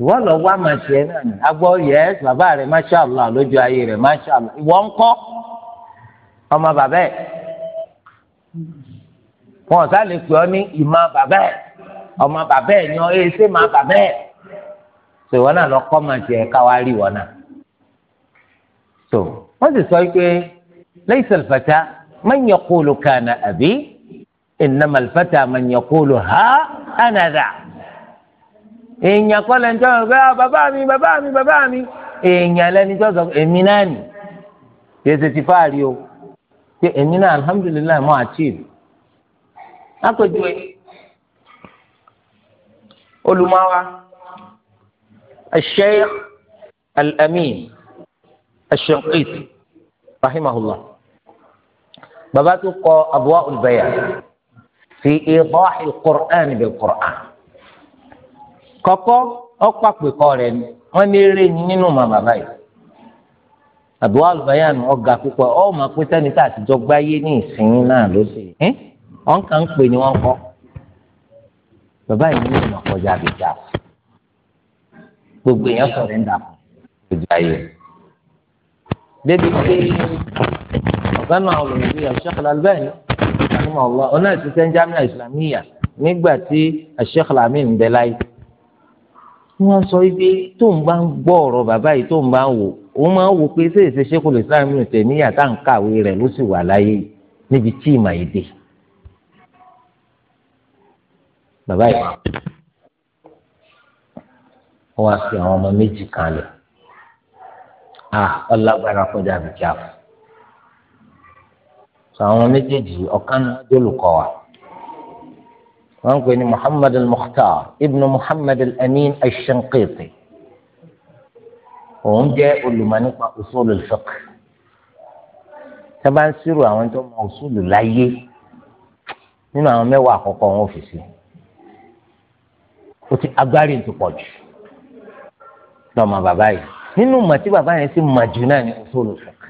ìwọ lọ wá mà tiẹ̀ náà ni agbọ́ yẹ bàbá rẹ masha allah ayé rẹ masha ìwọ ń kọ́ ọmọ bàbá ẹ̀ wọn sá lè pè ọ ní ìmọ̀ bàbá ẹ̀ ọmọ bàbá ẹ̀ yan ẹ ṣé máa bàbá ẹ̀ tó ìwọ náà lọ kọ́ máa jẹ káwá rí ìwọ náà tó wọ́n sì sọ pé laysa al-fata man yaqulu kana abi innama al-fata man yaqulu ha ana èèyàn kọ́ lẹ́ni tó pé ah, bàbá mi bàbá mi bàbá mi èèyàn lẹ́ni tó sọ èmi náà nì kí ẹ ṣe ti fáàrí o pé èmi náà alhamdulilayi mo achieve lápèjúwe olùmọ̀wá Sheikh Al-Amin Ash-Shinqiti rahimahullah bàbá tó kọ Adwa'ul Bayan fi idah al-Qur'an bil-Qur'an kọ́kọ́ ọ̀pàpẹ̀ kọ́ rẹ̀ ni wọ́n ní eré nínú màmá báyìí Adwa'ul Bayan ọ̀gá púpọ̀ ọ̀ máa pín sẹ́ni tá àtijọ́ gbáyé ní ìsinyìí náà ló wọn kàn ń pè ní wọn kọ bàbá yìí ní ìmọ̀ kọjá àbíjà gbogbo èèyàn sọ̀rọ̀ ń dàpọ̀ ojú ayé débi pé ọ̀gá náà lòun ní Sheikh Al-Albani àmọ́ ọ̀la ọ̀nà ìṣiṣẹ́ ń jámíà ìsìlámíyà nígbà tí Sheikh al ń bẹ láyé wọ́n sọ ibi tó ń bá ń gbọ́ ọ̀rọ̀ bàbá yìí tó ń bá ń wò ó máa ń wò pé ṣé ìṣe Sheikh Al-Islam Ibn Taymiyyah tá à ń kàwé rẹ̀ ló sì wà láyé níbi tí ìmọ̀ bàbá yìí ó wá sí àwọn ọmọ méjì kan lẹ̀ à ọlágbára kọjá àbíkí àfọ sọ àwọn méjèèjì ọ̀kan náà jólùkọ́ wa wọ́n ń pè ní Muhammad al-Mukhtar ibnu Muhammad al-Amin al-Shanqiti òun jẹ́ olùmọ̀ nípa usul al-fiqh tẹ́ bá ń sírò àwọn tó mọ usul láyé nínú àwọn mẹ́wàá àkọ́kọ́ wọn ò fi ó ti agbárí ti pọ̀ jù lọ́mọ bàbá yìí nínú mọ̀ tí bàbá yẹn sì mọ̀ jù náà ní usulul fiqh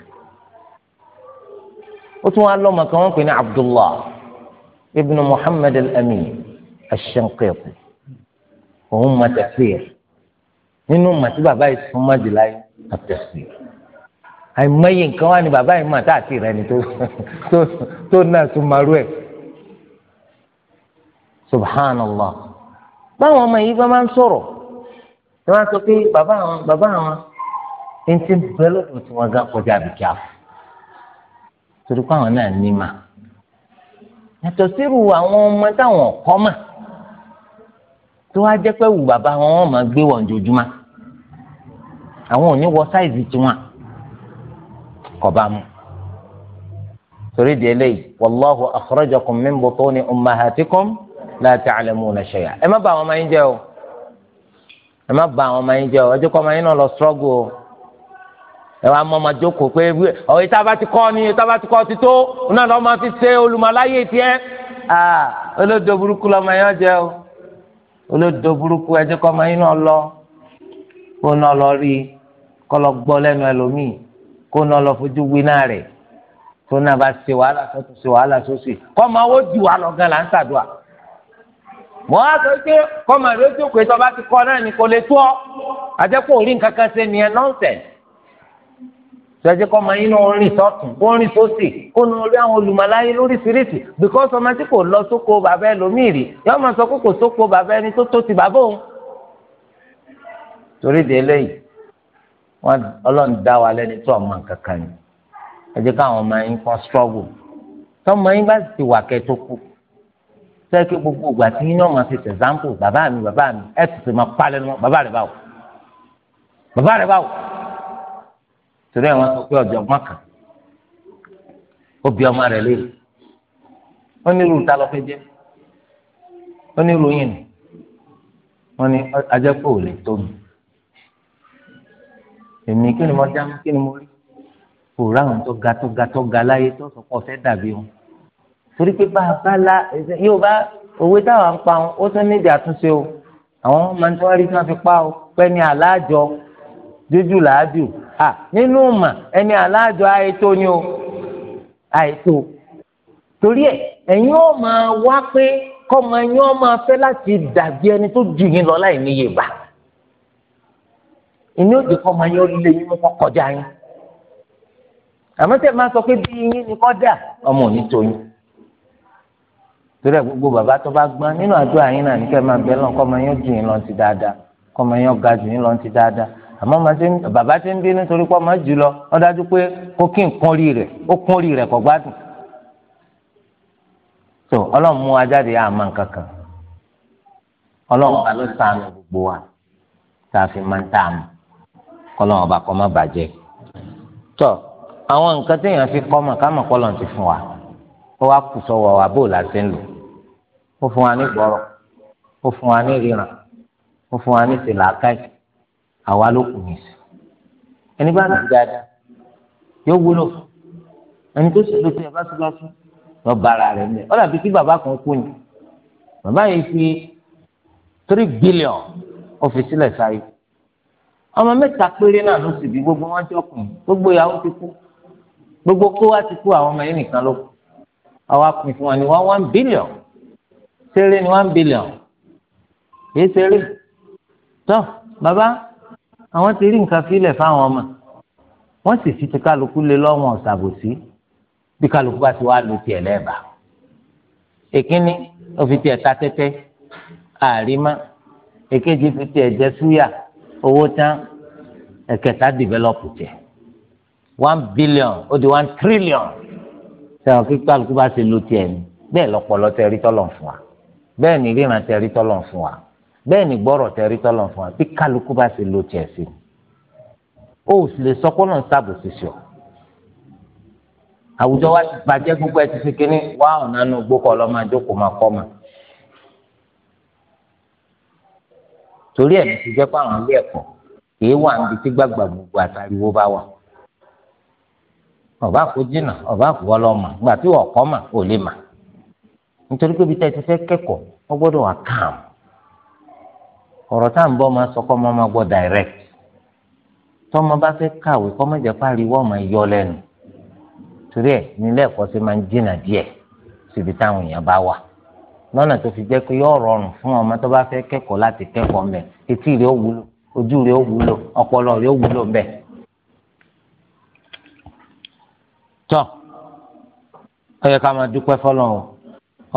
ó tún wá lọ́mọ kan wọ́n pè ní Abdullah ibn Muhammad al-Amin al-Shanqiti òun mọ̀ tafsir nínú mọ̀ tí bàbá yìí fún májìlá yìí àtẹ̀sí àìmọye nǹkan wá ní bàbá yìí mà tá àti rẹ ni tó náà tún marú ẹ̀ subhanallah báwọn ọmọ yìí bá máa ń sọ̀rọ̀ ni wọ́n á sọ pé bàbá àwọn bàbá àwọn ẹni tí ń bẹ lọ́dọ̀ tí wọ́n gá kọjá àbíkí àfọ torí pé àwọn náà ní mà yàtọ̀ sírù àwọn ọmọ táwọn ọ̀kọ́ mà tó wá jẹ́ pé wù bàbá wọn wọ́n máa gbé wọn jojúmọ́ àwọn ò ní wọ sáìzì tiwọn kò mu torí di eléyìí wallahu akhrajakum min butuni ummahatikum la ta'lamuna shay'a ẹ má bà àwọn ọmọ yín jẹ́ o ẹ má bà àwọn ọmọ yín jẹ́ o ẹ jẹ́ kó ọmọ yín náà lọ struggle o ẹ wàá mọ ọmọ jókòó pé ọ̀rọ̀ ìta bá ti kọ́ ni ìta bá ti kọ́ ti tó náà lọ́ máa fi ṣe olùmọ̀láyé tiẹ́ olódo burúkú lọ́mọ yẹn jẹ́ o olódo burúkú ẹ jẹ́ ọmọ yín náà lọ kó náà lọ rí i lọ gbọ́ lẹ́nu ẹlòmíì kó náà lọ fojú wí náà rẹ̀ tó náà bá ṣe wàhálà sọ́tún ṣe wàhálà sósì kọ́ ọmọ owó ju wàhálà gan là ń ṣàdúrà mọ́ á sọ pé kọ́mọ̀ rẹ tó pé tọ́ba ti kọ́ náà ní kò lè tó ọ́ àjẹkù orí nǹkan kan ṣe nìyẹn nọ́ọ̀sẹ̀sì sọ́jẹ́ kọ́ máa yín náà rìn sọ́tún kó rìn sósì kó nu orí àwọn olùmọ̀láyé lóríṣiríṣi bíkọ́sì ọmọ tí kò lọ sóko bàbá ẹlòmíì rí yọ máa sọ pé kò sóko bàbá ẹni tó tó ti bàbá òun. torí de eléyìí wọn ọlọ́run dá wa lẹ́ni tó ọmọ kankan ni ẹ jẹ́ káwọn ọmọ yín kọ́ struggle tọ́mọ yín bá sì wà kẹ́ kú sẹ́kẹ́ gbogbo ìgbà tí yín náà máa ṣe tẹ̀sáǹpù bàbá mi bàbá mi ẹ̀ sì ṣe máa palẹ̀ nu bàbá rẹ̀ báwò bàbá rẹ̀ báwò torí ẹ̀ wọ́n sọ pé ọ̀jọ̀ gbọ́n kan ó bí ọmọ rẹ̀ léèrè ó ní irú ta lọ fẹ́ jẹ́ ó ní irú yìí nì wọ́n ní ajẹ́pọ̀ ò lè tó mi èmi kí ni mo já kí ni mo rí kò ráhùn tó ga tó ga tó ga láyé tó sọ pé ọ̀fẹ́ dàbí wọn torí pé bá a bá la yóò bá òwe táwọn ń pa ó tún níbi àtúnṣe o àwọn máa ń tọ́ rí tí wọ́n fi pa o pé ní aláàjọ jójú làájú à nínú mà ẹni aláàjọ àìtó ni o àìtó torí ẹ ẹ̀yin ó máa wá pé kọ́mọ ẹ̀yin ó máa fẹ́ láti dàbí ẹni tó jù yín lọ láì níye bá ìní òjò kọ́mọ ẹ̀yin ó lé yín kọ́ kọjá yín àmọ́ tẹ̀ máa sọ pé bí yín ni kọ́ dà ọmọ ò tó yín. torí gbogbo bàbá tó bá gbọ́n nínú àdúrà yín náà níkẹ́ máa bẹ́ lọ́n kọ́mọ yín jù yín lọ́n ti dáadáa kọ́mọ yín ga jù yín lọ́n ti dáadáa àmọ́ ti ń bí nítorí pé jù lọ ó dájú pé kó kí n kún rí rẹ̀ ó kún rí rẹ̀ kó gbádùn. tó ọlọ́run mú wa jáde àmọ́ nǹkan kan ọlọ́run gbogbo wa tá a fi máa ń tà ọba bàjẹ́. tó àwọn nǹkan téèyàn fi kọ́ ó wá kù sọ́wọ́ wa bó la ṣe ń lò ó fún wa ní gbọ́rọ̀ ó fún wa ní ríran ó fún wa ní tìlákàì àwa ló kù ní sí ẹni bá ti dáadáa yóò wúlò ẹni tó sì lò tí bá ti lọ bára rẹ̀ ń ọ dàbí kí bàbá kan kú ni bàbá yìí fi three billion ó fi sílẹ̀ sáyé ọmọ mẹ́ta péré náà ló sì bí gbogbo wọn jọkùn gbogbo ìyàwó ti kú gbogbo kó wa ti kú àwọn ọmọ yìí nìkan ló kù àwa pin fún wa ní one one billion ṣeré ní one billion kìí ṣeré tó bàbá àwọn ti rí nǹkan fílẹ̀ fáwọn ọmọ wọ́n sì fi ti kálukú lé lọ́wọ́n ọ̀sàbòsí bí kálukú bá ti wá lu tiẹ̀ lẹ́ẹ̀bà èkínní ó fi tiẹ̀ ta tẹ́tẹ́ àrímá èkejì fi tiẹ̀ jẹ súyà owó tán ẹ̀kẹta dìvẹ́lọ́pù tiẹ̀ one billion ó di one trillion sẹ́wọ̀n kí kálukú bá ṣe lo tiẹ̀ ni bẹ́ẹ̀ lọ́pọlọ tẹ̀rí tọ́lọ̀ fún wa bẹ́ẹ̀ ni ríran tẹ̀rí tọ́lọ̀ fún wa bẹ́ẹ̀ ni gbọ́rọ̀ tẹ̀rí tọ́lọ̀ fún wa bí kálukú bá ṣe lo tiẹ̀ sí o ò sì lè sọ pé ọlọ́run sábò ti sọ àwùjọ wa ti bàjẹ́ gbogbo ẹ ti fi kínní wá ọ̀nà inú gbókọ̀ ọlọ́mọ àjókòó máa kọ́ máa. torí ẹ̀ ní ti jẹ́ pé àwọn ilé ẹ̀kọ́ kì í wà níbi tí gbàgbà gbogbo àtàríwó bá wà. ọba kò jìnnà ọba kò wọlé ọmọ gbà tí wọn kọ́ mà ò lè mà nítorí pé ibi tẹ́ ti fẹ́ kẹ́kọ̀ọ́ wọ́n gbọ́dọ̀ wà ọ̀rọ̀ tá à ń bọ́ gbọ́ direct tọ́mọ bá fẹ́ kàwé kọ́ pariwo ọmọ yọ lẹ́nu torí ẹ̀ ẹ̀kọ́ máa ń díẹ̀ síbi táwọn èèyàn bá wà lọ́nà tó fún ọmọ tó bá fẹ́ kẹ́kọ̀ọ́ láti kẹ́kọ̀ọ́ mẹ́ etí rẹ̀ ó wúlò ojú rẹ̀ tọ́ ọ yẹ ká máa dúpẹ́ fọlọ́run o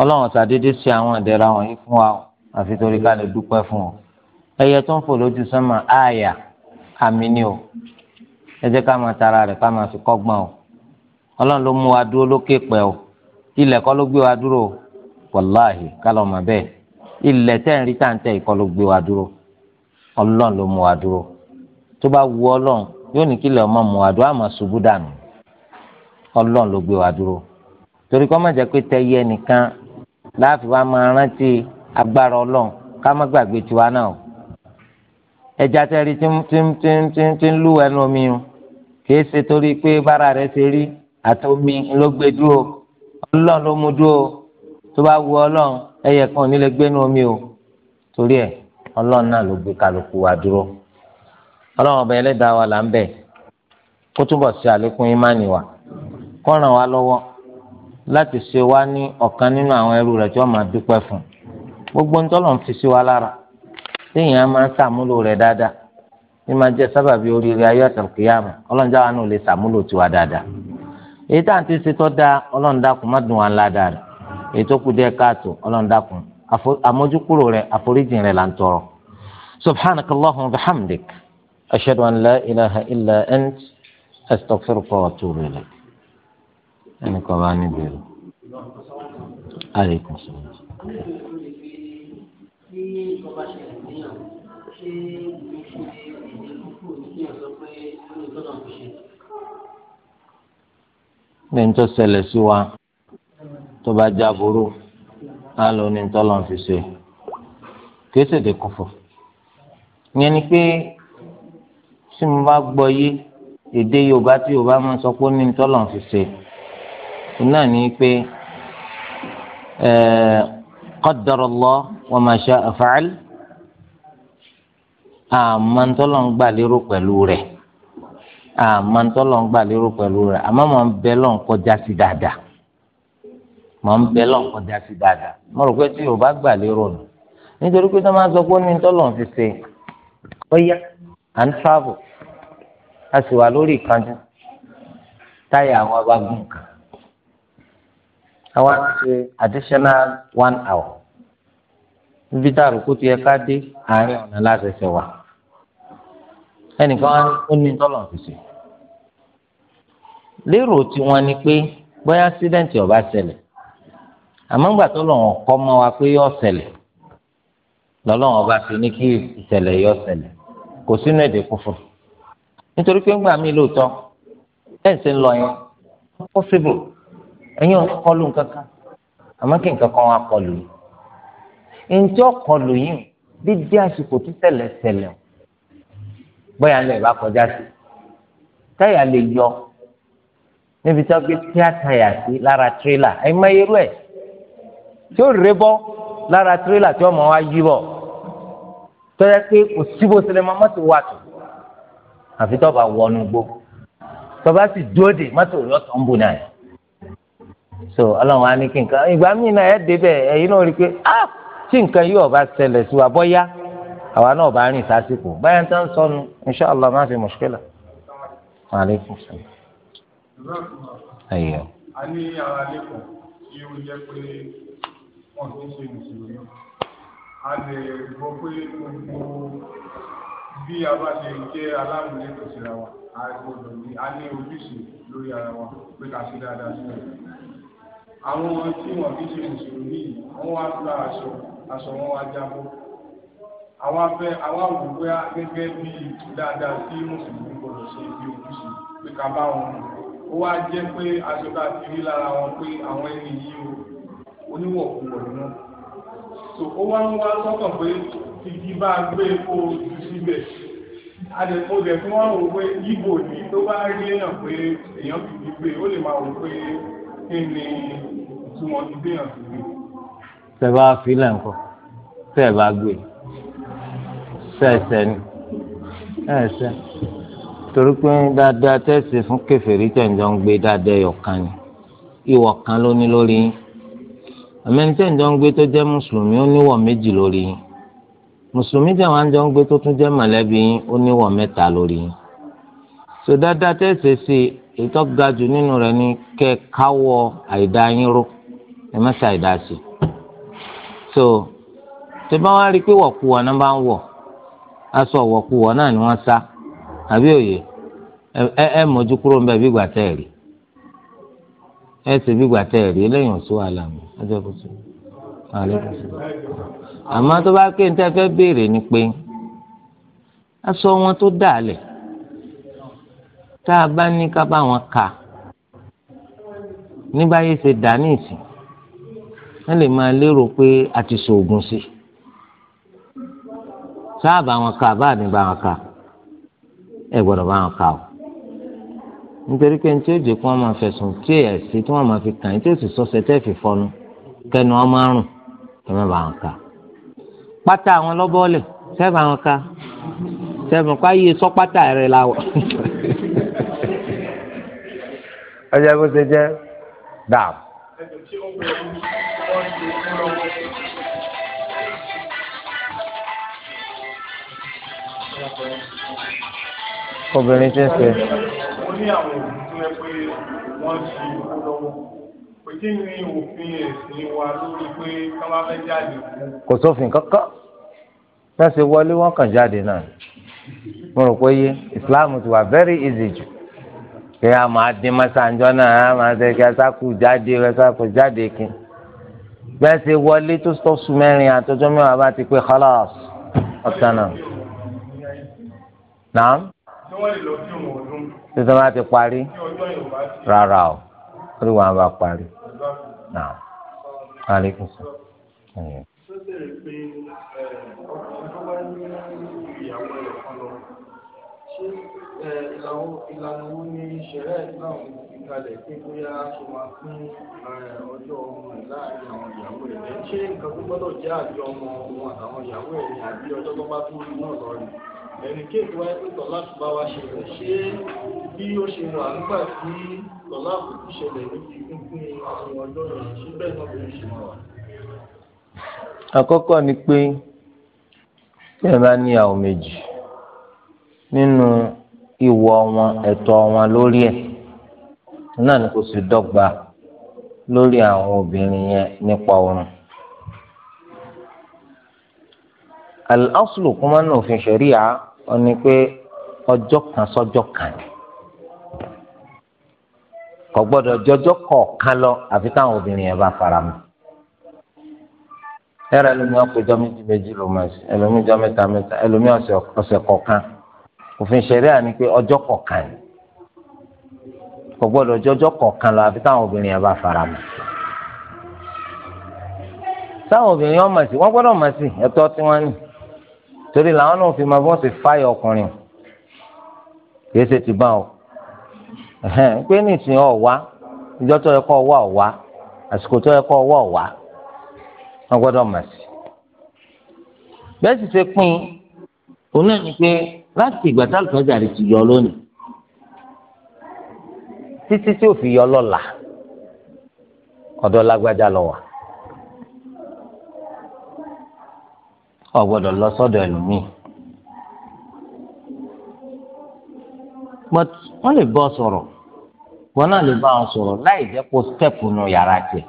ọlọ́run ṣàdédé ṣe àwọn ìdẹ̀ra wọ̀nyí fún wa o àfi torí ká lè dúpẹ́ fún o ẹyẹ tó ń fò lójú sánmà àyà àmì ni o ẹ jẹ́ ká máa tara rẹ̀ ká máa fi kọ́gbọ́n o ọlọ́run ló mú wa dúró lókè pẹ́ o ilẹ̀ kọ́ ló gbé wa dúró o wàláhì kálọ̀ mà bẹ́ẹ̀ ilẹ̀ tẹ́ ń rí tàǹtẹ̀ ìkọ́ ló gbé wa dúró ọlọ́run ló mú wa dúró tó bá wu ọlọ́run yóò ní kílẹ̀ ọmọ mú wa dúró àmọ́ ṣubú dànù ọlọ́run ló gbé wa dúró torí kọ́ má jẹ́ pé tẹ́yẹ nìkan láàfin wa máa rántí agbára ọlọ́run ká má gbàgbé tiwa náà o ẹja tẹ́rí tí ń lú ẹnu omi o kìí ṣe torí pé bára rẹ̀ ṣe rí àti omi ló gbé dúró ọlọ́run ló mú dúró tó bá wu ọlọ́run ẹyẹ kan ò ní lè gbénu omi o torí ẹ̀ ọlọ́run náà ló gbé kálukú wa dúró ọlọ́run ọba ẹlẹ́dàá wa là ń bẹ̀ kó túbọ̀ ṣe àlékún ìmánì wa kó ràn wá lọ́wọ́ láti ṣe wá ní ọ̀kan nínú àwọn ẹrú rẹ̀ tí wọ́n máa dúpẹ́ fún gbogbo ń tọ́lọ̀ ń fi sí wa lára téèyàn á máa ń sàmúlò rẹ̀ dáadáa ní máa jẹ́ sábàbí oríire ayé àtàkìyàmù ọlọ́njà wa náà lè sàmúlò tiwa dáadáa èyí tá à ń ti ṣe tọ́ da ọlọ́run dákun má dùn wá ńlá dáa rẹ̀ èyí tó kù díẹ̀ káàtó ọlọ́run dákun àmójúkúrò rẹ̀ àforíjìn rẹ̀ là ń tọrọ. subhanak bihamdik ẹnì kan bá ní ìbéèrè àlékún sí i. ní tó ṣẹlẹ̀ sí wa tó bá jáboro á lò ní tọ́lọ́ fi ṣe kìí ṣèdè kọ̀fọ̀ ìyẹn ni pé tí mo bá gbọ́ yé èdè Yorùbá tí Yorùbá máa sọ pé ní tọ́lọ́ fi ṣe náà ní pé qaddara Allah wa ma sha'a fa'al àmọ́ ntọ́lọ́ ń gbà lérò pẹ̀lú rẹ̀ àmọ́ ntọ́lọ́ ń gbà lérò pẹ̀lú rẹ̀ àmọ́ mọ̀ ń bẹ lọ́n kọjá sí dáadáa mọ̀ ń bẹ lọ́n kọjá sí dáadáa mo rò pé tí o bá gbà lérò nù nítorí pé tó máa sọ pé ó ní ntọ́lọ́ fi ṣe ọ̀yá à ń travel a sì wà lórí ìkanjú táyà àwọn abágùn kan àwa ti ṣe additional one hour níbi tá a rò kó ti yẹ ká dé àárín ọ̀nà láṣẹṣẹ wa ẹnìkan ó ní tọ́lọ̀ ṣiṣẹ́ lérò tiwọn ni pé bóyá sídẹ̀ǹtì ọba ṣẹlẹ̀ àmọ́ ńgbà tọ́lọ̀ kọ́ mọ́ wa pé yọ ṣẹlẹ̀ lọ́lọ́run ọba ṣe ní kí ìṣẹ̀lẹ̀ yọ ṣẹlẹ̀ kò sínú èdè funfun nítorí pé ńgbà mí lóòótọ́ ẹ̀ ń ṣe ń lọ yẹn possible ẹ̀yin ò kọlù kankan àmọ́ kí nǹkan kan wá kọlù yìí ǹjẹ́ ọ̀kọlù yìí dídí àsìkò tí tẹ̀lẹ̀ tẹ̀lẹ̀ bóyá lè bá kọjá sí táyà lè yọ níbi tí wọ́n gbé tíátàyà sí lára tírélà ẹ̀yin máa yẹrú ẹ̀ tí ó rè bọ́ lára tírélà tí wọ́n mọ̀ wá yí bọ̀ tọ́jà pé kò síbo sílẹ̀ máa mọ́tò wà tó àfi tó wọnú gbó tó sì dúró dè mọ́tò yọ̀tọ̀ ń bù náà so ọlọ́run á ní kí nǹkan ìgbà míì náà ẹ̀ débẹ̀ ẹ̀yin náà rí i pé ah tí nǹkan yìí ọba ṣẹlẹ̀ sí wa bọ́yá àwa náà bá rìn sásìkò báyà ń tán sọnù insha Allah má fi mùṣkílà. aleykum salaam. ayé o. a ní ara lẹ́kọ̀ọ́ tí ó jẹ́ pé wọ́n ti ṣe mùsùlùmí a lè gbọ́ pé gbogbo bí a bá ṣe jẹ́ alámúlétò síra wa a ní ojúṣe lórí ara wa pé ká ṣe dáadáa sí ọ̀rọ̀ àwọn tí wọ́n fi ṣe mùsùlùmí wọ́n wá gba aṣọ aṣọ wọn wá jábọ́ àwọn afẹ́ àwọn àwùjọ gẹ́gẹ́ bí dáadáa sí mùsùlùmí gbọdọ̀ ṣe bí ojúṣe pé ká bá wọn mú ó wá jẹ́ pé aṣọ tá ti rí lára wọn pé àwọn ẹni yìí o oníwọ̀kùwọ̀ ni wọ́n so ó wá ń wá sọ́kàn pé igi bá gbé kó ju síbẹ̀ adẹ̀kọ́dẹ̀ tí wọ́n rò pé yíbo ni tó bá rí èèyàn pé èèyàn fi gbé ó lè máa rò pé kí ni tẹ bá filẹ̀ nǹkan tẹ bá gbé sẹ́ẹ̀sẹ́ ni ẹ̀ẹ́sẹ́ torí pé dáadáa tẹ̀sí fún kẹfẹ́rí tẹ̀jọ́ ń gbé dáadáa ẹ̀yọ̀kan ni ìwọ̀ kan ló ní lórí yín àmẹ́ni tẹ̀jọ́ ń gbé tó jẹ́ mùsùlùmí ó níwọ̀ méjì lórí yín mùsùlùmí tẹ̀wọ́n àjọ ń gbé tó tún jẹ́ mọ̀lẹ́bí yín ó níwọ̀ mẹ́ta lórí yín so dáadáa tẹ̀sí sí ètò ga nínú rẹ̀ ni kẹ́ káwọ́ àìdá yín ró ẹ má ṣàì dá sí so tó bá wá rí i pé wọ̀kuwọ̀ náà bá ń wọ̀ aṣọ wọ̀kuwọ̀ náà ni wọ́n sá àbí òye ẹ ẹ mójú kúrò ń bẹ bí gbà tẹ́ ẹ̀ rí ẹ sì bí gbà tẹ́ rí eléyìí ò sí wàhálà mi ẹ jẹ́ kó sí àmọ́ tó bá pé níta fẹ́ béèrè ni pé aṣọ wọn tó dà lẹ̀ tá a bá ní ká bá wọn kà ní báyìí ṣe dà ní ìsìn wọ́n lè máa lérò pé a ti ṣoògùn sí i sáàbà wọn kà bá ní bá wọn kà ẹ gbọ́dọ̀ bá wọn kà o nítorí pé tí ó jẹ kí wọ́n máa fẹ̀sùn tí ẹ sí tí wọ́n máa fi kàn yín tí ó sì sọsẹ tẹ fi fọnu kẹnu ọmọ àrùn ẹ má bá wọn kà pátá àwọn lọ́bọ̀ọ́lẹ̀ sẹ́ẹ̀bà wọn kà sẹ́ẹ̀bà wọn kà yíyẹ sọ pátá rẹ̀ la wọ̀. ọjọ́ ṣe jẹ́ dáàbò ẹ̀jẹ̀ tí ó ń bẹ̀rù wọ́n ti múra wọn. obìnrin tí ń ṣe. mo ní àwọn òbí tó yẹ pé wọ́n ṣe lọ́wọ́ kò tí ì òfin ẹ̀sìn wa lórí pé ká má fẹ́ jáde. kò sófin kankan tá ṣe wọlé wọn kàn jáde náà mo rò pé yé Islam ti wà very easy jù pé a máa dín mọ́sánjọ́ náà a máa ṣe kí a sáku jáde rẹ sáku jáde kí bẹ́ẹ̀ ṣe wọlé tó sọ́sù mẹ́rin àtọ́jọ́ mẹ́wàá bá ti pé khalas ọ̀tàn náà. nàám tuntun bá ti parí rárá o orí wa bá parí nàám. aleykum salaam. ìlànà wo ni ṣẹ̀rẹ́ islam fi kalẹ̀ pé bóyá ṣe máa fún ọjọ́ ọmọ ẹ̀ láàrin àwọn ìyàwó ẹ̀ lẹ́yìn ṣé nǹkan tó gbọ́dọ̀ jẹ́ àjọ ọmọ òun àtàwọn ìyàwó ẹ̀ ní àbí ọjọ́ tó bá tó rí náà lọ rí ẹ̀rì kéèkì wáyé pé tọ́lá ti bá wa ṣẹlẹ̀ ṣé bí ó ṣe wà nígbà tí tọ́lá kò ti ṣẹlẹ̀ níbi pínpín àwọn ọjọ́ àkọ́kọ́ ni pé tí bá ní àwọn méjì nínú ìwọ wọn ẹtọ wọn lórí ẹ náà ni kò sì dọ́gba lórí àwọn obìnrin yẹn nípa oorun. al-aslu kuma ọ ni ọjọ́ kan sọ́jọ́ kan ni kò gbọ́dọ̀ jọjọ́ kọ̀ọ̀kan lọ àfi táwọn obìnrin yẹn bá fara mọ́ ẹ̀rọ ẹlòmíràn péjọ méjì mẹ́ta ẹlòmíràn òfin ṣẹ̀ríà ni pé ọjọ́ kọkan ni kò gbọ́dọ̀ jọjọ́ lọ àfi táwọn obìnrin yẹn bá fara mọ́ táwọn obìnrin yẹn mọ̀ sí wọ́n gbọdọ mọ̀ sí tí ní torí làwọn náà fi máa bọ́ sí ọkùnrin ṣe ti ọ pé ìjọ tó yẹ àsìkò tó yẹ láti ìgbà tá àlùfáàjà rẹ ti yọ lónìí títí tí ò fi yọ lọ́la ọ̀dọ̀ lágbájá lọ wà ọ gbọ́dọ̀ lọ sọ́dọ̀ ẹlòmíì but wọ́n lè bọ́ sọ̀rọ̀ wọn náà lè bá wọn sọ̀rọ̀ láì jẹ́ kó stẹ́pù nù yàrá tiẹ̀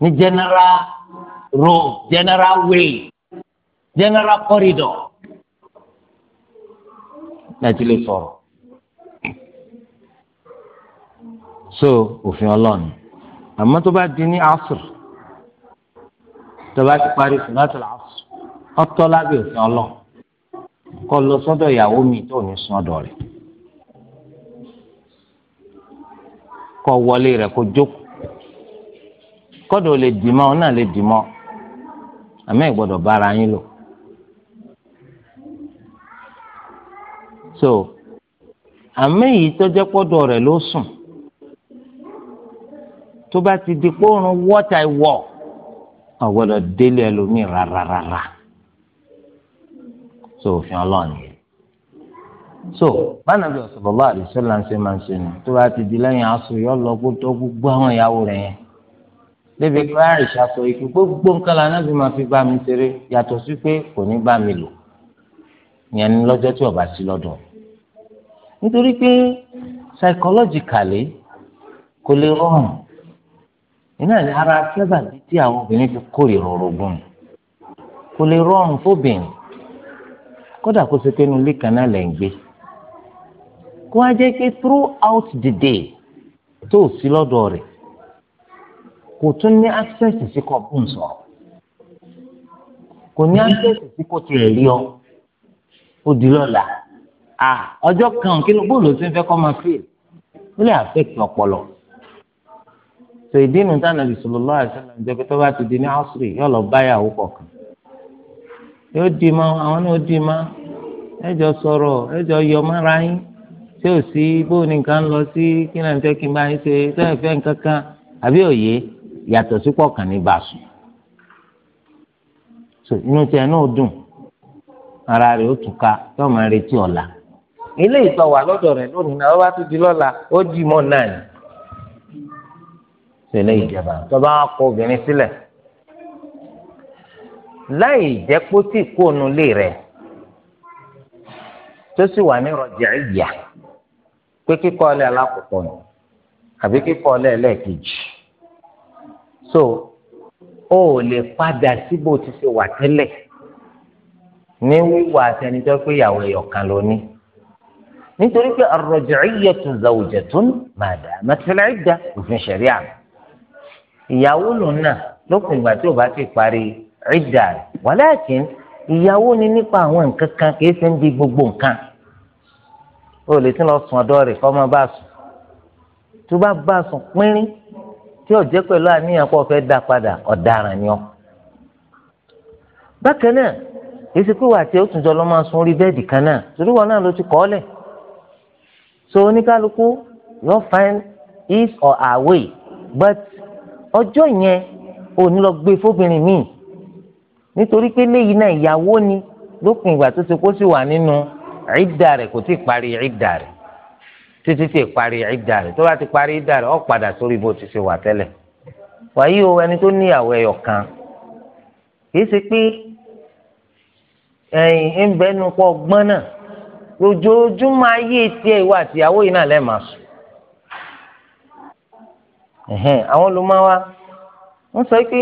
ní general road general way general corridor láti lè sọ̀rọ̀ so òfin Ọlọ́run àmọ́ tó bá di ní asr tó bá ti parí fún láti lọ asr ọ̀tọ̀ lábẹ́ òfin Ọlọ́run kọ lọ sọ́dọ̀ ìyàwó mi tó ní sọ́dọ̀ rẹ̀ kọ wọlé rẹ̀ kó jókòó kọdọ lè dì náà lè dì mọ́ àmọ́ bára yín lò. so àmì yìí tó jẹ́ pọ́dọ̀ rẹ̀ ló sùn tó bá ti di pọ́ọ̀rùn wọ́tà ìwọ̀ ọ̀gbọ́dọ̀ délé ẹlòmíì rárára so òfin ọlọ́run yìí so bánàbí sallallahu alaihi wasallam ṣe máa ń ṣe nù tó bá ti di lẹ́yìn aṣọ yọ lọ gbọ́dọ̀ gbogbo àwọn ìyàwó rẹ̀ yẹn débi pé àìsà sọ ìpè gbogbo nǹkan lànà bí máa fi bá mi ṣeré yàtọ̀ sí pé kò ní bá mi lò ìyẹn ni lọ́jọ́ tí ọba sí lọ́dọ̀ nítorí pé psychologically kò lè rọrùn iná ní ara sábàbí tí àwọn obìnrin fi kórìíra orogún kò lè rọrùn fóbìnrin kódà kó ṣe pé inú ilé kan náà lè ń gbé kó wá jẹ́ pé throughout the day tó o sí lọ́dọ̀ rẹ̀ kò tún ní access sí kọ́ bùn sọ̀rọ̀ kò ní access sí kó tiẹ̀ rí ọ. ó di lọ́la à kan kí ló bóòlù tí ń fẹ́ kọ́ máa fi ó lè ọpọlọ tó ìdí nu táwọn Ànábì sallallahu alaihi wasallam tó bá ti di ní ásírì yóò lọ báyàwó kọ̀ọ̀kan yóò di ma àwọn náà di ma ẹjọ sọrọ ẹjọ yọ mọ́ra yín tí ò sí nǹkan lọ sí kí náà kí n bá yín ṣe ara rẹ̀ ó túká yóò máa retí ọ̀la ilé ìtọ̀ wà lọ́dọ̀ rẹ̀ lónìí náà ó bá tún di lọ́la ó jí mọ́ náà ni ṣẹlẹ̀ ìjọba kọ obìnrin sílẹ̀ láì jẹ́ tí lé sì wà ní rọjà ìyà pé kíkọ́ ọlẹ́ ni àbí kíkọ́ ọlẹ́ ẹlẹ́ẹ̀kejì so o lè padà síbò ti wà ní wíwà àtẹnidọ́ pé ìyàwó ẹ̀yọ̀kan ló ní nítorí pé ar-raj'iyyatu zawjatun ma damat fil 'idda òfin ṣẹ̀ríà ìyàwó lòun náà lópin ìgbà tí ò bá ti parí ìdà walakin ìyàwó ni nípa àwọn nǹkan kan kì í ṣe ń di gbogbo nǹkan o lè tún lọ sùn ọ̀dọ̀ rẹ̀ kọ́ máa bá sùn tó bá bá sùn pínrín tí ò jẹ́ pẹ̀lú àníyàn kó fẹ́ dá padà ọ̀daràn ni ọ èsì pé wà tí ó tún jọ lọ máa sun orí bẹ́ẹ̀dì kan náà torí wọn náà ló ti kọ́ lẹ̀ so oníkálukú yóò find his or her way but ọjọ́ yẹn ò ní lọ gbé fóbìnrin míì nítorí pé lẹ́yìn náà ìyàwó ni lópin ìgbà tó ti kó sì wà nínú ìdá rẹ̀ kò tí ì parí ìdá rẹ̀ títí tí ì parí ìdá rẹ̀ tó bá ti parí ìdá rẹ̀ ó padà sórí bó ti ṣe wà tẹ́lẹ̀ wàyí o ẹni tó níyàwó ẹyọ kan kì í ṣe pé ẹ̀yìn ń bẹ́nu pọ̀ gbọ́n náà lójoojúmọ́ ayé tiẹ̀ ìwà àtìyàwó yìí náà lẹ́ẹ̀ máa sùn ẹhẹn àwọn ló máa ń sọ pé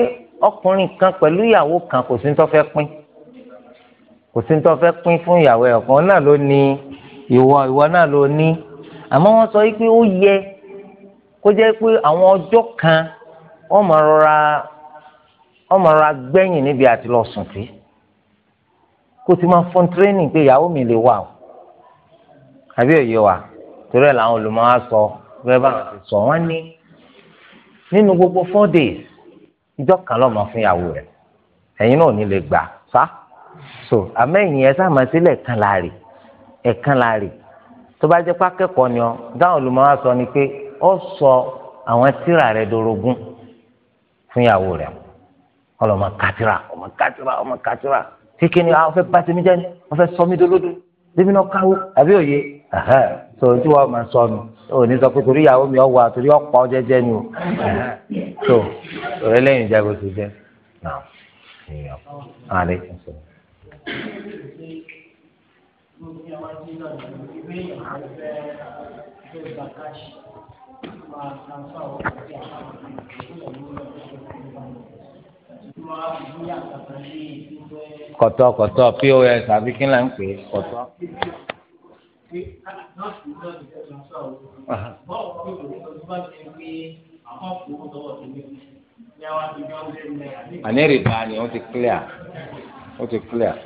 ọkùnrin kan pẹlú ìyàwó kan kò sí ní tó fẹ́ pín kò sí ní tó fẹ́ pín fún ìyàwó ẹ̀ náà ló ní ìwọ ìwọ náà ló ní àmọ́ wọ́n sọ pé ó yẹ kó jẹ́ pé àwọn ọjọ́ kan wọ́n rọra wọ́n rọra gbẹ́yìn níbi àti lọ sùn kó ti máa fún tírénì pé ìyàwó mi lè wà o àbí òye wa torí ẹ̀ làwọn olùmọ̀ sọ bẹ́ẹ̀ bá ti sọ wọ́n ní nínú gbogbo four days ìjọ kan lọ́mọ fún ìyàwó rẹ̀ ẹ̀yin náà ò ní lè gbà sá so àmẹ́yìn ẹ sáà máa sílẹ̀ kan láàrè ẹ̀kan láàrè tó bá jẹ́ pé akẹ́kọ̀ọ́ ni ọ dáhùn olùmọ̀ á sọ ni pé ọ sọ àwọn tíra rẹ̀ dorogún fún ìyàwó rẹ̀ ọlọ́mọ kátìrà ọmọ kátìrà ọmọ kátìrà kíkẹ́ ni àwọn fẹ́ bá tèmi jẹ́ ni wọ́n fẹ́ sọ mí dolódo débi náà káwó àbí òye so tí wọ́n máa sọ mi ò ní sọ pé torí ìyàwó mi ọ̀wà torí ọ̀pá ọ jẹ́jẹ́ ni o so ọ̀rẹ́ lẹ́yìn ìjà gbèsè jẹ́ náà èèyàn àlẹ́ kò Thank you kọtọ kọtọ pos àbí kí là ń pè é kọtọ. àní rìbá ni ó ti clear ó ti clear.